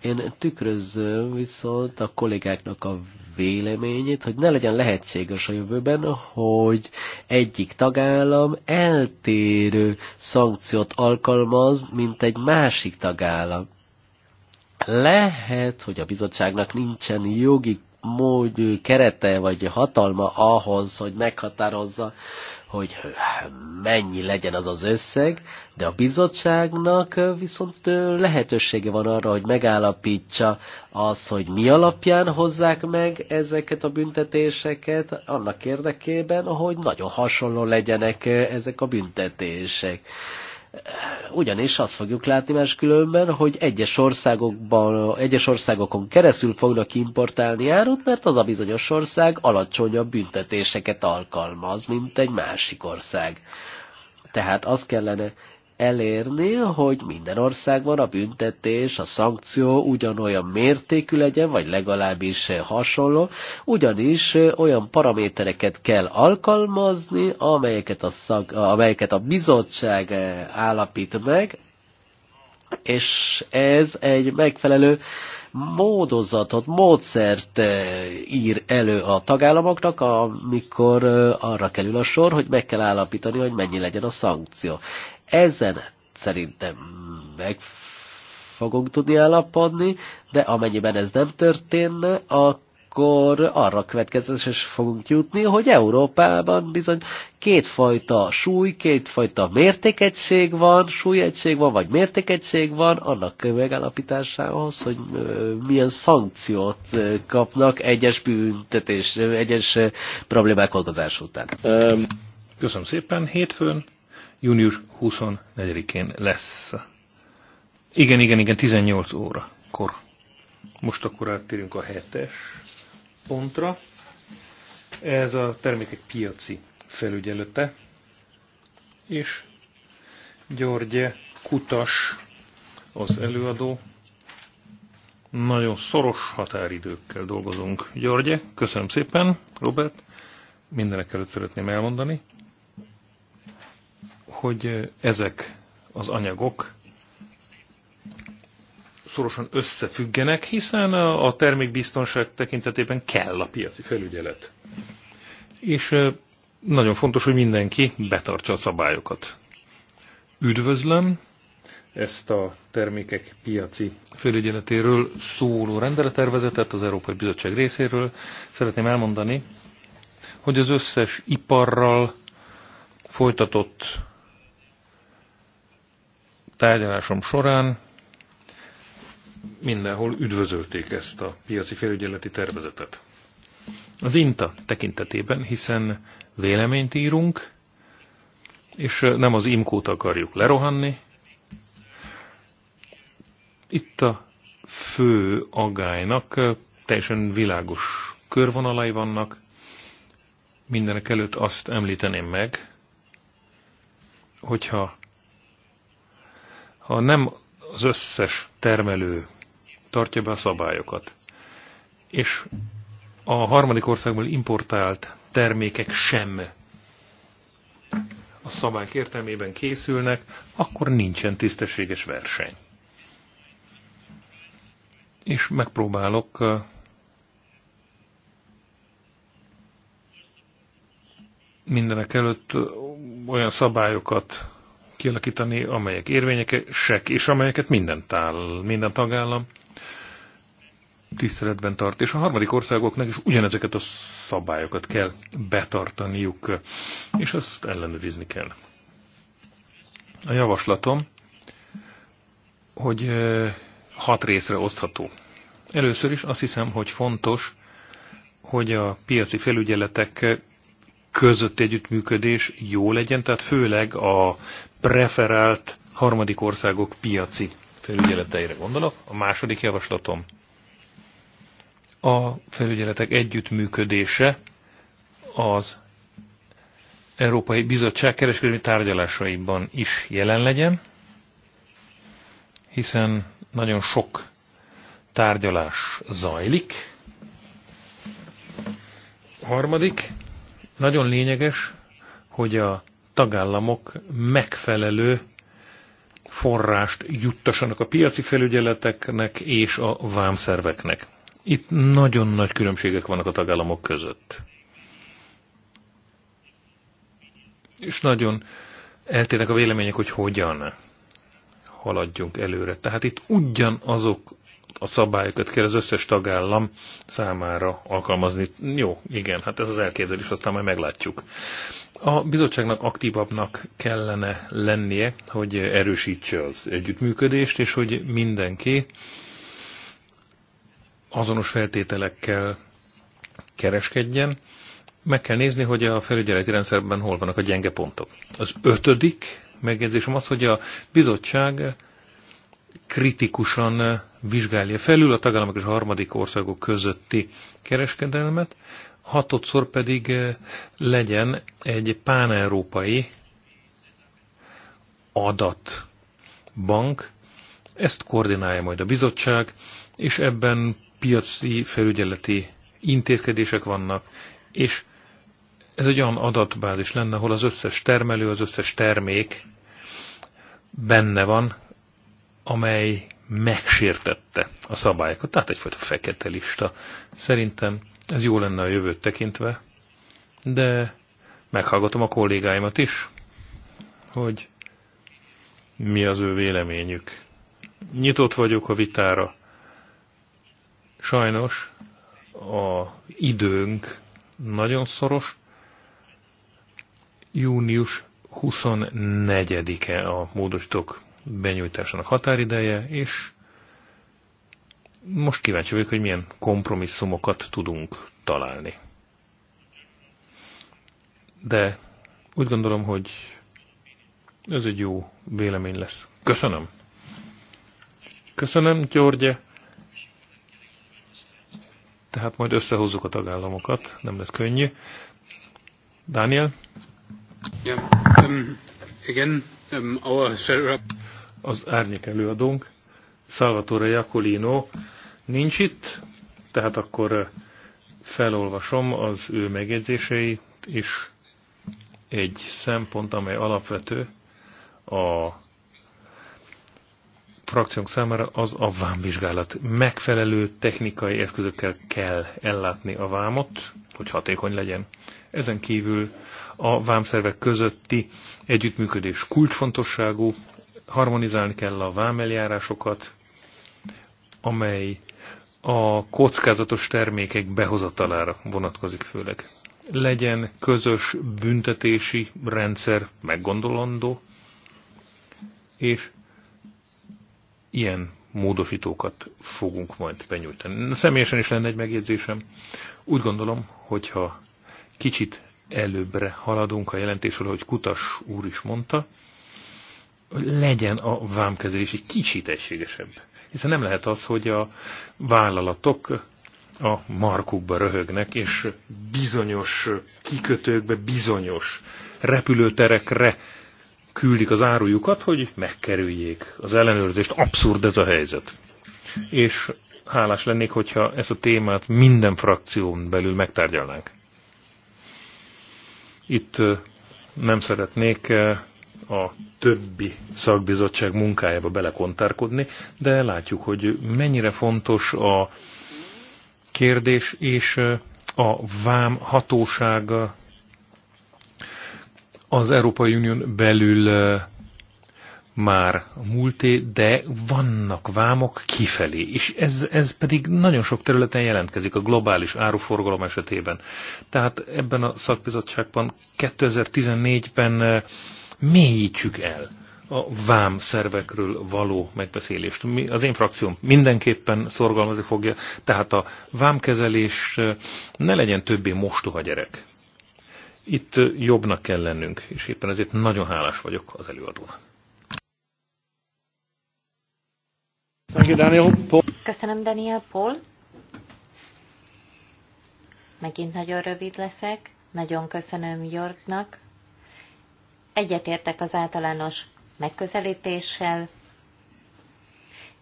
én tükrözöm viszont a kollégáknak a véleményét, hogy ne legyen lehetséges a jövőben, hogy egyik tagállam eltérő szankciót alkalmaz, mint egy másik tagállam. Lehet, hogy a bizottságnak nincsen jogi mód, kerete vagy hatalma ahhoz, hogy meghatározza, hogy mennyi legyen az az összeg, de a bizottságnak viszont lehetősége van arra, hogy megállapítsa az, hogy mi alapján hozzák meg ezeket a büntetéseket, annak érdekében, hogy nagyon hasonló legyenek ezek a büntetések. Ugyanis azt fogjuk látni máskülönben, hogy egyes, országokban, egyes országokon keresztül fognak importálni árut, mert az a bizonyos ország alacsonyabb büntetéseket alkalmaz, mint egy másik ország. Tehát azt kellene elérni, hogy minden országban a büntetés, a szankció ugyanolyan mértékű legyen, vagy legalábbis hasonló, ugyanis olyan paramétereket kell alkalmazni, amelyeket a, szag, amelyeket a bizottság eh, állapít meg, és ez egy megfelelő módozatot, módszert eh, ír elő a tagállamoknak, amikor eh, arra kerül a sor, hogy meg kell állapítani, hogy mennyi legyen a szankció. Ezen szerintem meg fogunk tudni állapodni, de amennyiben ez nem történne, akkor akkor arra következetes fogunk jutni, hogy Európában bizony kétfajta súly, kétfajta mértékegység van, súlyegység van, vagy mértékegység van, annak megállapításához, hogy milyen szankciót kapnak egyes büntetés, egyes problémák okozás után. Köszönöm szépen. Hétfőn június 24-én lesz. Igen, igen, igen, 18 óra kor. Most akkor áttérünk a hetes pontra. Ez a termékek piaci felügyelete, és György Kutas az előadó. Nagyon szoros határidőkkel dolgozunk. György, köszönöm szépen, Robert. Mindenek előtt szeretném elmondani, hogy ezek az anyagok szorosan összefüggenek, hiszen a termékbiztonság tekintetében kell a piaci felügyelet. És nagyon fontos, hogy mindenki betartsa a szabályokat. Üdvözlöm ezt a termékek piaci felügyeletéről szóló rendeletervezetet az Európai Bizottság részéről. Szeretném elmondani, hogy az összes iparral folytatott tárgyalásom során mindenhol üdvözölték ezt a piaci felügyeleti tervezetet. Az INTA tekintetében, hiszen véleményt írunk, és nem az imkót akarjuk lerohanni. Itt a fő agálynak teljesen világos körvonalai vannak. Mindenek előtt azt említeném meg, hogyha ha nem az összes termelő tartja be a szabályokat, és a harmadik országból importált termékek sem a szabályok értelmében készülnek, akkor nincsen tisztességes verseny. És megpróbálok mindenek előtt olyan szabályokat kialakítani, amelyek érvényesek, és amelyeket minden, tál, minden tagállam tiszteletben tart, és a harmadik országoknak is ugyanezeket a szabályokat kell betartaniuk, és azt ellenőrizni kell. A javaslatom, hogy hat részre osztható. Először is azt hiszem, hogy fontos, hogy a piaci felügyeletek között együttműködés jó legyen, tehát főleg a preferált harmadik országok piaci felügyeleteire gondolok. A második javaslatom a felügyeletek együttműködése az Európai Bizottság kereskedelmi tárgyalásaiban is jelen legyen, hiszen nagyon sok tárgyalás zajlik. A harmadik, nagyon lényeges, hogy a tagállamok megfelelő forrást juttassanak a piaci felügyeleteknek és a vámszerveknek. Itt nagyon nagy különbségek vannak a tagállamok között. És nagyon eltérnek a vélemények, hogy hogyan haladjunk előre. Tehát itt ugyanazok a szabályokat kell az összes tagállam számára alkalmazni. Jó, igen, hát ez az elképzelés, aztán majd meglátjuk. A bizottságnak aktívabbnak kellene lennie, hogy erősítse az együttműködést, és hogy mindenki azonos feltételekkel kereskedjen. Meg kell nézni, hogy a felügyeleti rendszerben hol vannak a gyenge pontok. Az ötödik megjegyzésem az, hogy a bizottság kritikusan eh, vizsgálja felül a tagállamok és a harmadik országok közötti kereskedelmet, hatodszor pedig eh, legyen egy páneurópai adatbank, ezt koordinálja majd a bizottság, és ebben piaci felügyeleti intézkedések vannak, és ez egy olyan adatbázis lenne, ahol az összes termelő, az összes termék benne van, amely megsértette a szabályokat, tehát egyfajta fekete lista. Szerintem ez jó lenne a jövőt tekintve, de meghallgatom a kollégáimat is, hogy mi az ő véleményük. Nyitott vagyok a vitára. Sajnos a időnk nagyon szoros. Június 24-e a módosítók benyújtásának határideje, és most kíváncsi vagyok, hogy milyen kompromisszumokat tudunk találni. De úgy gondolom, hogy ez egy jó vélemény lesz. Köszönöm. Köszönöm, Györgye. Tehát majd összehozzuk a tagállamokat, nem lesz könnyű. Daniel? Yeah, um, again, um, our az árnyék előadónk, Salvatore Jacolino nincs itt, tehát akkor eh, felolvasom az ő megjegyzéseit, és egy szempont, amely alapvető a frakciónk számára az a vámvizsgálat. Megfelelő technikai eszközökkel kell ellátni a vámot, hogy hatékony legyen. Ezen kívül a vámszervek közötti együttműködés kulcsfontosságú, harmonizálni kell a vámeljárásokat, amely a kockázatos termékek behozatalára vonatkozik főleg. Legyen közös büntetési rendszer meggondolandó, és ilyen módosítókat fogunk majd benyújtani. Személyesen is lenne egy megjegyzésem. Úgy gondolom, hogyha kicsit előbbre haladunk a jelentésről, hogy Kutas úr is mondta, hogy legyen a vámkezelés egy kicsit egységesebb. Hiszen nem lehet az, hogy a vállalatok a markukba röhögnek, és bizonyos kikötőkbe, bizonyos repülőterekre küldik az árujukat, hogy megkerüljék az ellenőrzést. Abszurd ez a helyzet. És hálás lennék, hogyha ezt a témát minden frakción belül megtárgyalnánk. Itt nem szeretnék a többi szakbizottság munkájába belekontárkodni, de látjuk, hogy mennyire fontos a kérdés, és a vám hatósága az Európai Unión belül már múlté, de vannak vámok kifelé, és ez, ez pedig nagyon sok területen jelentkezik a globális áruforgalom esetében. Tehát ebben a szakbizottságban 2014-ben mélyítsük el a vám szervekről való megbeszélést. Mi, az én frakcióm mindenképpen szorgalmazni fogja, tehát a vámkezelés eh, ne legyen többé mostoha gyerek. Itt eh, jobbnak kell lennünk, és éppen ezért nagyon hálás vagyok az előadónak. Köszönöm, Daniel Paul. Megint nagyon rövid leszek. Nagyon köszönöm Jorgnak Egyetértek az általános megközelítéssel,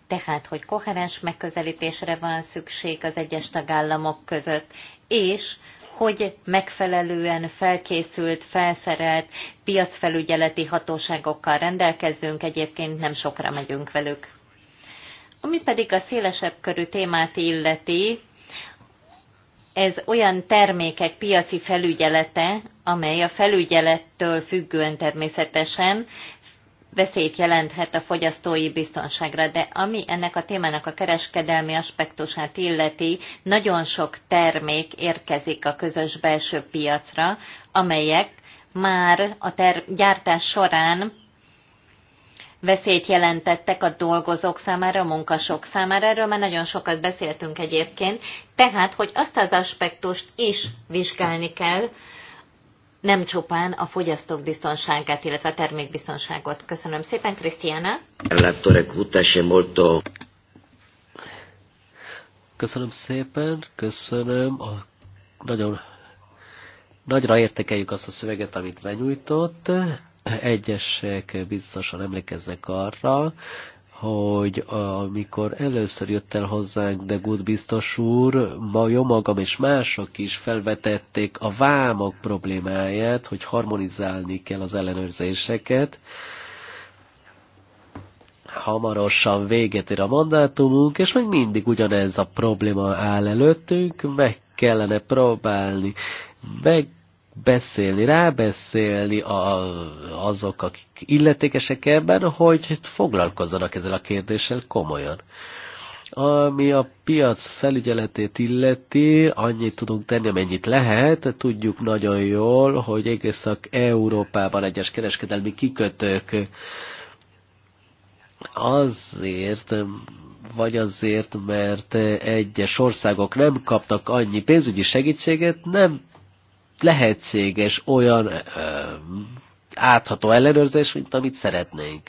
tehát, hogy koherens megközelítésre van szükség az egyes tagállamok között, és hogy megfelelően felkészült, felszerelt piacfelügyeleti hatóságokkal rendelkezzünk, egyébként nem sokra megyünk velük. Ami pedig a szélesebb körű témát illeti, ez olyan termékek piaci felügyelete, amely a felügyelettől függően természetesen veszélyt jelenthet a fogyasztói biztonságra, de ami ennek a témának a kereskedelmi aspektusát illeti, nagyon sok termék érkezik a közös belső piacra, amelyek már a ter- gyártás során veszélyt jelentettek a dolgozók számára, a munkasok számára. Erről már nagyon sokat beszéltünk egyébként. Tehát, hogy azt az aspektust is vizsgálni kell, nem csupán a fogyasztók biztonságát, illetve a termékbiztonságot. Köszönöm szépen, Krisztiána. Köszönöm szépen, köszönöm a nagyon nagyra értékeljük azt a szöveget, amit benyújtott. Egyesek biztosan emlékeznek arra, hogy amikor először jött el hozzánk de Good biztos úr, ma jó magam és mások is felvetették a vámok problémáját, hogy harmonizálni kell az ellenőrzéseket. Hamarosan véget ér a mandátumunk, és még mindig ugyanez a probléma áll előttünk, meg kellene próbálni meg beszélni, rábeszélni a, azok, akik illetékesek ebben, hogy foglalkozzanak ezzel a kérdéssel komolyan. Ami a piac felügyeletét illeti, annyit tudunk tenni, amennyit lehet. Tudjuk nagyon jól, hogy egész Európában egyes kereskedelmi kikötők azért vagy azért, mert egyes országok nem kaptak annyi pénzügyi segítséget, nem lehetséges olyan ö, átható ellenőrzés, mint amit szeretnénk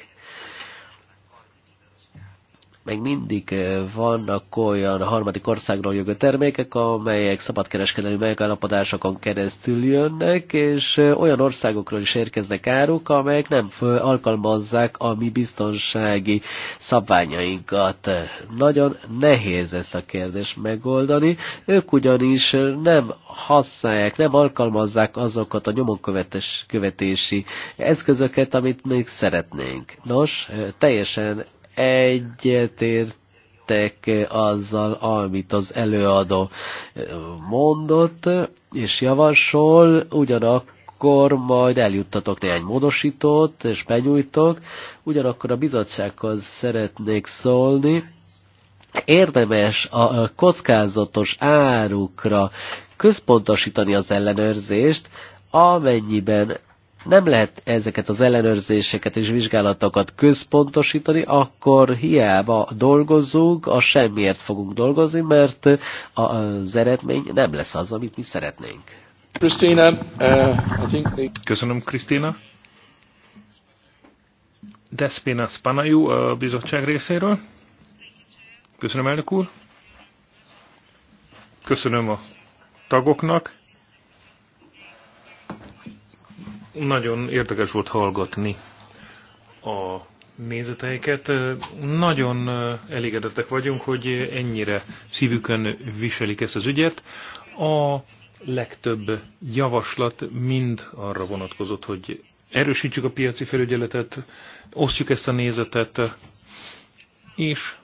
még mindig eh, vannak olyan harmadik országról jövő termékek, amelyek szabadkereskedelmi megállapodásokon keresztül jönnek, és eh, olyan országokról is érkeznek áruk, amelyek nem alkalmazzák a mi biztonsági szabványainkat. Nagyon nehéz ezt a kérdést megoldani. Ők ugyanis nem használják, nem alkalmazzák azokat a nyomonkövetési eszközöket, amit még szeretnénk. Nos, eh, teljesen egyetértek azzal, amit az előadó mondott és javasol, ugyanakkor majd eljuttatok néhány módosítót, és benyújtok, ugyanakkor a bizottsághoz szeretnék szólni, Érdemes a kockázatos árukra központosítani az ellenőrzést, amennyiben nem lehet ezeket az ellenőrzéseket és vizsgálatokat központosítani, akkor hiába dolgozunk, a semmiért fogunk dolgozni, mert az eredmény nem lesz az, amit mi szeretnénk. Krisztina, uh, Köszönöm, Krisztina. Despina Spanajú a bizottság részéről. Köszönöm, elnök úr. Köszönöm a tagoknak Nagyon érdekes volt hallgatni a nézeteiket. Nagyon elégedettek vagyunk, hogy ennyire szívükön viselik ezt az ügyet. A legtöbb javaslat mind arra vonatkozott, hogy erősítsük a piaci felügyeletet, osztjuk ezt a nézetet, és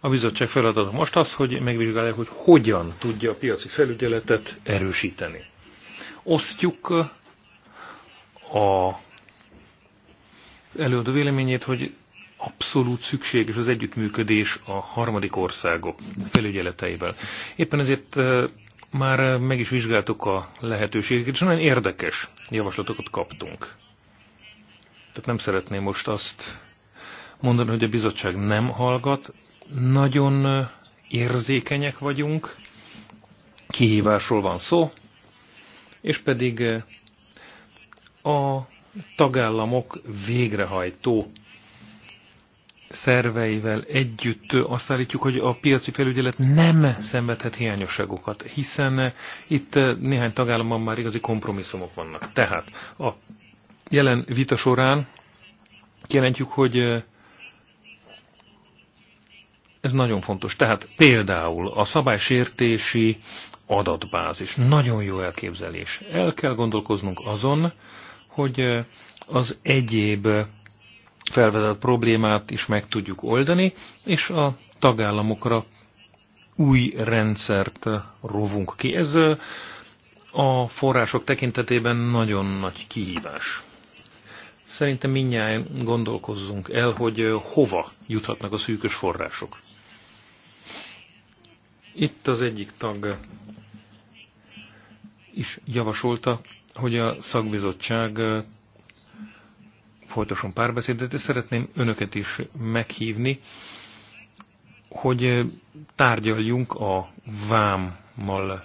a bizottság feladata most az, hogy megvizsgálják, hogy hogyan tudja a piaci felügyeletet erősíteni. Osztjuk a előadó véleményét, hogy abszolút szükséges az együttműködés a harmadik országok felügyeleteivel. Éppen ezért már meg is vizsgáltuk a lehetőségeket, és nagyon érdekes javaslatokat kaptunk. Tehát nem szeretném most azt mondani, hogy a bizottság nem hallgat. Nagyon érzékenyek vagyunk, kihívásról van szó, és pedig a tagállamok végrehajtó szerveivel együtt azt állítjuk, hogy a piaci felügyelet nem szenvedhet hiányosságokat, hiszen itt néhány tagállamban már igazi kompromisszumok vannak. Tehát a jelen vita során jelentjük, hogy ez nagyon fontos. Tehát például a szabálysértési adatbázis. Nagyon jó elképzelés. El kell gondolkoznunk azon, hogy az egyéb felvetett problémát is meg tudjuk oldani, és a tagállamokra új rendszert rovunk ki. Ez a források tekintetében nagyon nagy kihívás. Szerintem mindjárt gondolkozzunk el, hogy hova juthatnak a szűkös források. Itt az egyik tag is javasolta, hogy a szakbizottság folytasson párbeszédet, és szeretném önöket is meghívni, hogy tárgyaljunk a vámmal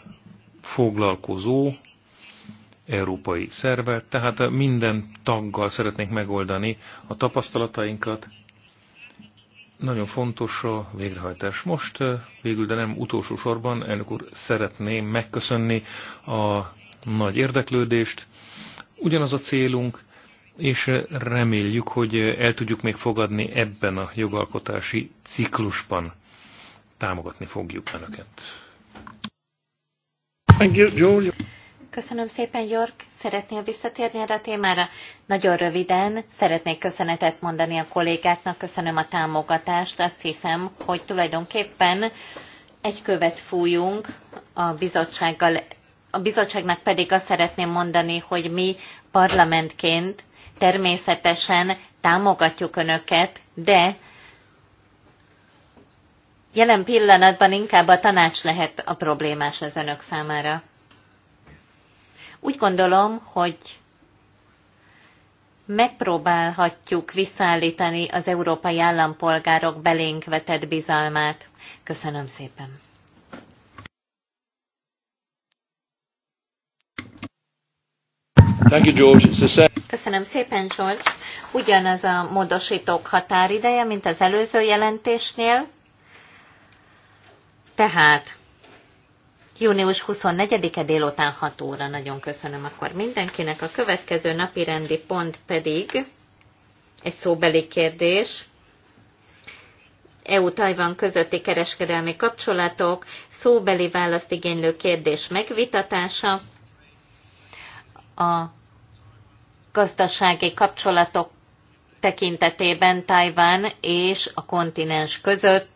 foglalkozó európai szervet, tehát minden taggal szeretnénk megoldani a tapasztalatainkat, nagyon fontos a végrehajtás. Most végül, de nem utolsó sorban, elnök úr, szeretném megköszönni a nagy érdeklődést. Ugyanaz a célunk, és reméljük, hogy el tudjuk még fogadni ebben a jogalkotási ciklusban. Támogatni fogjuk Önöket. Thank you, George. Köszönöm szépen, York. Szeretnél visszatérni erre a témára? Nagyon röviden szeretnék köszönetet mondani a kollégáknak, köszönöm a támogatást. Azt hiszem, hogy tulajdonképpen egy követ fújunk a bizottsággal. A bizottságnak pedig azt szeretném mondani, hogy mi parlamentként természetesen támogatjuk Önöket, de jelen pillanatban inkább a tanács lehet a problémás az Önök számára. Úgy gondolom, hogy megpróbálhatjuk visszaállítani az európai állampolgárok belénk vetett bizalmát. Köszönöm szépen! Thank you, George. It's the Köszönöm szépen, George. Ugyanaz a módosítók határideje, mint az előző jelentésnél. Tehát Június 24-e délután 6 óra. Nagyon köszönöm akkor mindenkinek. A következő napi rendi pont pedig egy szóbeli kérdés. EU-Tajvan közötti kereskedelmi kapcsolatok, szóbeli választ igénylő kérdés megvitatása, a gazdasági kapcsolatok tekintetében Tajván és a kontinens között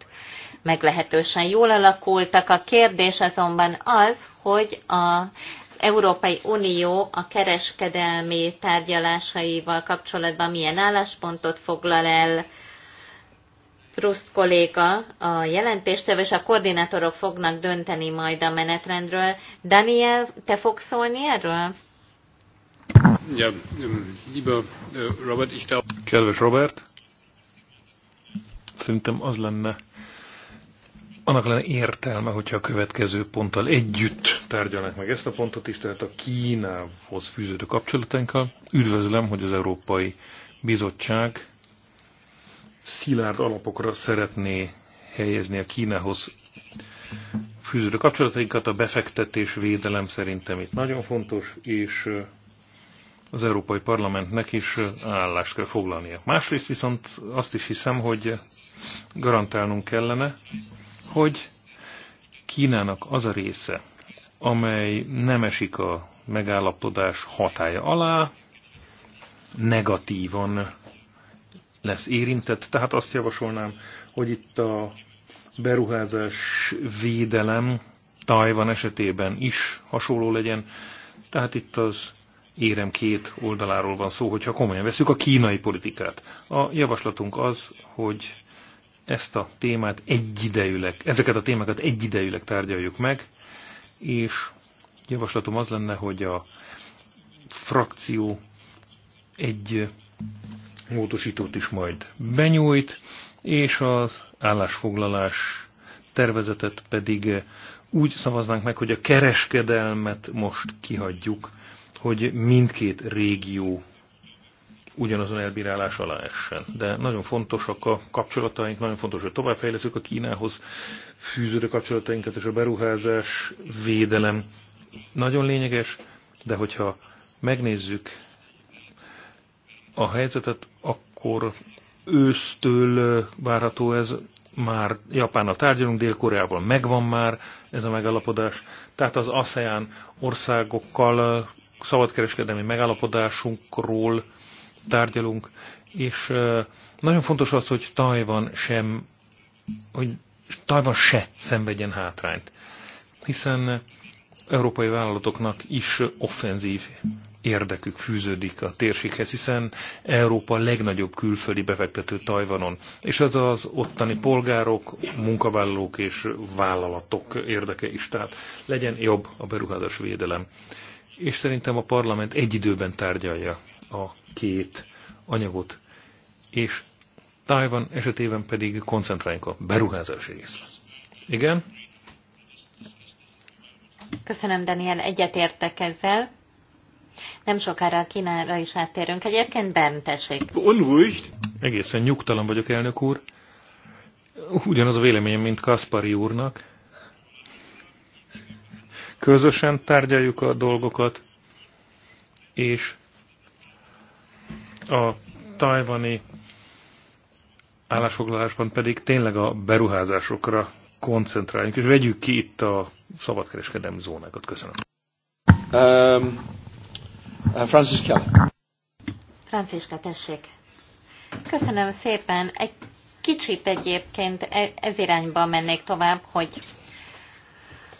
meglehetősen jól alakultak. A kérdés azonban az, hogy a Európai Unió a kereskedelmi tárgyalásaival kapcsolatban milyen álláspontot foglal el. Ruszt kolléga a jelentéstől, és a koordinátorok fognak dönteni majd a menetrendről. Daniel, te fogsz szólni erről? Ja, mm, lieber äh, Robert, ich glaube... Kedves Robert, szerintem az lenne annak lenne értelme, hogyha a következő ponttal együtt tárgyalnánk meg ezt a pontot is, tehát a Kínához fűződő kapcsolatánkkal. Üdvözlöm, hogy az Európai Bizottság szilárd alapokra szeretné helyezni a Kínához fűződő kapcsolatainkat. A befektetés védelem szerintem itt nagyon fontos, és az Európai Parlamentnek is állást kell foglalnia. Másrészt viszont azt is hiszem, hogy garantálnunk kellene, hogy Kínának az a része, amely nem esik a megállapodás hatája alá, negatívan lesz érintett. Tehát azt javasolnám, hogy itt a beruházás védelem Tajvan esetében is hasonló legyen. Tehát itt az érem két oldaláról van szó, hogyha komolyan veszük a kínai politikát. A javaslatunk az, hogy ezt a témát egyidejűleg, ezeket a témákat egyidejűleg tárgyaljuk meg, és javaslatom az lenne, hogy a frakció egy módosítót is majd benyújt, és az állásfoglalás tervezetet pedig úgy szavaznánk meg, hogy a kereskedelmet most kihagyjuk, hogy mindkét régió ugyanazon elbírálás alá essen. De nagyon fontosak a kapcsolataink, nagyon fontos, hogy továbbfejleszünk a Kínához fűződő kapcsolatainkat, és a beruházás, védelem nagyon lényeges, de hogyha megnézzük a helyzetet, akkor ősztől várható ez, már Japánnal tárgyalunk, Dél-Koreával megvan már ez a megállapodás. Tehát az ASEAN országokkal szabadkereskedelmi megállapodásunkról tárgyalunk, és nagyon fontos az, hogy Tajvan sem, hogy Tajvan se szenvedjen hátrányt, hiszen európai vállalatoknak is offenzív érdekük fűződik a térséghez, hiszen Európa legnagyobb külföldi befektető Tajvanon, és ez az ottani polgárok, munkavállalók és vállalatok érdeke is, tehát legyen jobb a beruházás védelem és szerintem a parlament egy időben tárgyalja a két anyagot, és Tájvan esetében pedig koncentráljunk a beruházási részre. Igen? Köszönöm, Daniel, egyetértek ezzel. Nem sokára a Kínára is áttérünk. Egyébként Bern, tessék. Unruhigt. Egészen nyugtalan vagyok, elnök úr. Ugyanaz a véleményem, mint Kaspari úrnak közösen tárgyaljuk a dolgokat, és a tajvani állásfoglalásban pedig tényleg a beruházásokra koncentráljunk, és vegyük ki itt a szabadkereskedelmi zónákat. Köszönöm. Um, uh, Franciska. Franciska, tessék. Köszönöm szépen. Egy kicsit egyébként e- ez irányba mennék tovább, hogy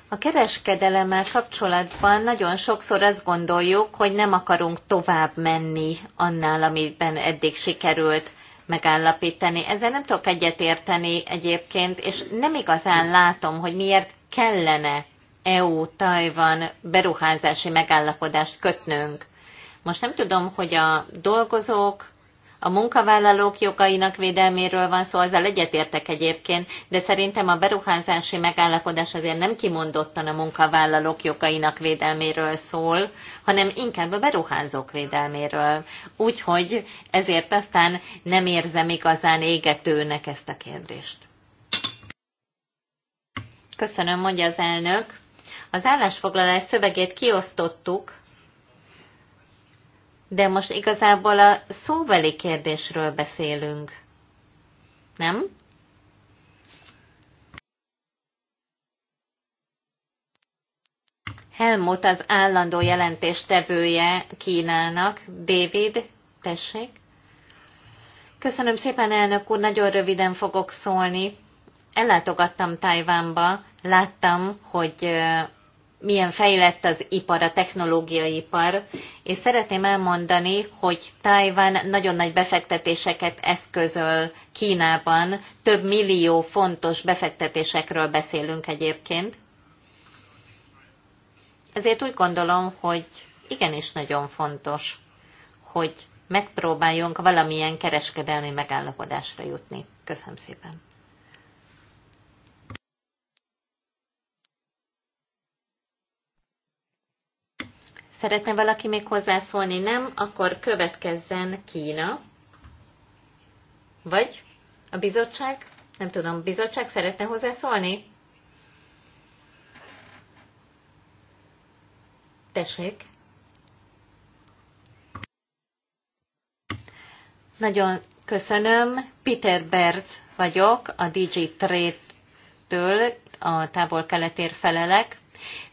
a kereskedelemmel kapcsolatban nagyon sokszor azt gondoljuk, hogy nem akarunk tovább menni annál, amiben eddig sikerült megállapítani. Ezzel nem tudok egyetérteni egyébként, és nem igazán látom, hogy miért kellene EU-Tajvan beruházási megállapodást kötnünk. Most nem tudom, hogy a dolgozók a munkavállalók jogainak védelméről van szó, azzal egyetértek egyébként, de szerintem a beruházási megállapodás azért nem kimondottan a munkavállalók jogainak védelméről szól, hanem inkább a beruházók védelméről. Úgyhogy ezért aztán nem érzem igazán égetőnek ezt a kérdést. Köszönöm, mondja az elnök. Az állásfoglalás szövegét kiosztottuk, de most igazából a szóbeli kérdésről beszélünk. Nem? Helmut az állandó jelentéstevője Kínának. David, tessék. Köszönöm szépen, elnök úr, nagyon röviden fogok szólni. Ellátogattam Tajvánba, láttam, hogy milyen fejlett az ipar, a technológiai ipar, és szeretném elmondani, hogy Tájván nagyon nagy befektetéseket eszközöl Kínában, több millió fontos befektetésekről beszélünk egyébként. Ezért úgy gondolom, hogy igenis nagyon fontos, hogy megpróbáljunk valamilyen kereskedelmi megállapodásra jutni. Köszönöm szépen. Szeretne valaki még hozzászólni? Nem? Akkor következzen Kína. Vagy a bizottság? Nem tudom, a bizottság szeretne hozzászólni? Tessék. Nagyon köszönöm. Peter Berz vagyok, a DJ Trade-től a távol keletér felelek.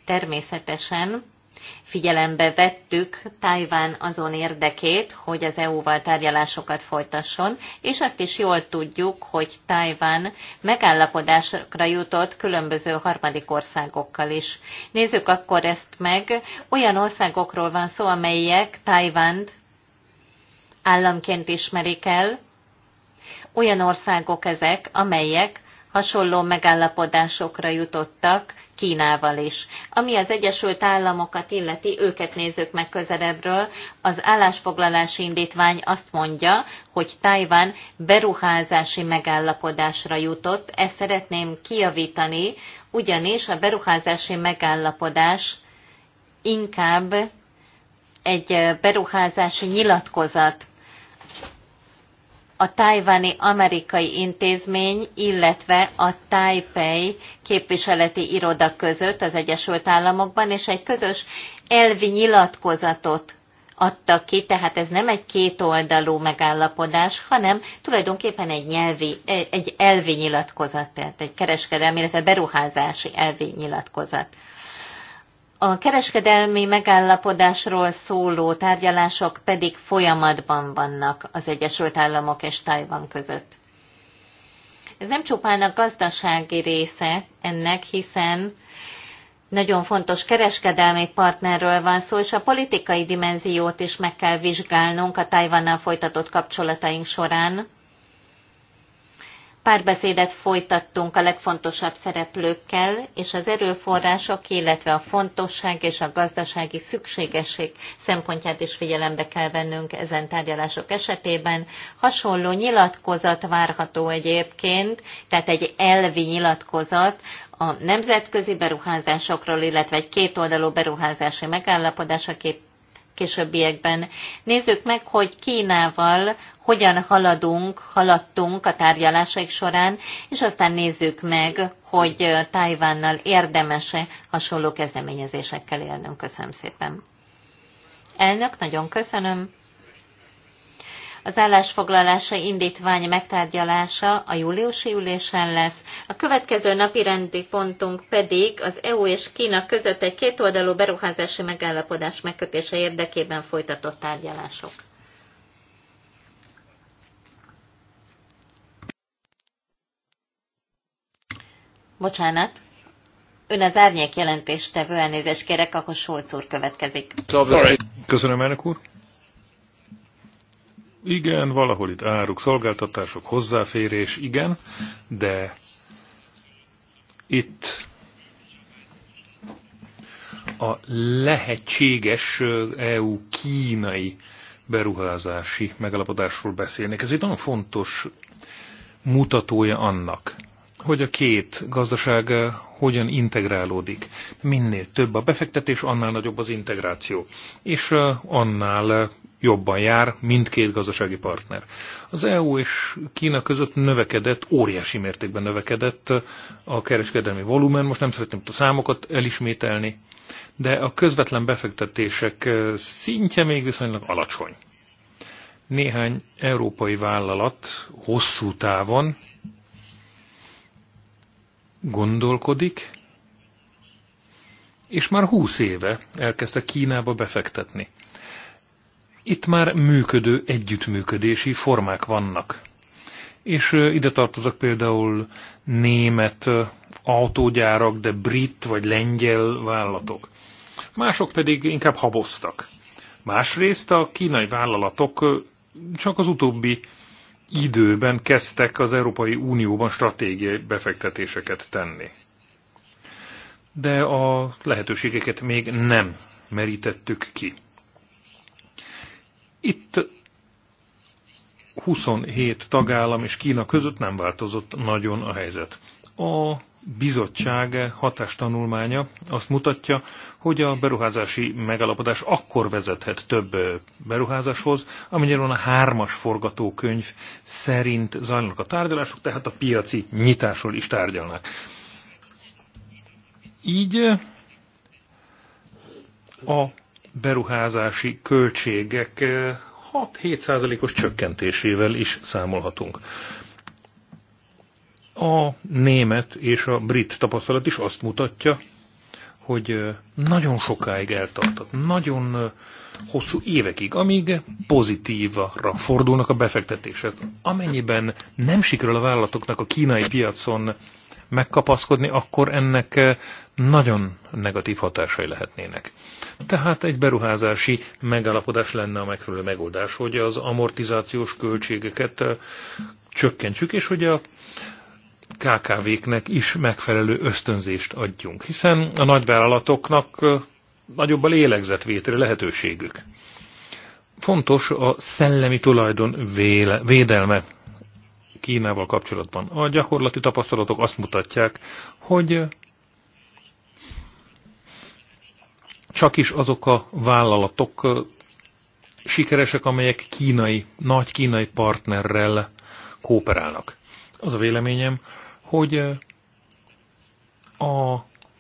Természetesen figyelembe vettük Tajván azon érdekét, hogy az EU-val tárgyalásokat folytasson, és azt is jól tudjuk, hogy Tajván megállapodásra jutott különböző harmadik országokkal is. Nézzük akkor ezt meg. Olyan országokról van szó, amelyek Tajvánt államként ismerik el, olyan országok ezek, amelyek hasonló megállapodásokra jutottak Kínával is. Ami az Egyesült Államokat illeti, őket nézzük meg közelebbről. Az állásfoglalási indítvány azt mondja, hogy Tajvan beruházási megállapodásra jutott. Ezt szeretném kiavítani, ugyanis a beruházási megállapodás inkább egy beruházási nyilatkozat a tájváni amerikai intézmény, illetve a Taipei képviseleti iroda között az Egyesült Államokban, és egy közös elvi nyilatkozatot adtak ki, tehát ez nem egy kétoldalú megállapodás, hanem tulajdonképpen egy, nyelvi, egy elvi nyilatkozat, tehát egy kereskedelmi, illetve beruházási elvi nyilatkozat. A kereskedelmi megállapodásról szóló tárgyalások pedig folyamatban vannak az Egyesült Államok és Tajvan között. Ez nem csupán a gazdasági része ennek, hiszen nagyon fontos kereskedelmi partnerről van szó, és a politikai dimenziót is meg kell vizsgálnunk a Tajvannal folytatott kapcsolataink során, Párbeszédet folytattunk a legfontosabb szereplőkkel, és az erőforrások, illetve a fontosság és a gazdasági szükségesség szempontját is figyelembe kell vennünk ezen tárgyalások esetében. Hasonló nyilatkozat várható egyébként, tehát egy elvi nyilatkozat a nemzetközi beruházásokról, illetve egy kétoldalú beruházási megállapodás a későbbiekben. Nézzük meg, hogy Kínával hogyan haladunk, haladtunk a tárgyalásaik során, és aztán nézzük meg, hogy Tajvánnal érdemese hasonló kezdeményezésekkel élnünk. Köszönöm szépen. Elnök, nagyon köszönöm. Az állásfoglalása indítvány megtárgyalása a júliusi ülésen lesz. A következő napi rendi pontunk pedig az EU és Kína között egy kétoldalú beruházási megállapodás megkötése érdekében folytatott tárgyalások. Bocsánat. Ön az árnyék jelentéstevő elnézést kérek, akkor Solc úr következik. Köszönöm, elnök úr igen, valahol itt áruk, szolgáltatások, hozzáférés, igen, de itt a lehetséges EU-kínai beruházási megalapodásról beszélnék. Ez egy nagyon fontos mutatója annak, hogy a két gazdaság eh, hogyan integrálódik. Minél több a befektetés, annál nagyobb az integráció, és eh, annál eh, jobban jár mindkét gazdasági partner. Az EU és Kína között növekedett, óriási mértékben növekedett a kereskedelmi volumen, most nem szeretném a számokat elismételni, de a közvetlen befektetések szintje még viszonylag alacsony. Néhány európai vállalat hosszú távon gondolkodik, és már húsz éve elkezdte Kínába befektetni. Itt már működő együttműködési formák vannak. És ide tartoznak például német autógyárak, de brit vagy lengyel vállalatok. Mások pedig inkább haboztak. Másrészt a kínai vállalatok csak az utóbbi időben kezdtek az Európai Unióban stratégiai befektetéseket tenni. De a lehetőségeket még nem merítettük ki. Itt 27 tagállam és Kína között nem változott nagyon a helyzet. A bizottság hatástanulmánya azt mutatja, hogy a beruházási megalapodás akkor vezethet több beruházáshoz, amennyire van a hármas forgatókönyv szerint zajlanak a tárgyalások, tehát a piaci nyitásról is tárgyalnak. Így a beruházási költségek 6-7%-os eh, csökkentésével is számolhatunk. A német és a brit tapasztalat is azt mutatja, hogy nagyon sokáig eltartott, nagyon hosszú évekig, amíg pozitívra fordulnak a befektetések. Amennyiben nem sikerül a vállalatoknak a kínai piacon megkapaszkodni, akkor ennek nagyon negatív hatásai lehetnének. Tehát egy beruházási megállapodás lenne a megfelelő megoldás, hogy az amortizációs költségeket csökkentsük, és hogy a KKV-knek is megfelelő ösztönzést adjunk, hiszen a nagyvállalatoknak nagyobb a lélegzetvételi lehetőségük. Fontos a szellemi tulajdon véle, védelme Kínával kapcsolatban. A gyakorlati tapasztalatok azt mutatják, hogy csak is azok a vállalatok sikeresek, amelyek kínai, nagy kínai partnerrel kooperálnak. Az a véleményem, hogy a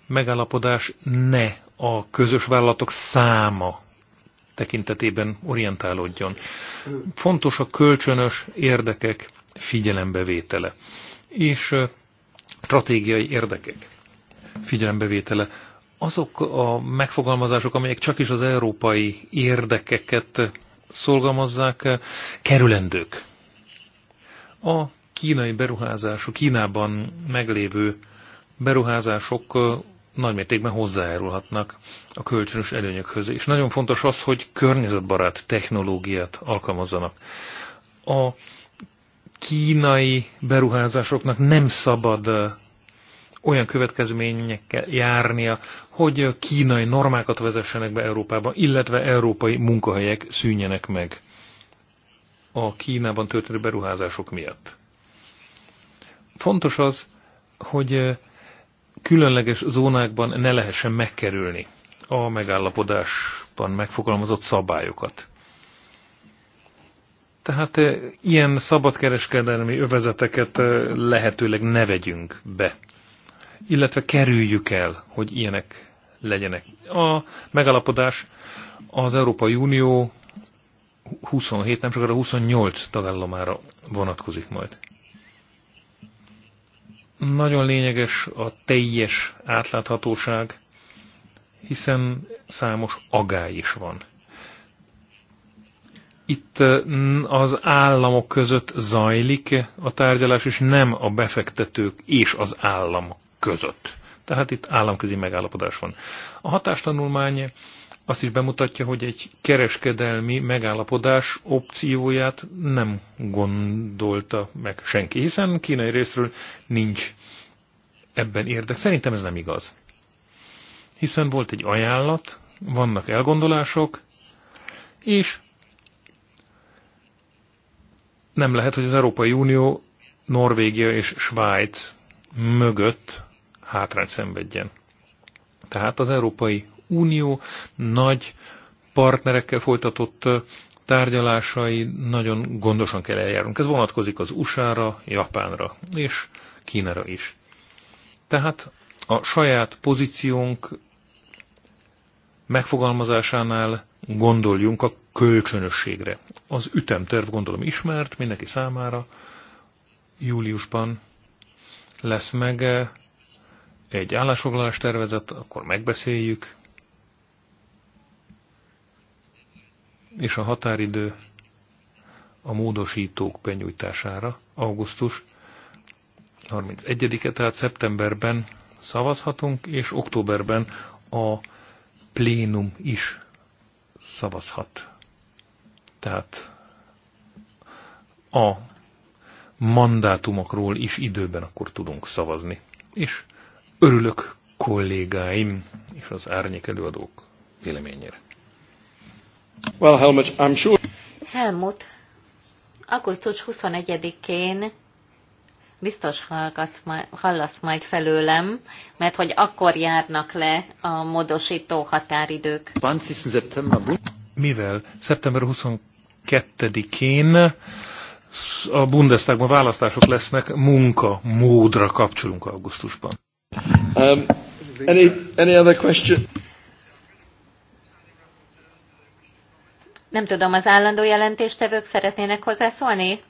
megállapodás ne a közös vállalatok száma tekintetében orientálódjon. Fontos a kölcsönös érdekek figyelembevétele és stratégiai érdekek figyelembevétele. Azok a megfogalmazások, amelyek csak is az európai érdekeket szolgalmazzák, kerülendők. A kínai beruházások, Kínában meglévő beruházások nagymértékben hozzájárulhatnak a kölcsönös előnyökhöz. És nagyon fontos az, hogy környezetbarát technológiát alkalmazzanak. A kínai beruházásoknak nem szabad olyan következményekkel járnia, hogy kínai normákat vezessenek be Európába, illetve európai munkahelyek szűnjenek meg a Kínában történő beruházások miatt. Fontos az, hogy különleges zónákban ne lehessen megkerülni a megállapodásban megfogalmazott szabályokat. Tehát ilyen szabadkereskedelmi övezeteket lehetőleg ne vegyünk be, illetve kerüljük el, hogy ilyenek legyenek. A megállapodás az Európai Unió 27, nem sokára 28 tagállamára vonatkozik majd. Nagyon lényeges a teljes átláthatóság, hiszen számos agály is van. Itt az államok között zajlik a tárgyalás, és nem a befektetők és az állam között. Tehát itt államközi megállapodás van. A hatástanulmány azt is bemutatja, hogy egy kereskedelmi megállapodás opcióját nem gondolta meg senki, hiszen kínai részről nincs ebben érdek. Szerintem ez nem igaz. Hiszen volt egy ajánlat, vannak elgondolások, és nem lehet, hogy az Európai Unió, Norvégia és Svájc mögött hátrány szenvedjen. Tehát az Európai Unió nagy partnerekkel folytatott tárgyalásai nagyon gondosan kell eljárnunk. Ez vonatkozik az USA-ra, Japánra és Kínára is. Tehát a saját pozíciónk megfogalmazásánál gondoljunk a kölcsönösségre. Az ütemterv gondolom ismert mindenki számára. Júliusban lesz meg egy állásfoglalás tervezet, akkor megbeszéljük, és a határidő a módosítók benyújtására augusztus 31-e, tehát szeptemberben szavazhatunk, és októberben a plénum is szavazhat. Tehát a mandátumokról is időben akkor tudunk szavazni. És örülök kollégáim és az árnyék előadók véleményére. Well, Helmut, I'm sure... Helmut, augusztus 21-én biztos hallgatsz, hallasz majd felőlem, mert hogy akkor járnak le a módosító határidők. Mivel szeptember 22-én a Bundestagban választások lesznek, munka módra kapcsolunk augusztusban. Um, any, any other question? Nem tudom, az állandó jelentéstevők szeretnének hozzászólni?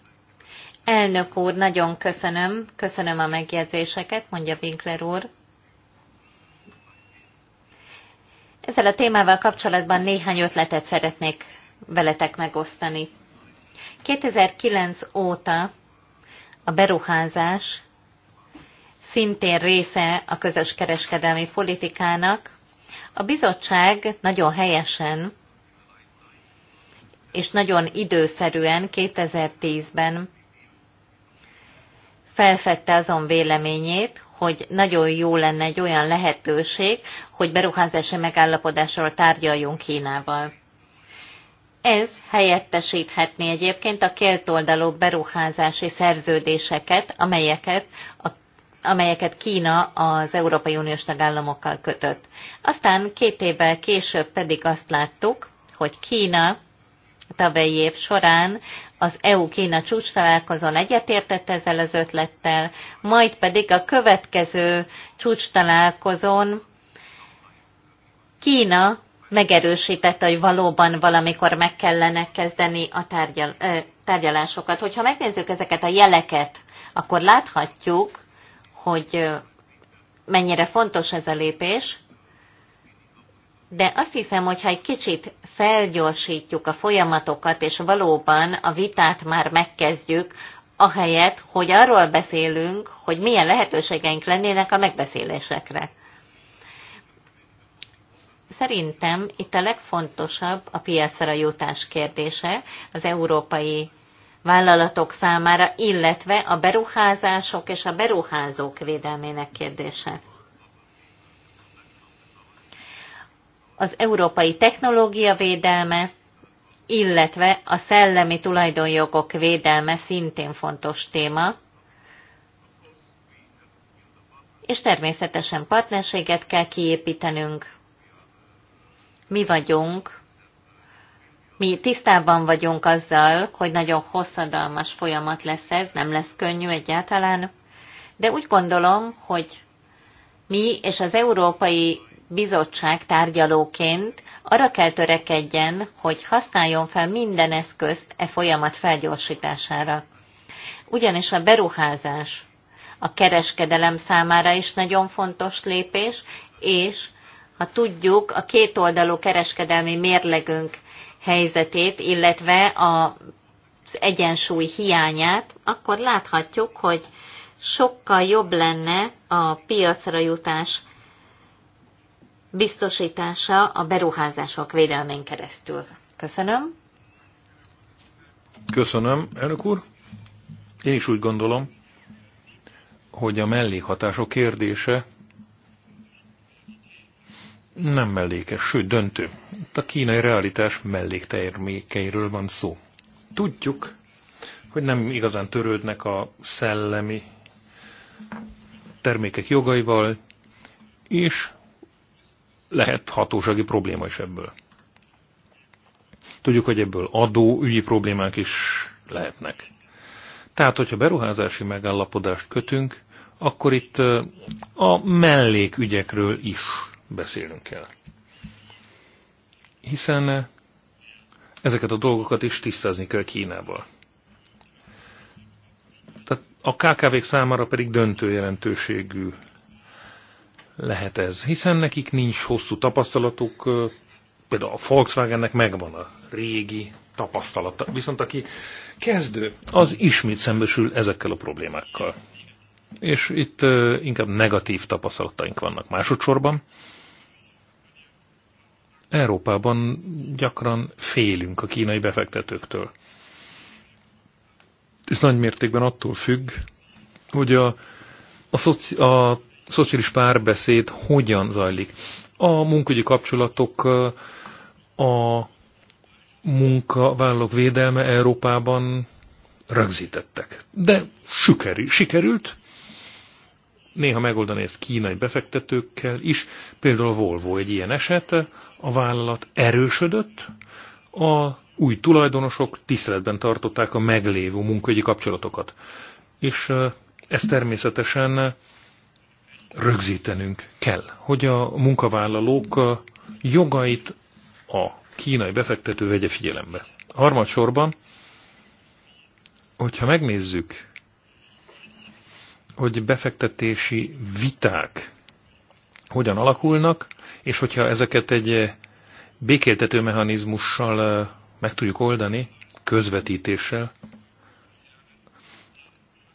Elnök úr, nagyon köszönöm. Köszönöm a megjegyzéseket, mondja Winkler úr. Ezzel a témával kapcsolatban néhány ötletet szeretnék veletek megosztani. 2009 óta a beruházás szintén része a közös kereskedelmi politikának. A bizottság nagyon helyesen és nagyon időszerűen 2010-ben felfedte azon véleményét, hogy nagyon jó lenne egy olyan lehetőség, hogy beruházási megállapodásról tárgyaljunk Kínával. Ez helyettesíthetné egyébként a oldalú beruházási szerződéseket, amelyeket, a, amelyeket Kína az Európai Uniós tagállamokkal kötött. Aztán két évvel később pedig azt láttuk, hogy Kína tavalyi év során az EU-Kína csúcs találkozón egyetértett ezzel az ötlettel, majd pedig a következő csúcs találkozón Kína megerősítette, hogy valóban valamikor meg kellene kezdeni a tárgyal, ö, tárgyalásokat. Hogyha megnézzük ezeket a jeleket, akkor láthatjuk, hogy mennyire fontos ez a lépés, de azt hiszem, hogyha egy kicsit felgyorsítjuk a folyamatokat, és valóban a vitát már megkezdjük, ahelyett, hogy arról beszélünk, hogy milyen lehetőségeink lennének a megbeszélésekre. Szerintem itt a legfontosabb a piacra jutás kérdése az európai vállalatok számára, illetve a beruházások és a beruházók védelmének kérdése. az európai technológia védelme, illetve a szellemi tulajdonjogok védelme szintén fontos téma, és természetesen partnerséget kell kiépítenünk. Mi vagyunk, mi tisztában vagyunk azzal, hogy nagyon hosszadalmas folyamat lesz ez, nem lesz könnyű egyáltalán, de úgy gondolom, hogy mi és az európai bizottság tárgyalóként arra kell törekedjen, hogy használjon fel minden eszközt e folyamat felgyorsítására. Ugyanis a beruházás a kereskedelem számára is nagyon fontos lépés, és ha tudjuk a kétoldalú kereskedelmi mérlegünk helyzetét, illetve az egyensúly hiányát, akkor láthatjuk, hogy sokkal jobb lenne a piacra jutás biztosítása a beruházások védelmén keresztül. Köszönöm. Köszönöm, elnök úr. Én is úgy gondolom, hogy a mellékhatások kérdése nem mellékes, sőt döntő. Itt a kínai realitás melléktermékeiről van szó. Tudjuk, hogy nem igazán törődnek a szellemi termékek jogaival, és lehet hatósági probléma is ebből. Tudjuk, hogy ebből adóügyi problémák is lehetnek. Tehát, hogyha beruházási megállapodást kötünk, akkor itt a mellékügyekről is beszélnünk kell. Hiszen ezeket a dolgokat is tisztázni kell Kínával. Tehát a KKV-k számára pedig döntő jelentőségű lehet ez, hiszen nekik nincs hosszú tapasztalatuk, például a Volkswagennek megvan a régi tapasztalata, viszont aki kezdő, az ismét szembesül ezekkel a problémákkal. És itt inkább negatív tapasztalataink vannak másodszorban. Európában gyakran félünk a kínai befektetőktől. Ez nagy mértékben attól függ, hogy a, a, szoci, a szociális párbeszéd hogyan zajlik. A munkügyi kapcsolatok, a munkavállalók védelme Európában rögzítettek. De sikerül, sikerült néha megoldani ezt kínai befektetőkkel is. Például a Volvo egy ilyen eset, a vállalat erősödött, a új tulajdonosok tiszteletben tartották a meglévő munkaügyi kapcsolatokat. És ez természetesen rögzítenünk kell, hogy a munkavállalók jogait a kínai befektető vegye figyelembe. Harmadsorban, hogyha megnézzük, hogy befektetési viták hogyan alakulnak, és hogyha ezeket egy békéltető mechanizmussal meg tudjuk oldani, közvetítéssel,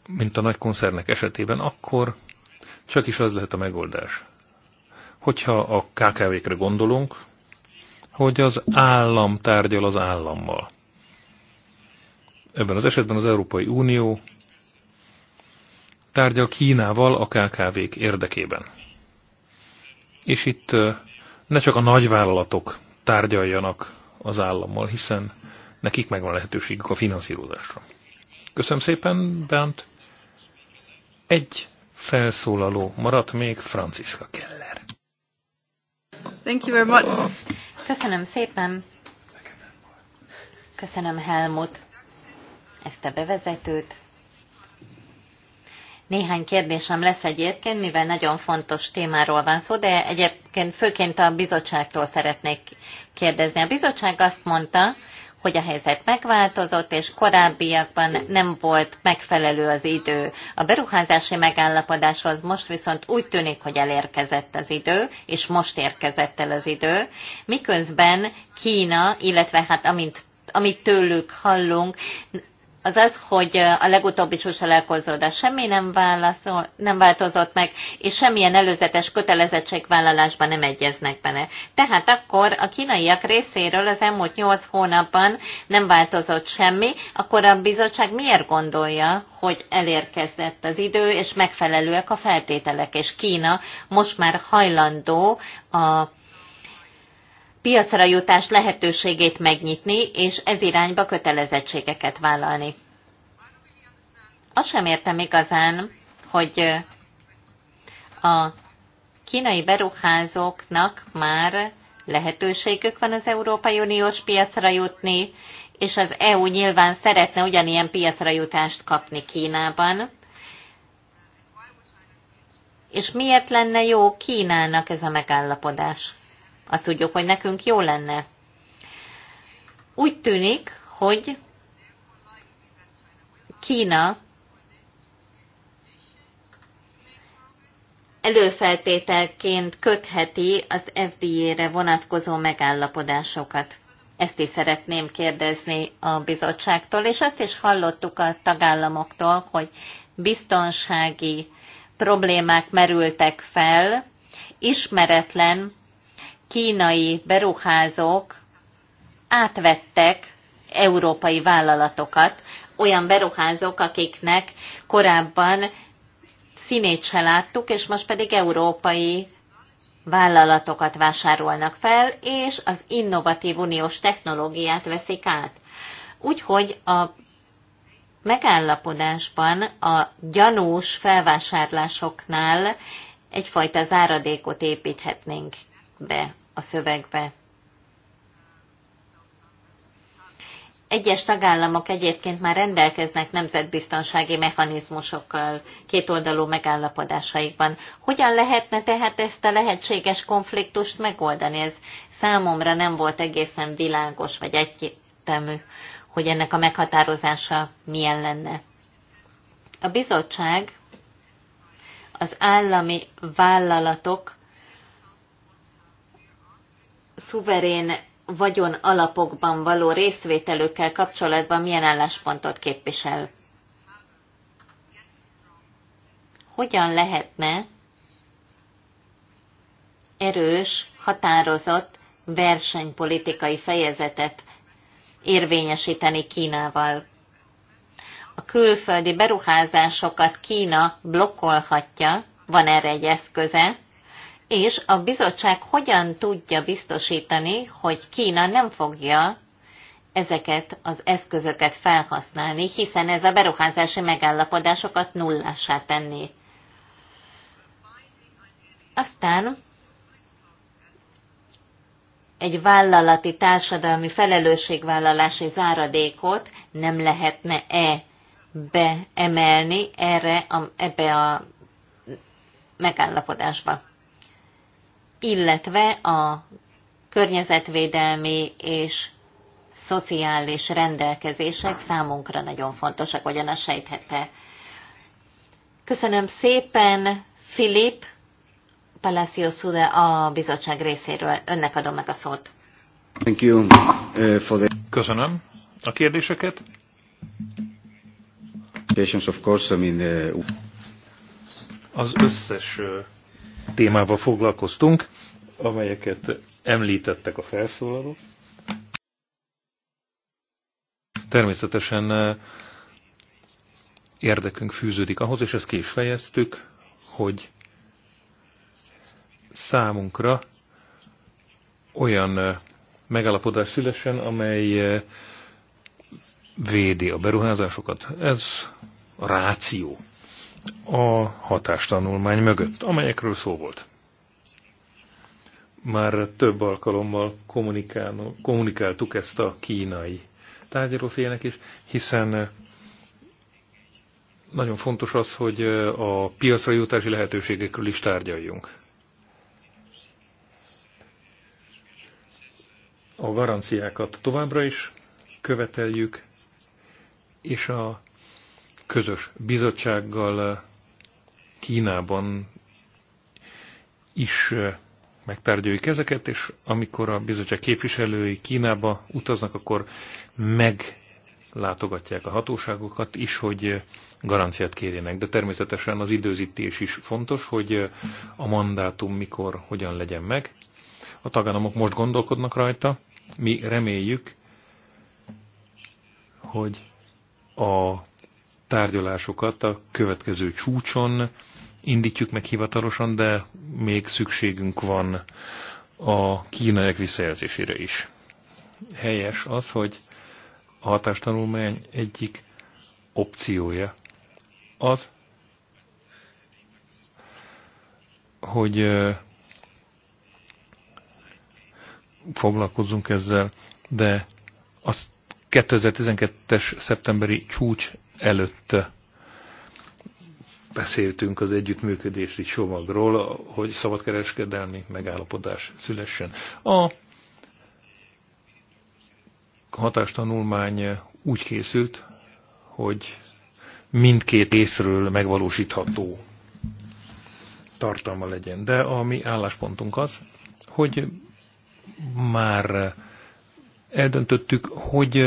mint a nagy koncernek esetében, akkor csak is az lehet a megoldás. Hogyha a KKV-kre gondolunk, hogy az állam tárgyal az állammal. Ebben az esetben az Európai Unió tárgyal Kínával a KKV-k érdekében. És itt ne csak a nagyvállalatok tárgyaljanak az állammal, hiszen nekik megvan lehetőségük a finanszírozásra. Köszönöm szépen, Bent. Egy felszólaló maradt még Franciska Keller. Thank you very much. Köszönöm szépen. Köszönöm Helmut ezt a bevezetőt. Néhány kérdésem lesz egyébként, mivel nagyon fontos témáról van szó, de egyébként főként a bizottságtól szeretnék kérdezni. A bizottság azt mondta, hogy a helyzet megváltozott, és korábbiakban nem volt megfelelő az idő. A beruházási megállapodáshoz most viszont úgy tűnik, hogy elérkezett az idő, és most érkezett el az idő, miközben Kína, illetve hát amint amit tőlük hallunk, az az, hogy a legutóbbi csúcsalálkozóda semmi nem, válaszol, nem változott meg, és semmilyen előzetes kötelezettségvállalásban nem egyeznek bele. Tehát akkor a kínaiak részéről az elmúlt nyolc hónapban nem változott semmi, akkor a bizottság miért gondolja, hogy elérkezett az idő, és megfelelőek a feltételek, és Kína most már hajlandó a piacra jutás lehetőségét megnyitni, és ez irányba kötelezettségeket vállalni. Azt sem értem igazán, hogy a kínai beruházóknak már lehetőségük van az Európai Uniós piacra jutni, és az EU nyilván szeretne ugyanilyen piacra jutást kapni Kínában. És miért lenne jó Kínának ez a megállapodás? Azt tudjuk, hogy nekünk jó lenne. Úgy tűnik, hogy Kína előfeltételként kötheti az FDA-re vonatkozó megállapodásokat. Ezt is szeretném kérdezni a bizottságtól, és azt is hallottuk a tagállamoktól, hogy biztonsági problémák merültek fel, ismeretlen kínai beruházók átvettek európai vállalatokat, olyan beruházók, akiknek korábban színét se láttuk, és most pedig európai vállalatokat vásárolnak fel, és az innovatív uniós technológiát veszik át. Úgyhogy a megállapodásban a gyanús felvásárlásoknál egyfajta záradékot építhetnénk be a szövegbe. Egyes tagállamok egyébként már rendelkeznek nemzetbiztonsági mechanizmusokkal kétoldalú megállapodásaikban. Hogyan lehetne tehát ezt a lehetséges konfliktust megoldani? Ez számomra nem volt egészen világos vagy egyértelmű, hogy ennek a meghatározása milyen lenne. A bizottság az állami vállalatok szuverén vagyon alapokban való részvételőkkel kapcsolatban milyen álláspontot képvisel? Hogyan lehetne erős, határozott versenypolitikai fejezetet érvényesíteni Kínával? A külföldi beruházásokat Kína blokkolhatja, van erre egy eszköze, és a bizottság hogyan tudja biztosítani, hogy Kína nem fogja ezeket az eszközöket felhasználni, hiszen ez a beruházási megállapodásokat nullássá tenni. Aztán egy vállalati társadalmi felelősségvállalási záradékot nem lehetne-e beemelni erre a, ebbe a megállapodásba illetve a környezetvédelmi és szociális rendelkezések számunkra nagyon fontosak, hogyan a sejthette. Köszönöm szépen, Filip Palacio Sude a bizottság részéről. Önnek adom meg a szót. Thank you eh, for the... Köszönöm a kérdéseket. Of course, I mean, eh, Az összes eh, témával foglalkoztunk, amelyeket említettek a felszólalók. Természetesen eh, érdekünk fűződik ahhoz, és ezt ki is fejeztük, hogy számunkra olyan eh, megállapodás szülessen, amely eh, védi a beruházásokat. Ez a ráció a hatástanulmány mögött, amelyekről szó volt. Már több alkalommal kommunikáltuk ezt a kínai tárgyalófélnek is, hiszen nagyon fontos az, hogy a piacra jutási lehetőségekről is tárgyaljunk. A garanciákat továbbra is követeljük, és a közös bizottsággal eh, Kínában is eh, megtárgyaljuk ezeket, és amikor a bizottság képviselői Kínába utaznak, akkor meglátogatják a hatóságokat is, hogy eh, garanciát kérjenek. De természetesen az időzítés is fontos, hogy a mandátum mikor, hogyan legyen meg. A tagállamok most gondolkodnak rajta, mi reméljük, hogy a tárgyalásokat a következő csúcson indítjuk meg hivatalosan, de még szükségünk van a kínaiak visszajelzésére is. Helyes az, hogy a hatástanulmány egyik opciója az, hogy foglalkozzunk ezzel, de azt 2012-es szeptemberi csúcs előtt beszéltünk az együttműködési csomagról, hogy szabadkereskedelmi megállapodás szülessen. A hatástanulmány úgy készült, hogy mindkét észről megvalósítható tartalma legyen. De a mi álláspontunk az, hogy már eldöntöttük, hogy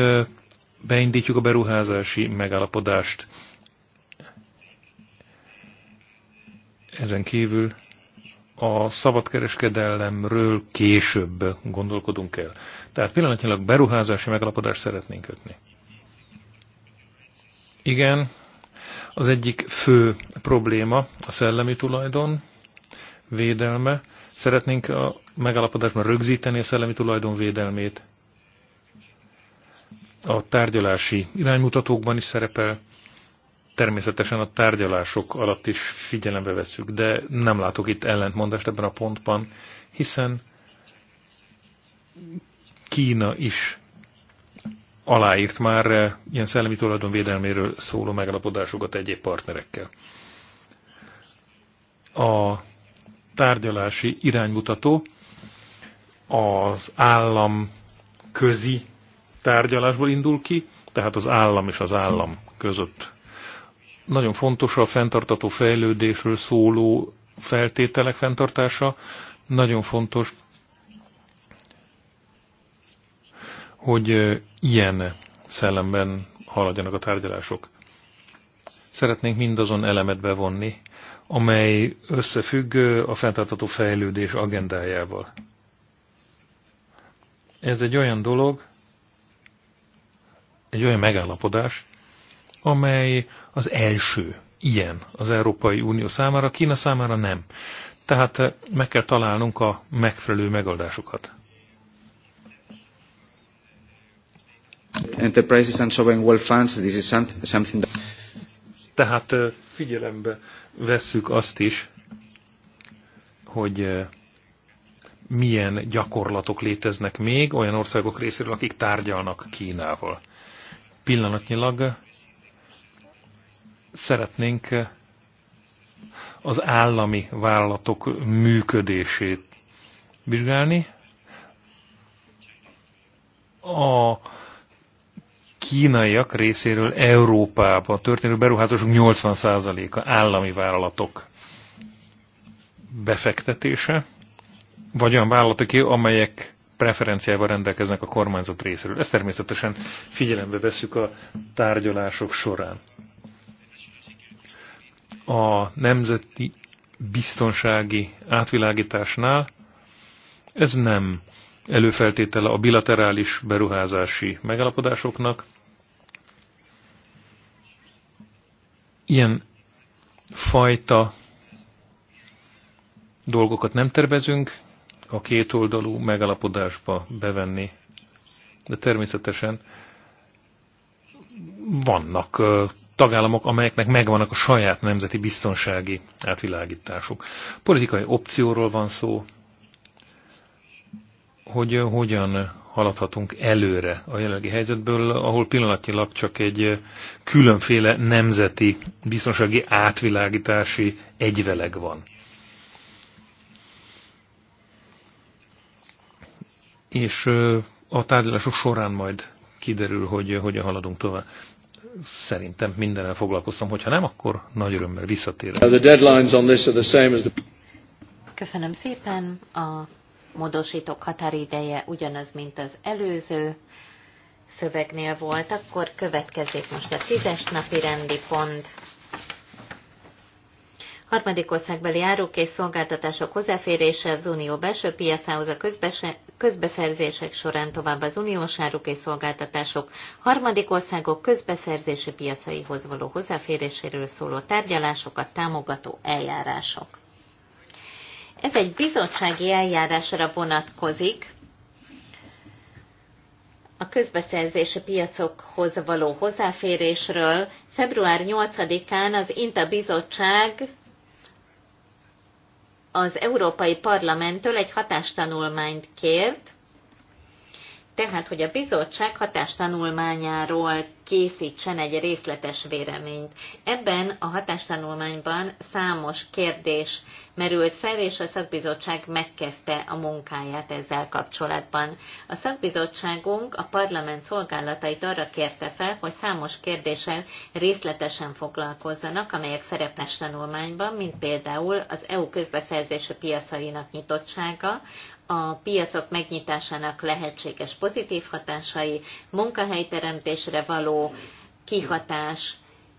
beindítjuk a beruházási megállapodást. Ezen kívül a szabadkereskedelemről később gondolkodunk el. Tehát pillanatnyilag beruházási megalapodást szeretnénk kötni. Igen, az egyik fő probléma a szellemi tulajdon védelme. Szeretnénk a megalapodásban rögzíteni a szellemi tulajdon védelmét a tárgyalási iránymutatókban is szerepel, természetesen a tárgyalások alatt is figyelembe veszük, de nem látok itt ellentmondást ebben a pontban, hiszen Kína is aláírt már ilyen szellemi tulajdon védelméről szóló megalapodásokat egyéb partnerekkel. A tárgyalási iránymutató az állam közi tárgyalásból indul ki, tehát az állam és az állam között. Nagyon fontos a fenntartató fejlődésről szóló feltételek fenntartása, nagyon fontos, hogy ilyen szellemben haladjanak a tárgyalások. Szeretnénk mindazon elemet bevonni, amely összefügg a fenntartató fejlődés agendájával. Ez egy olyan dolog, egy olyan megállapodás, amely az első ilyen az Európai Unió számára, Kína számára nem. Tehát eh, meg kell találnunk a megfelelő megoldásokat. Enterprises and sovereign wealth funds, this is something that... Tehát eh, figyelembe vesszük azt is, hogy eh, milyen gyakorlatok léteznek még olyan országok részéről, akik tárgyalnak Kínával. Pillanatnyilag szeretnénk az állami vállalatok működését vizsgálni. A kínaiak részéről Európában történő beruházások 80%-a állami vállalatok befektetése, vagy olyan vállalatok, amelyek preferenciával rendelkeznek a kormányzat részéről. Ezt természetesen figyelembe veszük a tárgyalások során. A nemzeti biztonsági átvilágításnál ez nem előfeltétele a bilaterális beruházási megállapodásoknak. Ilyen fajta dolgokat nem tervezünk, a kétoldalú megalapodásba bevenni. De természetesen vannak tagállamok, amelyeknek megvannak a saját nemzeti biztonsági átvilágításuk. Politikai opcióról van szó, hogy hogyan haladhatunk előre a jelenlegi helyzetből, ahol pillanatnyilag csak egy különféle nemzeti biztonsági átvilágítási egyveleg van. és a tárgyalások során majd kiderül, hogy hogyan haladunk tovább. Szerintem mindennel foglalkoztam, hogyha nem, akkor nagy örömmel visszatérek. Köszönöm szépen. A módosítók határideje ugyanaz, mint az előző szövegnél volt, akkor következik most a tízes napi rendi pont harmadik országbeli áruk és szolgáltatások hozzáférése az unió belső piacához a közbeszerzések során tovább az uniós áruk és szolgáltatások harmadik országok közbeszerzési piacaihoz való hozzáféréséről szóló tárgyalásokat támogató eljárások. Ez egy bizottsági eljárásra vonatkozik, a közbeszerzési piacokhoz való hozzáférésről február 8-án az INTA bizottság az Európai Parlamenttől egy hatástanulmányt kért, tehát, hogy a bizottság hatástanulmányáról készítsen egy részletes véleményt. Ebben a hatástanulmányban számos kérdés merült fel, és a szakbizottság megkezdte a munkáját ezzel kapcsolatban. A szakbizottságunk a parlament szolgálatait arra kérte fel, hogy számos kérdéssel részletesen foglalkozzanak, amelyek szerepes tanulmányban, mint például az EU közbeszerzési piacainak nyitottsága, a piacok megnyitásának lehetséges pozitív hatásai, munkahelyteremtésre való kihatás,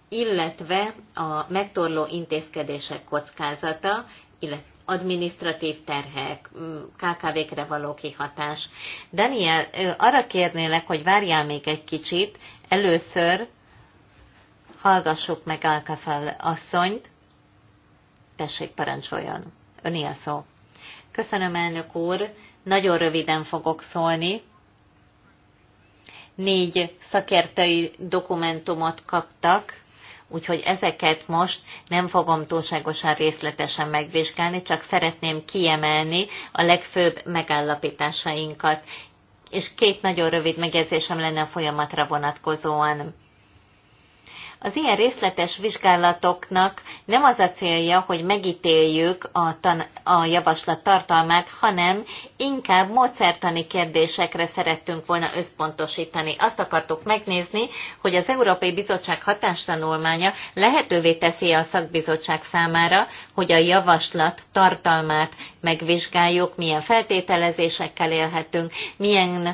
illetve a megtorló intézkedések kockázata, illetve adminisztratív terhek, mm, KKV-kre való kihatás. Daniel, arra kérnélek, hogy várjál még egy kicsit. Először hallgassuk meg Alkafel asszonyt. Tessék, parancsoljon. Öné a szó. Köszönöm, elnök úr. Nagyon röviden fogok szólni. Négy szakértői dokumentumot kaptak, úgyhogy ezeket most nem fogom túlságosan részletesen megvizsgálni, csak szeretném kiemelni a legfőbb megállapításainkat. És két nagyon rövid megjegyzésem lenne a folyamatra vonatkozóan. Az ilyen részletes vizsgálatoknak nem az a célja, hogy megítéljük a, tan- a javaslat tartalmát, hanem inkább módszertani kérdésekre szerettünk volna összpontosítani. Azt akartuk megnézni, hogy az Európai Bizottság hatástanulmánya lehetővé teszi a szakbizottság számára, hogy a javaslat tartalmát megvizsgáljuk, milyen feltételezésekkel élhetünk, milyen uh,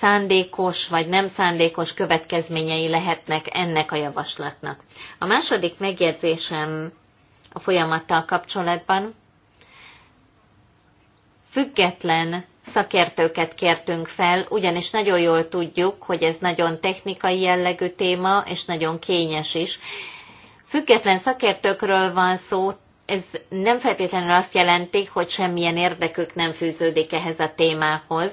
szándékos vagy nem szándékos következményei lehetnek ennek a javaslatnak. A második megjegyzésem a folyamattal kapcsolatban. Független szakértőket kértünk fel, ugyanis nagyon jól tudjuk, hogy ez nagyon technikai jellegű téma, és nagyon kényes is. Független szakértőkről van szó, ez nem feltétlenül azt jelenti, hogy semmilyen érdekük nem fűződik ehhez a témához,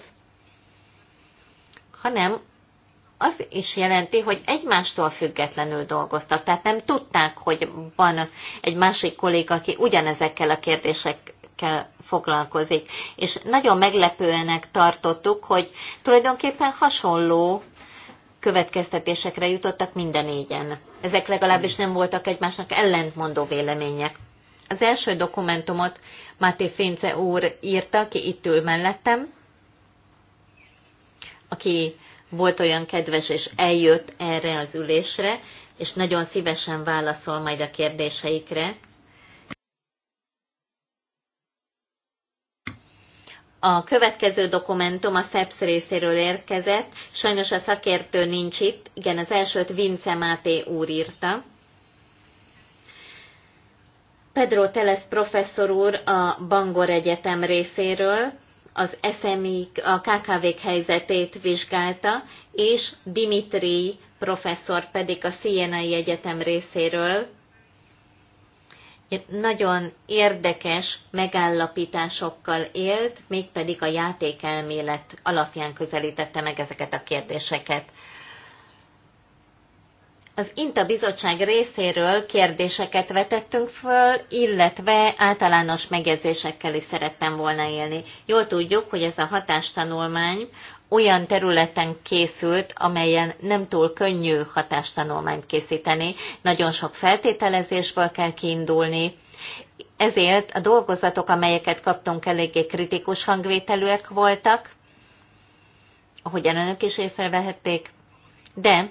hanem az is jelenti, hogy egymástól függetlenül dolgoztak, tehát nem tudták, hogy van egy másik kolléga, aki ugyanezekkel a kérdésekkel foglalkozik. És nagyon meglepőenek tartottuk, hogy tulajdonképpen hasonló következtetésekre jutottak minden négyen. Ezek legalábbis nem voltak egymásnak ellentmondó vélemények. Az első dokumentumot Máté Fince úr írta, aki itt ül mellettem, aki volt olyan kedves, és eljött erre az ülésre, és nagyon szívesen válaszol majd a kérdéseikre. A következő dokumentum a SEPS részéről érkezett, sajnos a szakértő nincs itt, igen, az elsőt Vince Máté úr írta. Pedro Teles professzor úr a Bangor Egyetem részéről, az SMI, a KKV-k helyzetét vizsgálta, és Dimitri professzor pedig a Szienai Egyetem részéről nagyon érdekes megállapításokkal élt, mégpedig a játékelmélet alapján közelítette meg ezeket a kérdéseket. Az INTA bizottság részéről kérdéseket vetettünk föl, illetve általános megjegyzésekkel is szerettem volna élni. Jól tudjuk, hogy ez a hatástanulmány olyan területen készült, amelyen nem túl könnyű hatástanulmányt készíteni, nagyon sok feltételezésből kell kiindulni, ezért a dolgozatok, amelyeket kaptunk, eléggé kritikus hangvételűek voltak, ahogyan önök is észrevehették, de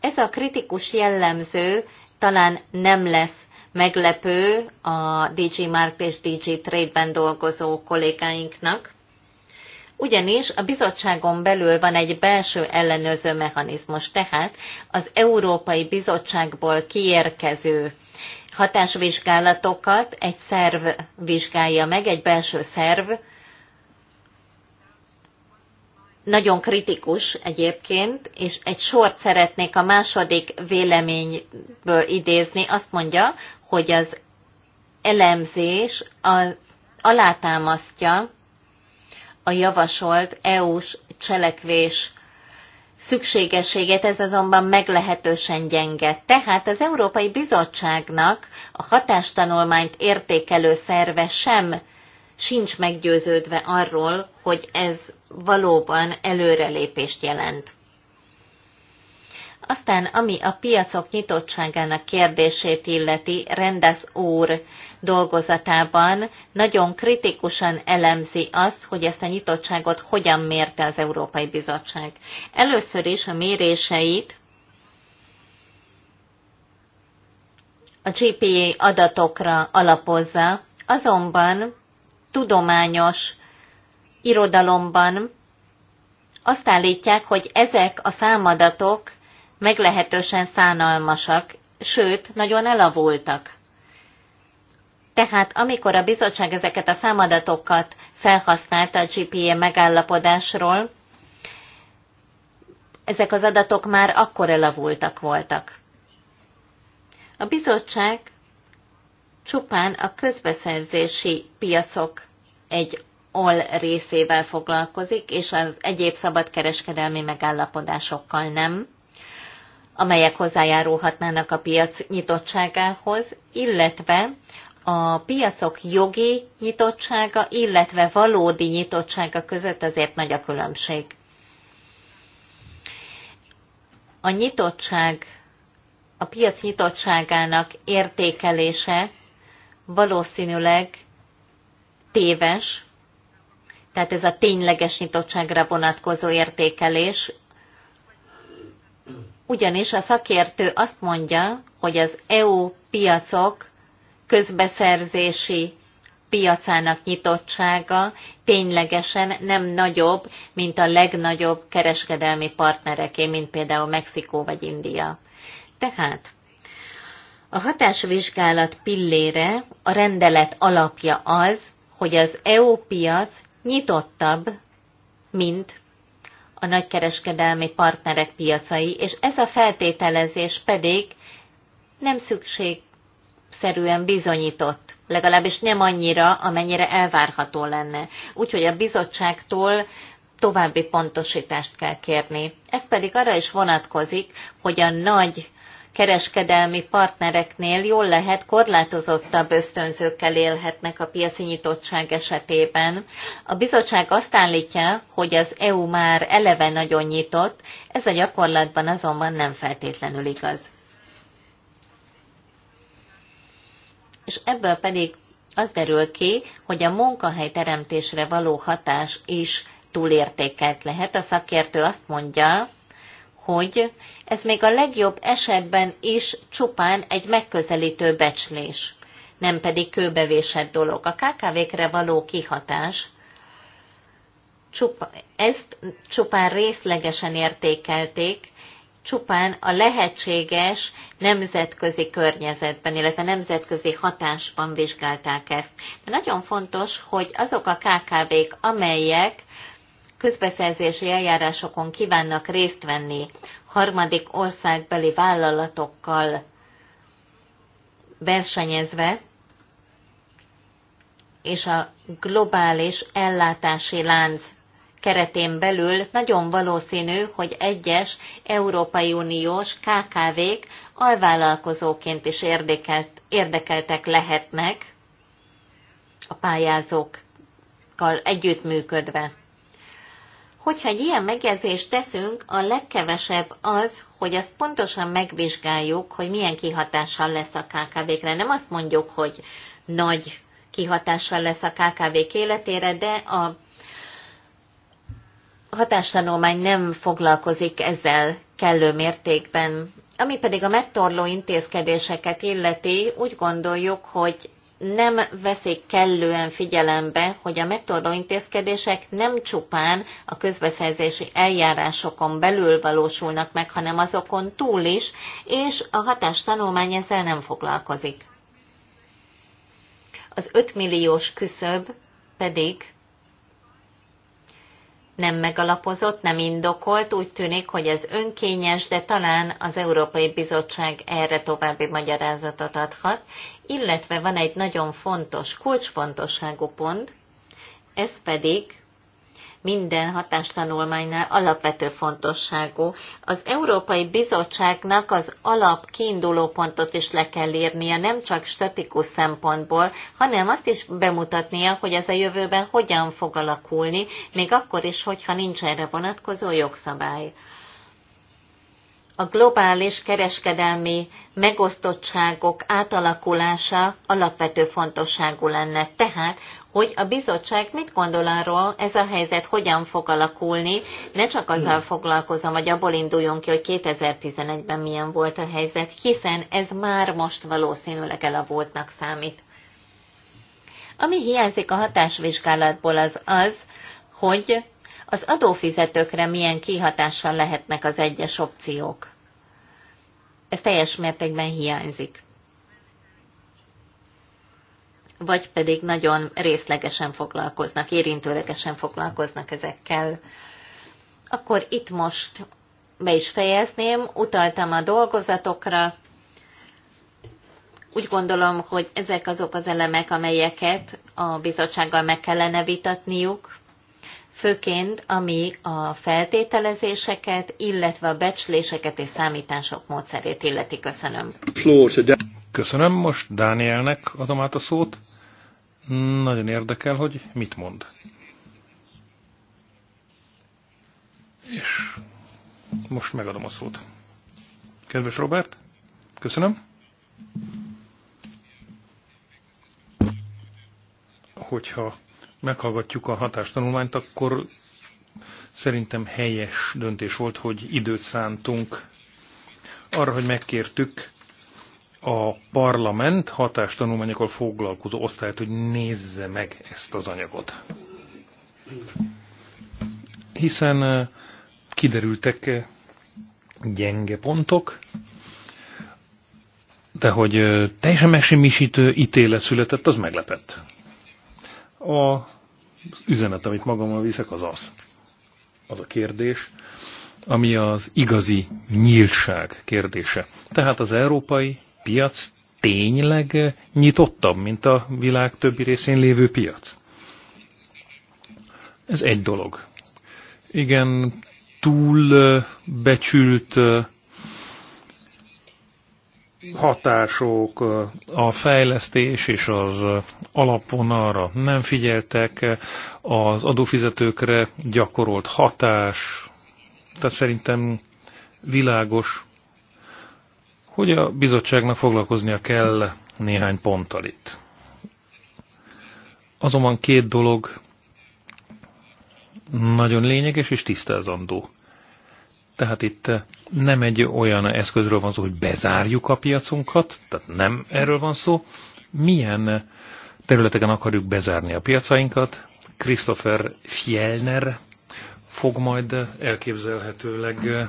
ez a kritikus jellemző talán nem lesz meglepő a DG Markt és DG Trade-ben dolgozó kollégáinknak, ugyanis a bizottságon belül van egy belső ellenőző mechanizmus, tehát az Európai Bizottságból kiérkező hatásvizsgálatokat egy szerv vizsgálja meg, egy belső szerv, nagyon kritikus egyébként, és egy sort szeretnék a második véleményből idézni. Azt mondja, hogy az elemzés az alátámasztja a javasolt EU-s cselekvés szükségességét, ez azonban meglehetősen gyenge. Tehát az Európai Bizottságnak a hatástanulmányt értékelő szerve sem sincs meggyőződve arról, hogy ez valóban előrelépést jelent. Aztán, ami a piacok nyitottságának kérdését illeti, Rendez úr dolgozatában nagyon kritikusan elemzi azt, hogy ezt a nyitottságot hogyan mérte az Európai Bizottság. Először is a méréseit a GPA adatokra alapozza, azonban tudományos irodalomban azt állítják, hogy ezek a számadatok meglehetősen szánalmasak, sőt, nagyon elavultak. Tehát amikor a bizottság ezeket a számadatokat felhasználta a GPA megállapodásról, ezek az adatok már akkor elavultak voltak. A bizottság csupán a közbeszerzési piacok egy al részével foglalkozik, és az egyéb szabadkereskedelmi megállapodásokkal nem, amelyek hozzájárulhatnának a piac nyitottságához, illetve a piacok jogi nyitottsága, illetve valódi nyitottsága között azért nagy a különbség. A nyitottság, a piac nyitottságának értékelése valószínűleg téves, tehát ez a tényleges nyitottságra vonatkozó értékelés. Ugyanis a szakértő azt mondja, hogy az EU piacok közbeszerzési piacának nyitottsága ténylegesen nem nagyobb, mint a legnagyobb kereskedelmi partnereké, mint például Mexikó vagy India. Tehát a hatásvizsgálat pillére a rendelet alapja az, hogy az EU piac nyitottabb, mint a nagykereskedelmi partnerek piacai, és ez a feltételezés pedig nem szükségszerűen bizonyított, legalábbis nem annyira, amennyire elvárható lenne. Úgyhogy a bizottságtól további pontosítást kell kérni. Ez pedig arra is vonatkozik, hogy a nagy kereskedelmi partnereknél jól lehet korlátozottabb ösztönzőkkel élhetnek a piaci nyitottság esetében. A bizottság azt állítja, hogy az EU már eleve nagyon nyitott, ez a gyakorlatban azonban nem feltétlenül igaz. És ebből pedig az derül ki, hogy a munkahely teremtésre való hatás is túlértékelt lehet. A szakértő azt mondja, hogy ez még a legjobb esetben is csupán egy megközelítő becslés, nem pedig kőbevésett dolog. A KKV-kre való kihatás csupa, ezt csupán részlegesen értékelték, csupán a lehetséges nemzetközi környezetben, illetve nemzetközi hatásban vizsgálták ezt. De nagyon fontos, hogy azok a KKV-k, amelyek közbeszerzési eljárásokon kívánnak részt venni harmadik országbeli vállalatokkal versenyezve, és a globális ellátási lánc keretén belül nagyon valószínű, hogy egyes Európai Uniós KKV-k alvállalkozóként is érdekelt, érdekeltek lehetnek a pályázókkal együttműködve. Hogyha egy ilyen megjegyzést teszünk, a legkevesebb az, hogy azt pontosan megvizsgáljuk, hogy milyen kihatással lesz a KKV-kre. Nem azt mondjuk, hogy nagy kihatással lesz a kkv életére, de a hatástanulmány nem foglalkozik ezzel kellő mértékben. Ami pedig a megtorló intézkedéseket illeti, úgy gondoljuk, hogy nem veszik kellően figyelembe, hogy a megtorló intézkedések nem csupán a közbeszerzési eljárásokon belül valósulnak meg, hanem azokon túl is, és a hatástanulmány ezzel nem foglalkozik. Az 5 milliós küszöb pedig nem megalapozott, nem indokolt, úgy tűnik, hogy ez önkényes, de talán az Európai Bizottság erre további magyarázatot adhat, illetve van egy nagyon fontos, kulcsfontosságú pont, ez pedig minden hatástanulmánynál alapvető fontosságú. Az Európai Bizottságnak az alap kiinduló pontot is le kell írnia, nem csak statikus szempontból, hanem azt is bemutatnia, hogy ez a jövőben hogyan fog alakulni, még akkor is, hogyha nincs erre vonatkozó jogszabály a globális kereskedelmi megosztottságok átalakulása alapvető fontosságú lenne. Tehát hogy a bizottság mit gondol arról, ez a helyzet hogyan fog alakulni, ne csak azzal foglalkozom, vagy abból induljon ki, hogy 2011-ben milyen volt a helyzet, hiszen ez már most valószínűleg elavultnak számít. Ami hiányzik a hatásvizsgálatból az az, hogy az adófizetőkre milyen kihatással lehetnek az egyes opciók. Ez teljes mértékben hiányzik vagy pedig nagyon részlegesen foglalkoznak, érintőlegesen foglalkoznak ezekkel. Akkor itt most be is fejezném, utaltam a dolgozatokra, úgy gondolom, hogy ezek azok az elemek, amelyeket a bizottsággal meg kellene vitatniuk, főként ami a feltételezéseket, illetve a becsléseket és számítások módszerét illeti. Köszönöm. Köszönöm, most Dánielnek adom át a szót. Nagyon érdekel, hogy mit mond. És most megadom a szót. Kedves Robert, köszönöm. Hogyha meghallgatjuk a hatástanulmányt, akkor szerintem helyes döntés volt, hogy időt szántunk arra, hogy megkértük a parlament hatástanulmányokkal foglalkozó osztályt, hogy nézze meg ezt az anyagot. Hiszen kiderültek gyenge pontok, de hogy teljesen megsemmisítő ítélet született, az meglepett. A üzenet, amit magammal viszek, az az. Az a kérdés, ami az igazi nyíltság kérdése. Tehát az európai piac tényleg nyitottabb, mint a világ többi részén lévő piac? Ez egy dolog. Igen, túl becsült hatások, a fejlesztés és az alapvonalra nem figyeltek, az adófizetőkre gyakorolt hatás, tehát szerintem világos, hogy a bizottságnak foglalkoznia kell néhány ponttal itt. Azonban két dolog nagyon lényeges és tisztázandó. Tehát itt nem egy olyan eszközről van szó, hogy bezárjuk a piacunkat, tehát nem erről van szó. Milyen területeken akarjuk bezárni a piacainkat? Christopher Fjellner fog majd elképzelhetőleg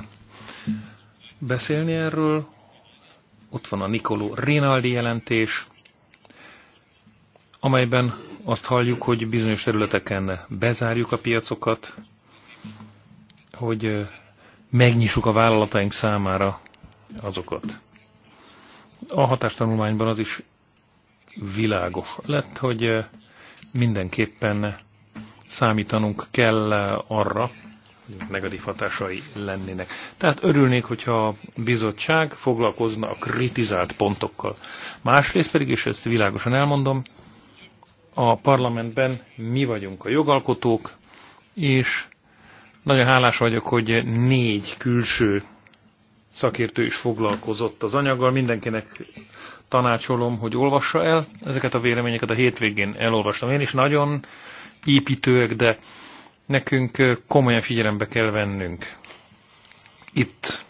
beszélni erről, ott van a Nikoló Rinaldi jelentés, amelyben azt halljuk, hogy bizonyos területeken bezárjuk a piacokat, hogy megnyissuk a vállalataink számára azokat. A hatástanulmányban az is világos lett, hogy mindenképpen számítanunk kell arra, negatív hatásai lennének. Tehát örülnék, hogyha a bizottság foglalkozna a kritizált pontokkal. Másrészt pedig, és ezt világosan elmondom, a parlamentben mi vagyunk a jogalkotók, és nagyon hálás vagyok, hogy négy külső szakértő is foglalkozott az anyaggal. Mindenkinek tanácsolom, hogy olvassa el. Ezeket a véleményeket a hétvégén elolvastam. Én is nagyon építőek, de nekünk komolyan figyelembe kell vennünk itt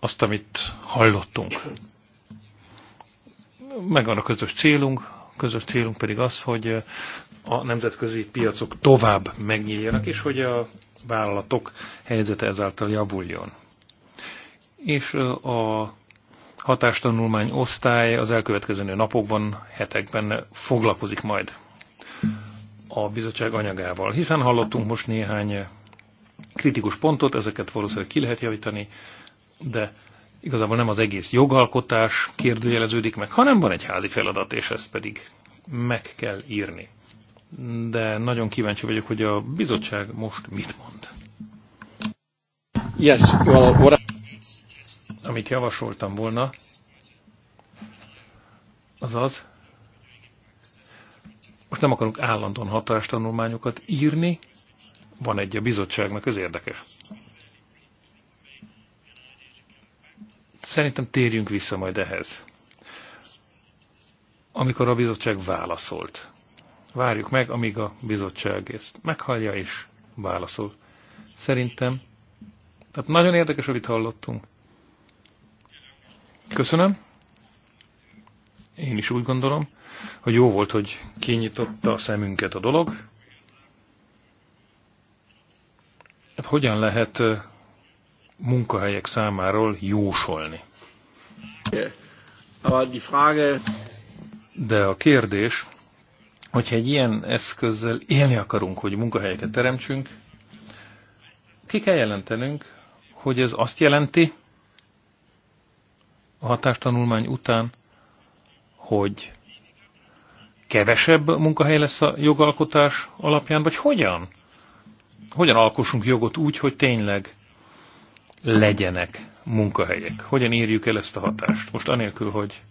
azt, amit hallottunk. Megvan a közös célunk, közös célunk pedig az, hogy a nemzetközi piacok tovább megnyíljanak, és hogy a vállalatok helyzete ezáltal javuljon. És a hatástanulmány osztály az elkövetkező napokban, hetekben foglalkozik majd a bizottság anyagával, hiszen hallottunk most néhány kritikus pontot, ezeket valószínűleg ki lehet javítani, de igazából nem az egész jogalkotás kérdőjeleződik meg, hanem van egy házi feladat, és ezt pedig meg kell írni. De nagyon kíváncsi vagyok, hogy a bizottság most mit mond. Yes, well, what I... Amit javasoltam volna, az az, most nem akarunk állandóan hatástanulmányokat írni, van egy a bizottságnak, ez érdekes. Szerintem térjünk vissza majd ehhez. Amikor a bizottság válaszolt. Várjuk meg, amíg a bizottság ezt meghallja és válaszol. Szerintem. Tehát nagyon érdekes, amit hallottunk. Köszönöm. Én is úgy gondolom hogy jó volt, hogy kinyitotta a szemünket a dolog. Hát hogyan lehet munkahelyek számáról jósolni? De a kérdés, hogyha egy ilyen eszközzel élni akarunk, hogy munkahelyeket teremtsünk, ki kell jelentenünk, hogy ez azt jelenti a hatástanulmány után, hogy kevesebb munkahely lesz a jogalkotás alapján, vagy hogyan? Hogyan alkossunk jogot úgy, hogy tényleg legyenek munkahelyek? Hogyan érjük el ezt a hatást? Most anélkül, hogy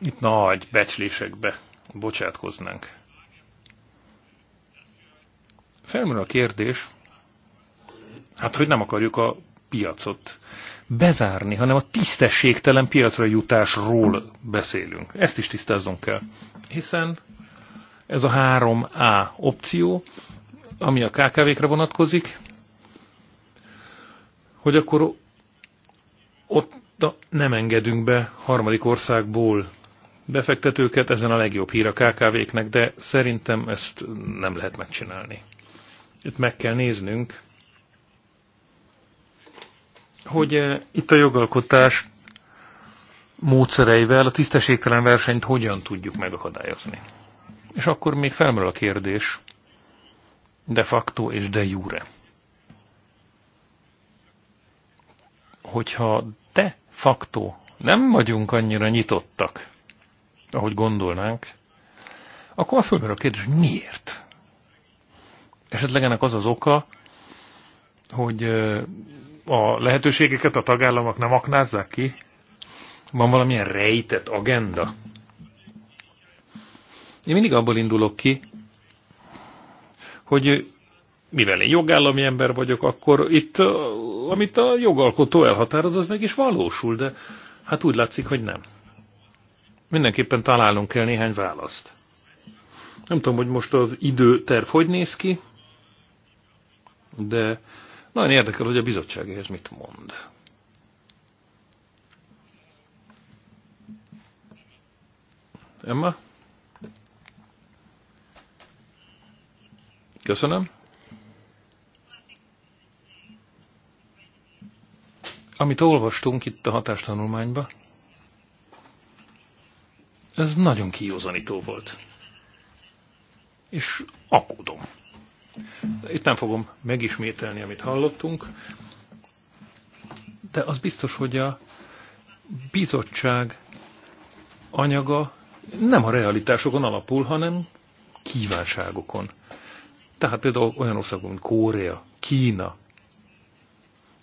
itt nagy becslésekbe bocsátkoznánk. Felmerül a kérdés, hát hogy nem akarjuk a piacot bezárni, hanem a tisztességtelen piacra jutásról beszélünk. Ezt is tisztázzon kell. Hiszen ez a 3A opció, ami a KKV-kre vonatkozik, hogy akkor ott nem engedünk be harmadik országból befektetőket, ezen a legjobb hír a KKV-knek, de szerintem ezt nem lehet megcsinálni. Itt meg kell néznünk, hogy itt a jogalkotás módszereivel a tisztességtelen versenyt hogyan tudjuk megakadályozni. És akkor még felmerül a kérdés, de facto és de jure. Hogyha de facto nem vagyunk annyira nyitottak, ahogy gondolnánk, akkor a fölmerül a kérdés, miért? Esetleg ennek az az oka, hogy a lehetőségeket a tagállamok nem aknázzák ki? Van valamilyen rejtett agenda? Én mindig abból indulok ki, hogy mivel én jogállami ember vagyok, akkor itt, amit a jogalkotó elhatároz, az meg is valósul, de hát úgy látszik, hogy nem. Mindenképpen találnunk kell néhány választ. Nem tudom, hogy most az időterv hogy néz ki, de nagyon érdekel, hogy a bizottság ehhez mit mond. Emma? Köszönöm. Amit olvastunk itt a hatástanulmányba, ez nagyon kiózanító volt. És akudom. Itt nem fogom megismételni, amit hallottunk, de az biztos, hogy a bizottság anyaga nem a realitásokon alapul, hanem kívánságokon. Tehát például olyan országok, mint Kórea, Kína,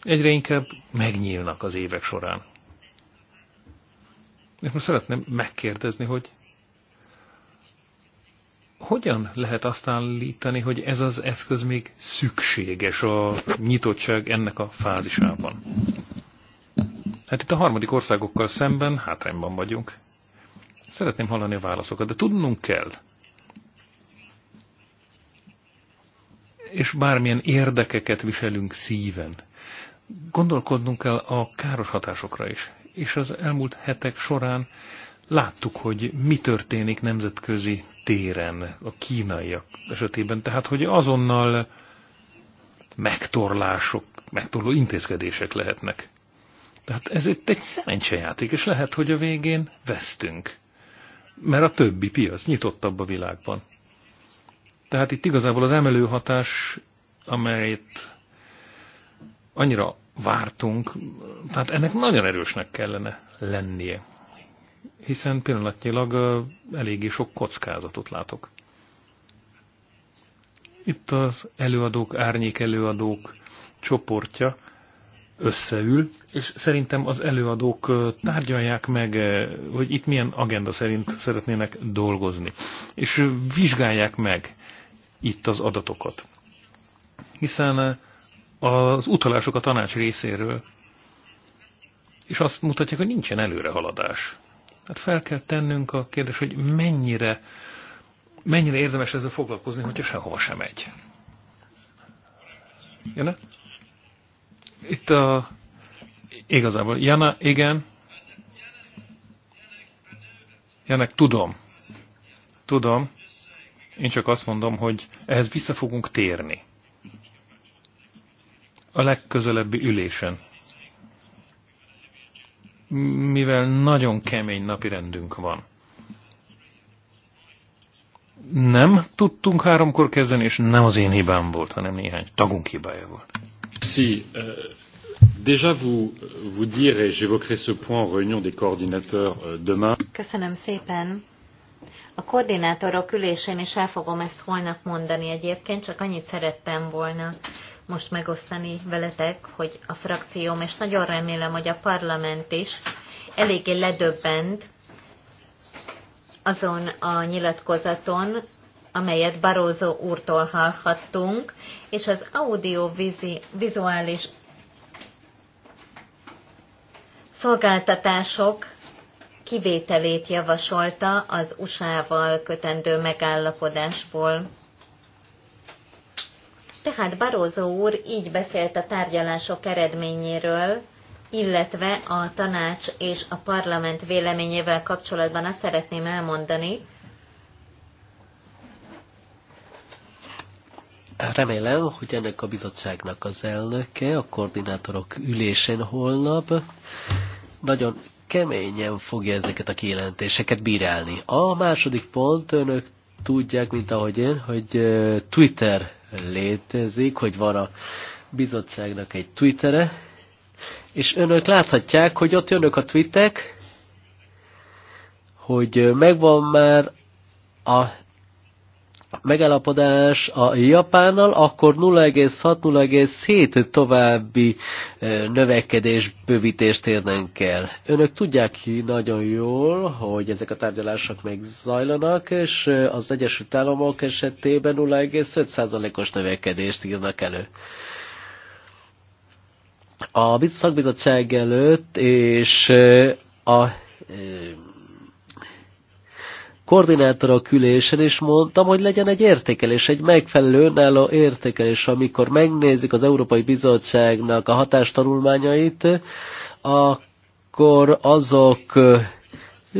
egyre inkább megnyílnak az évek során. És most szeretném megkérdezni, hogy hogyan lehet azt állítani, hogy ez az eszköz még szükséges a nyitottság ennek a fázisában? Hát itt a harmadik országokkal szemben hátrányban vagyunk. Szeretném hallani a válaszokat, de tudnunk kell. És bármilyen érdekeket viselünk szíven. Gondolkodnunk kell a káros hatásokra is. És az elmúlt hetek során láttuk, hogy mi történik nemzetközi téren a kínaiak esetében, tehát hogy azonnal megtorlások, megtorló intézkedések lehetnek. Tehát ez itt egy szerencsejáték, és lehet, hogy a végén vesztünk. Mert a többi piac nyitottabb a világban. Tehát itt igazából az emelő hatás, amelyet annyira vártunk, tehát ennek nagyon erősnek kellene lennie hiszen pillanatnyilag eléggé sok kockázatot látok. Itt az előadók, árnyék előadók csoportja összeül, és szerintem az előadók tárgyalják meg, hogy itt milyen agenda szerint szeretnének dolgozni, és vizsgálják meg itt az adatokat. Hiszen az utalások a tanács részéről, és azt mutatják, hogy nincsen előrehaladás. Hát fel kell tennünk a kérdés, hogy mennyire, mennyire érdemes ezzel foglalkozni, hogyha sehova sem megy. Jana? Itt a... Igazából. Jana, igen. Jana, tudom. Tudom. Én csak azt mondom, hogy ehhez vissza fogunk térni. A legközelebbi ülésen mivel nagyon kemény napi rendünk van. Nem tudtunk háromkor kezdeni, és nem az én hibám volt, hanem néhány tagunk hibája volt. Si, uh, déjà vous, euh, vous dire, et j'évoquerai ce point en réunion des coordinateurs euh, demain. Köszönöm szépen. A koordinátorok ülésén is el fogom ezt holnap mondani egyébként, csak annyit szerettem volna most megosztani veletek, hogy a frakcióm, és nagyon remélem, hogy a parlament is eléggé ledöbbent azon a nyilatkozaton, amelyet Barózó úrtól hallhattunk, és az audiovizuális szolgáltatások kivételét javasolta az USA-val kötendő megállapodásból. Tehát Barózó úr így beszélt a tárgyalások eredményéről, illetve a tanács és a parlament véleményével kapcsolatban azt szeretném elmondani, Remélem, hogy ennek a bizottságnak az elnöke a koordinátorok ülésén holnap nagyon keményen fogja ezeket a kijelentéseket bírálni. A második pont, önök tudják, mint ahogy én, hogy Twitter létezik, hogy van a bizottságnak egy Twittere, és önök láthatják, hogy ott jönnek a tweetek, hogy megvan már a megállapodás a Japánnal, akkor 0,6-0,7 további növekedés bővítést érnénk el. Önök tudják ki nagyon jól, hogy ezek a tárgyalások megzajlanak, és az Egyesült Államok esetében 0,5%-os növekedést írnak elő. A szakbizottság előtt és a Koordinátora külésen, is mondtam, hogy legyen egy értékelés, egy megfelelő önálló értékelés, amikor megnézik az Európai Bizottságnak a hatástanulmányait, akkor azok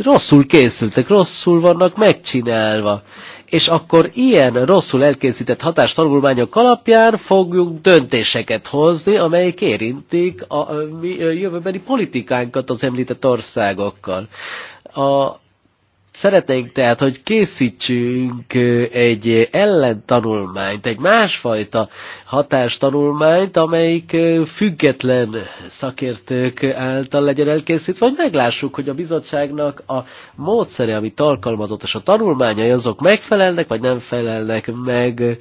rosszul készültek, rosszul vannak megcsinálva. És akkor ilyen rosszul elkészített hatástanulmányok alapján fogjuk döntéseket hozni, amelyek érintik a, a, a jövőbeni politikánkat az említett országokkal. A, Szeretnénk tehát, hogy készítsünk egy ellentanulmányt, egy másfajta hatástanulmányt, amelyik független szakértők által legyen elkészítve, hogy meglássuk, hogy a bizottságnak a módszere, amit alkalmazott, és a tanulmányai azok megfelelnek, vagy nem felelnek meg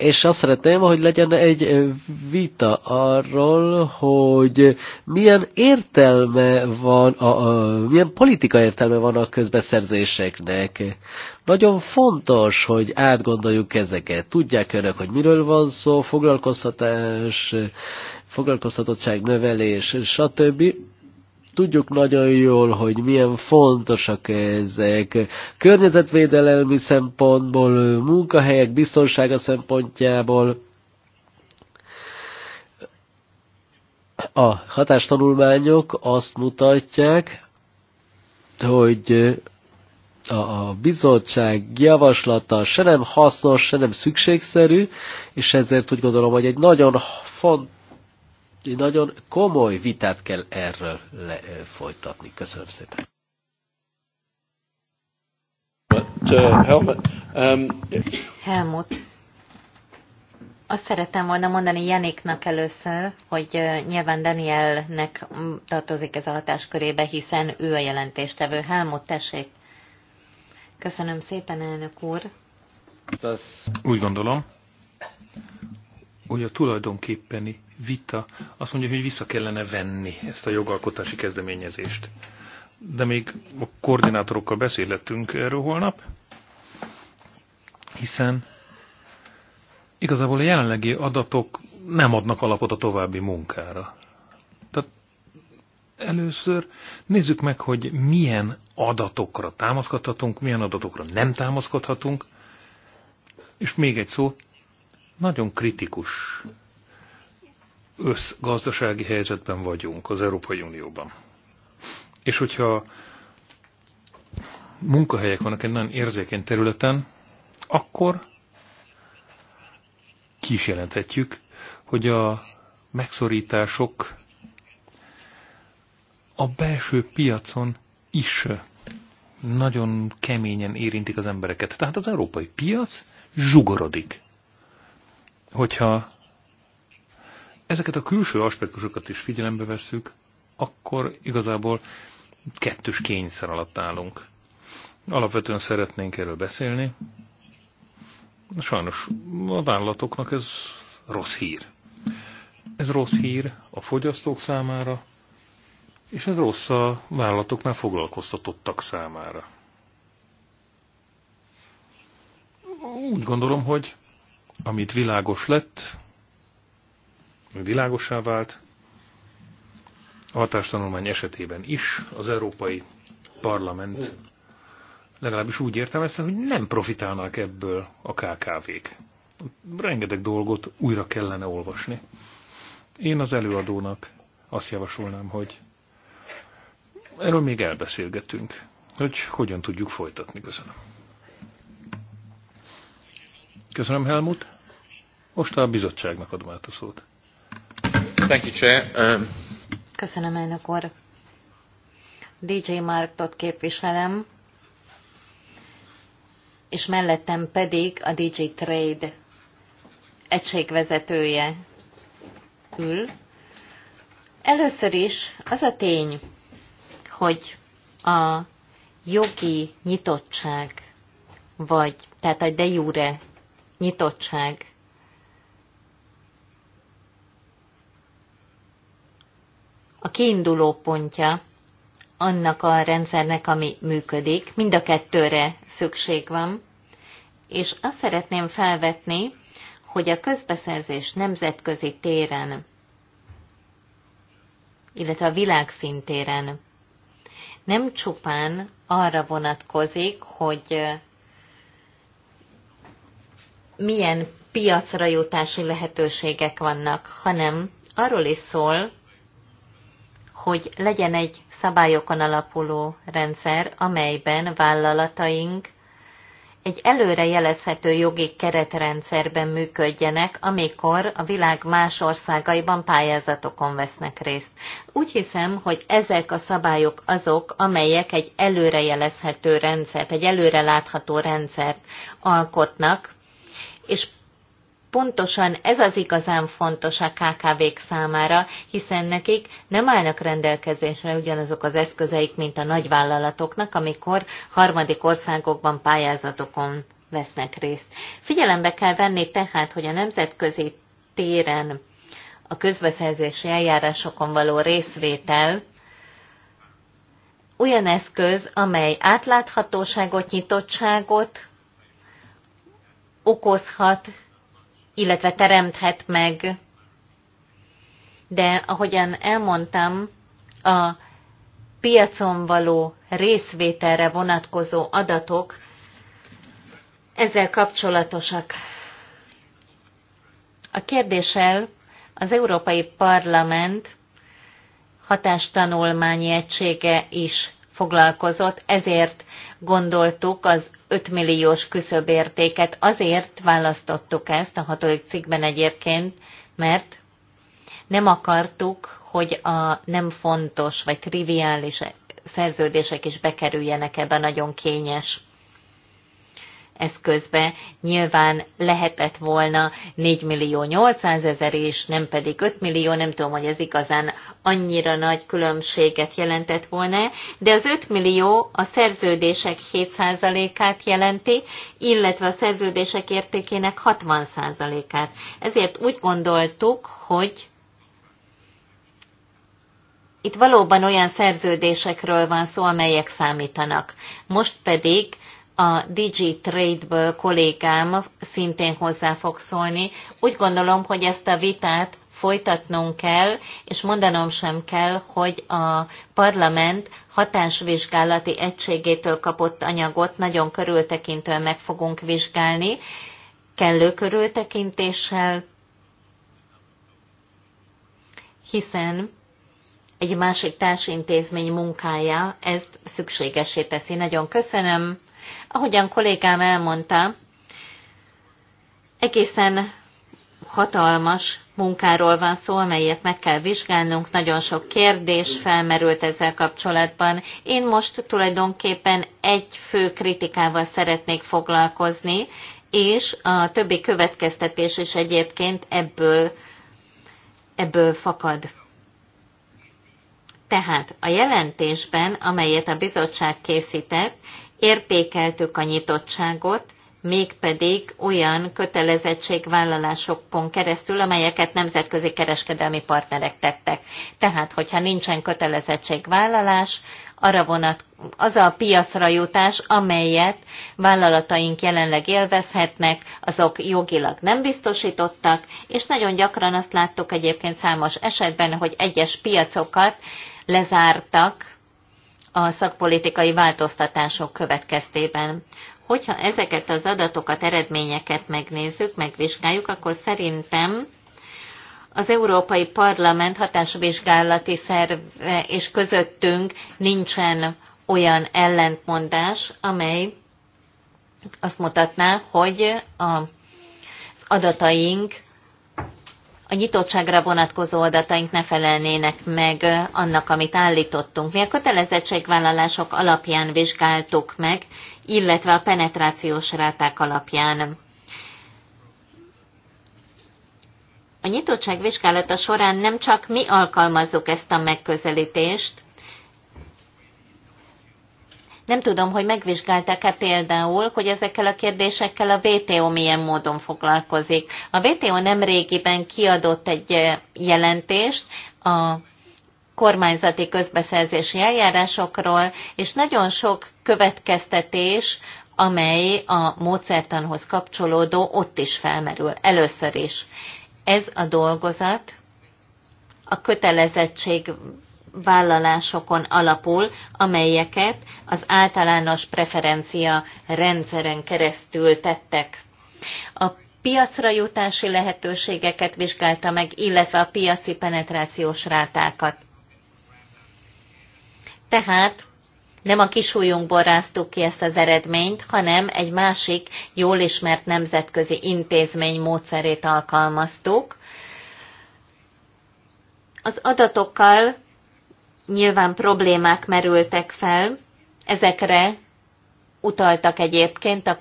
és azt szeretném, hogy legyen egy vita arról, hogy milyen értelme van, a, a, milyen politika értelme van a közbeszerzéseknek. Nagyon fontos, hogy átgondoljuk ezeket. Tudják önök, hogy miről van szó, foglalkoztatás, foglalkoztatottság növelés, stb tudjuk nagyon jól, hogy milyen fontosak ezek. Környezetvédelmi szempontból, munkahelyek biztonsága szempontjából, a hatástanulmányok azt mutatják, hogy a bizottság javaslata se nem hasznos, se nem szükségszerű, és ezért úgy gondolom, hogy egy nagyon font nagyon komoly vitát kell erről le, folytatni. Köszönöm szépen. Uh, Helmut, um... Helmut, azt szeretem volna mondani Janiknak először, hogy nyilván Danielnek tartozik ez a hatáskörébe, hiszen ő a jelentéstevő. Helmut, tessék! Köszönöm szépen, elnök úr! Úgy gondolom, hogy a tulajdonképpeni vita azt mondja, hogy vissza kellene venni ezt a jogalkotási kezdeményezést. De még a koordinátorokkal beszélettünk erről holnap, hiszen igazából a jelenlegi adatok nem adnak alapot a további munkára. Tehát először nézzük meg, hogy milyen adatokra támaszkodhatunk, milyen adatokra nem támaszkodhatunk, és még egy szó, nagyon kritikus összgazdasági helyzetben vagyunk az Európai Unióban. És hogyha munkahelyek vannak egy nagyon érzékeny területen, akkor ki is jelenthetjük, hogy a megszorítások a belső piacon is nagyon keményen érintik az embereket. Tehát az európai piac zsugorodik. Hogyha ezeket a külső aspektusokat is figyelembe vesszük, akkor igazából kettős kényszer alatt állunk. Alapvetően szeretnénk erről beszélni. Sajnos a vállalatoknak ez rossz hír. Ez rossz hír a fogyasztók számára, és ez rossz a vállalatoknál foglalkoztatottak számára. Úgy gondolom, hogy amit világos lett, világosá vált, a hatástanulmány esetében is az Európai Parlament legalábbis úgy értelmezte, hogy nem profitálnak ebből a KKV-k. Rengeteg dolgot újra kellene olvasni. Én az előadónak azt javasolnám, hogy erről még elbeszélgetünk, hogy hogyan tudjuk folytatni. Köszönöm. Köszönöm, Helmut. Most a bizottságnak adom át a szót. Thank you, Chair. Um... Köszönöm, elnök úr. DJ Marktot képviselem, és mellettem pedig a DJ Trade egységvezetője ül. Először is az a tény, hogy a jogi nyitottság, vagy tehát a de jure nyitottság a kiinduló pontja annak a rendszernek, ami működik. Mind a kettőre szükség van. És azt szeretném felvetni, hogy a közbeszerzés nemzetközi téren, illetve a világszintéren nem csupán arra vonatkozik, hogy milyen piacra jutási lehetőségek vannak, hanem arról is szól, hogy legyen egy szabályokon alapuló rendszer, amelyben vállalataink egy előre jelezhető jogi keretrendszerben működjenek, amikor a világ más országaiban pályázatokon vesznek részt. Úgy hiszem, hogy ezek a szabályok azok, amelyek egy előre jelezhető rendszert, egy előre látható rendszert alkotnak, és pontosan ez az igazán fontos a KKV-k számára, hiszen nekik nem állnak rendelkezésre ugyanazok az eszközeik, mint a nagyvállalatoknak, amikor harmadik országokban pályázatokon vesznek részt. Figyelembe kell venni tehát, hogy a nemzetközi téren a közbeszerzési eljárásokon való részvétel olyan eszköz, amely átláthatóságot, nyitottságot okozhat illetve teremthet meg. De ahogyan elmondtam, a piacon való részvételre vonatkozó adatok ezzel kapcsolatosak. A kérdéssel az Európai Parlament hatástanulmányi egysége is foglalkozott, ezért gondoltuk az 5 milliós küszöbértéket. Azért választottuk ezt a hatodik cikkben egyébként, mert nem akartuk, hogy a nem fontos vagy triviális szerződések is bekerüljenek ebbe a nagyon kényes eszközbe nyilván lehetett volna 4 millió 800 ezer és nem pedig 5 millió, nem tudom, hogy ez igazán annyira nagy különbséget jelentett volna, de az 5 millió a szerződések 7%-át jelenti, illetve a szerződések értékének 60%-át. Ezért úgy gondoltuk, hogy itt valóban olyan szerződésekről van szó, amelyek számítanak. Most pedig a DigiTrade-ből kollégám szintén hozzá fog szólni. Úgy gondolom, hogy ezt a vitát folytatnunk kell, és mondanom sem kell, hogy a parlament hatásvizsgálati egységétől kapott anyagot nagyon körültekintően meg fogunk vizsgálni, kellő körültekintéssel, hiszen egy másik társintézmény munkája ezt szükségesé teszi. Nagyon köszönöm. Ahogyan kollégám elmondta, egészen hatalmas munkáról van szó, amelyet meg kell vizsgálnunk, nagyon sok kérdés felmerült ezzel kapcsolatban. Én most tulajdonképpen egy fő kritikával szeretnék foglalkozni, és a többi következtetés is egyébként ebből, ebből fakad. Tehát a jelentésben, amelyet a bizottság készített, értékeltük a nyitottságot, mégpedig olyan kötelezettségvállalásokon keresztül, amelyeket nemzetközi kereskedelmi partnerek tettek. Tehát, hogyha nincsen kötelezettségvállalás, arra vonat, az a piacra jutás, amelyet vállalataink jelenleg élvezhetnek, azok jogilag nem biztosítottak, és nagyon gyakran azt láttuk egyébként számos esetben, hogy egyes piacokat lezártak a szakpolitikai változtatások következtében. Hogyha ezeket az adatokat, eredményeket megnézzük, megvizsgáljuk, akkor szerintem az Európai Parlament hatásvizsgálati szerve és közöttünk nincsen olyan ellentmondás, amely azt mutatná, hogy az adataink a nyitottságra vonatkozó adataink ne felelnének meg annak, amit állítottunk. Mi a kötelezettségvállalások alapján vizsgáltuk meg, illetve a penetrációs ráták alapján. A nyitottság vizsgálata során nem csak mi alkalmazzuk ezt a megközelítést, nem tudom, hogy megvizsgálták-e például, hogy ezekkel a kérdésekkel a WTO milyen módon foglalkozik. A WTO régiben kiadott egy eh, jelentést a kormányzati közbeszerzési eljárásokról, és nagyon sok következtetés, amely a módszertanhoz kapcsolódó ott is felmerül. Először is. Ez a dolgozat a kötelezettség vállalásokon alapul, amelyeket az általános preferencia rendszeren keresztül tettek. A piacra jutási lehetőségeket vizsgálta meg, illetve a piaci penetrációs rátákat. Tehát nem a kisújunkból ráztuk ki ezt az eredményt, hanem egy másik jól ismert nemzetközi intézmény módszerét alkalmaztuk. Az adatokkal nyilván problémák merültek fel, ezekre utaltak egyébként a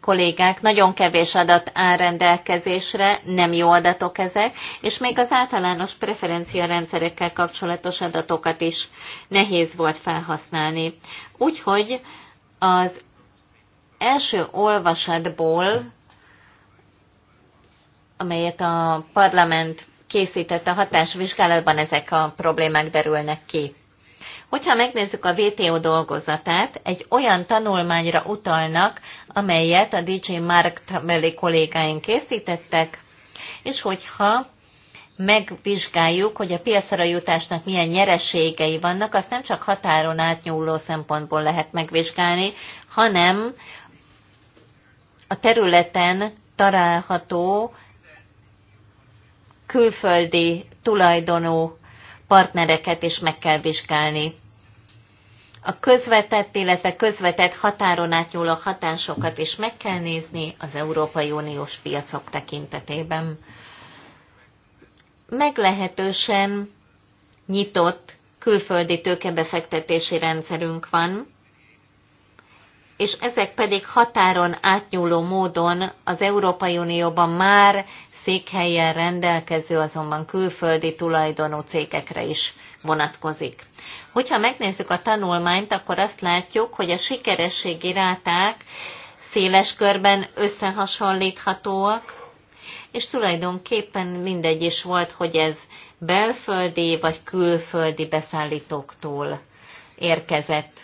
kollégák, nagyon kevés adat áll rendelkezésre, nem jó adatok ezek, és még az általános preferenciarendszerekkel kapcsolatos adatokat is nehéz volt felhasználni. Úgyhogy az első olvasatból, amelyet a parlament készített a hatásvizsgálatban ezek a problémák derülnek ki. Hogyha megnézzük a VTO dolgozatát, egy olyan tanulmányra utalnak, amelyet a DJ Mark beli kollégáink készítettek, és hogyha megvizsgáljuk, hogy a piacra jutásnak milyen nyereségei vannak, azt nem csak határon átnyúló szempontból lehet megvizsgálni, hanem a területen található külföldi tulajdonú partnereket is meg kell vizsgálni. A közvetett, illetve közvetett határon átnyúló hatásokat is meg kell nézni az Európai Uniós piacok tekintetében. Meglehetősen nyitott külföldi tőkebefektetési rendszerünk van, és ezek pedig határon átnyúló módon az Európai Unióban már székhelyen rendelkező, azonban külföldi tulajdonú cégekre is vonatkozik. Hogyha megnézzük a tanulmányt, akkor azt látjuk, hogy a sikerességi ráták széles körben összehasonlíthatóak, és tulajdonképpen mindegy is volt, hogy ez belföldi vagy külföldi beszállítóktól érkezett.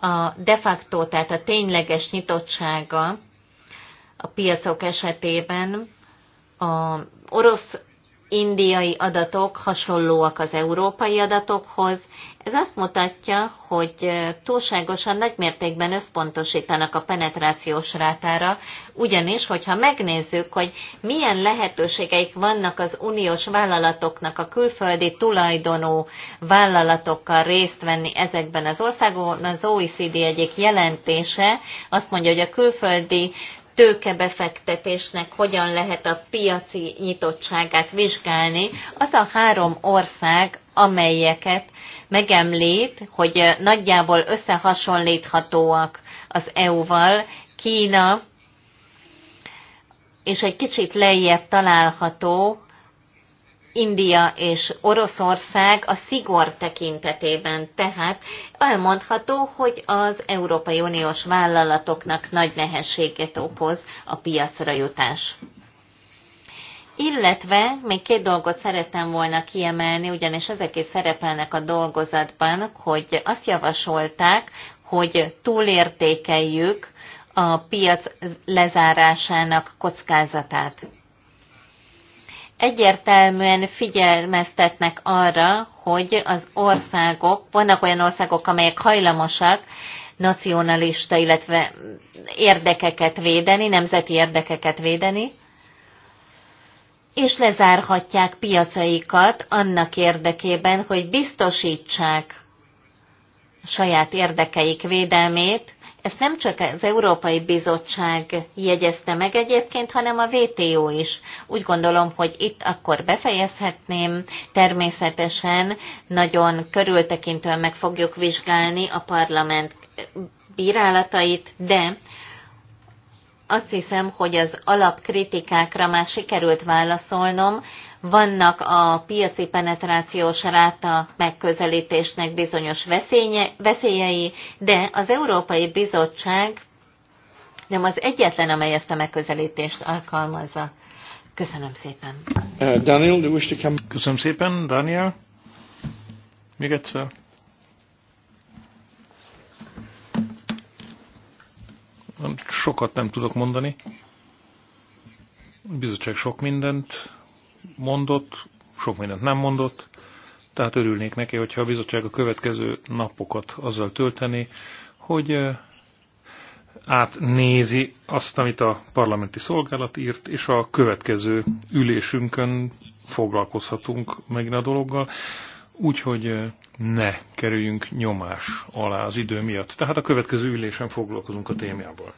A de facto, tehát a tényleges nyitottsága a piacok esetében a orosz-indiai adatok hasonlóak az európai adatokhoz. Ez azt mutatja, hogy túlságosan nagymértékben összpontosítanak a penetrációs rátára, ugyanis, hogyha megnézzük, hogy milyen lehetőségeik vannak az uniós vállalatoknak a külföldi tulajdonú vállalatokkal részt venni ezekben az országokban, az OECD egyik jelentése azt mondja, hogy a külföldi tőkebefektetésnek hogyan lehet a piaci nyitottságát vizsgálni, az a három ország, amelyeket megemlít, hogy nagyjából összehasonlíthatóak az EU-val, Kína, és egy kicsit lejjebb található India és Oroszország a szigor tekintetében, tehát elmondható, hogy az Európai Uniós vállalatoknak nagy nehézséget okoz a piacra jutás. Illetve még két dolgot szerettem volna kiemelni, ugyanis ezek is szerepelnek a dolgozatban, hogy azt javasolták, hogy túlértékeljük a piac lezárásának kockázatát egyértelműen figyelmeztetnek arra, hogy az országok, vannak olyan országok, amelyek hajlamosak nacionalista, illetve érdekeket védeni, nemzeti érdekeket védeni, és lezárhatják piacaikat annak érdekében, hogy biztosítsák saját érdekeik védelmét, ezt nem csak az Európai Bizottság jegyezte meg egyébként, hanem a VTO is. Úgy gondolom, hogy itt akkor befejezhetném. Természetesen nagyon körültekintően meg fogjuk vizsgálni a parlament bírálatait, de azt hiszem, hogy az alapkritikákra már sikerült válaszolnom, vannak a piaci penetrációs ráta megközelítésnek bizonyos veszélye, veszélyei, de az Európai Bizottság nem az egyetlen, amely ezt a megközelítést alkalmazza. Köszönöm szépen. Uh, Daniel, de wish to come? Köszönöm szépen, Daniel. Még egyszer. Sokat nem tudok mondani. A bizottság sok mindent mondott, sok mindent nem mondott, tehát örülnék neki, hogyha a bizottság a következő napokat azzal tölteni, hogy átnézi azt, amit a parlamenti szolgálat írt, és a következő ülésünkön foglalkozhatunk megint a dologgal, úgyhogy ne kerüljünk nyomás alá az idő miatt. Tehát a következő ülésen foglalkozunk a témával.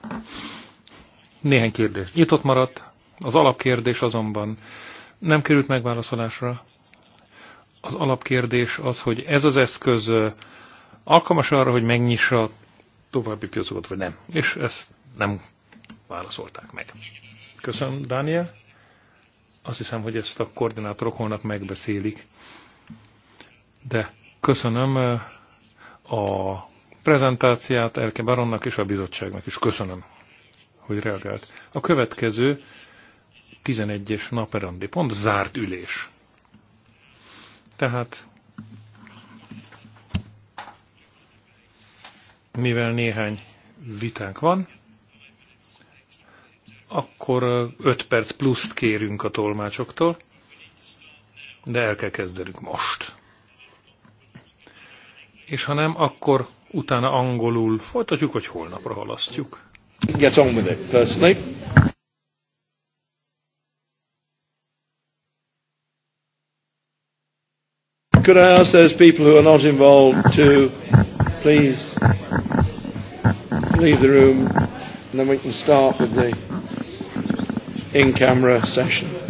Néhány kérdés nyitott maradt, az alapkérdés azonban nem került megválaszolásra. Az alapkérdés az, hogy ez az eszköz alkalmas arra, hogy megnyissa további piacokat, vagy nem. És ezt nem válaszolták meg. Köszönöm, Dániel. Azt hiszem, hogy ezt a koordinátorok holnap megbeszélik. De köszönöm a prezentáciát Elke Baronnak és a bizottságnak is. Köszönöm, hogy reagált. A következő 11-es naperandi pont, zárt ülés. Tehát, mivel néhány vitánk van, akkor 5 perc pluszt kérünk a tolmácsoktól, de el kell kezdenünk most. És ha nem, akkor utána angolul folytatjuk, vagy holnapra halasztjuk. Get on with it, personally. could I ask those people who are not involved to please leave the room and then we can start with the in-camera session.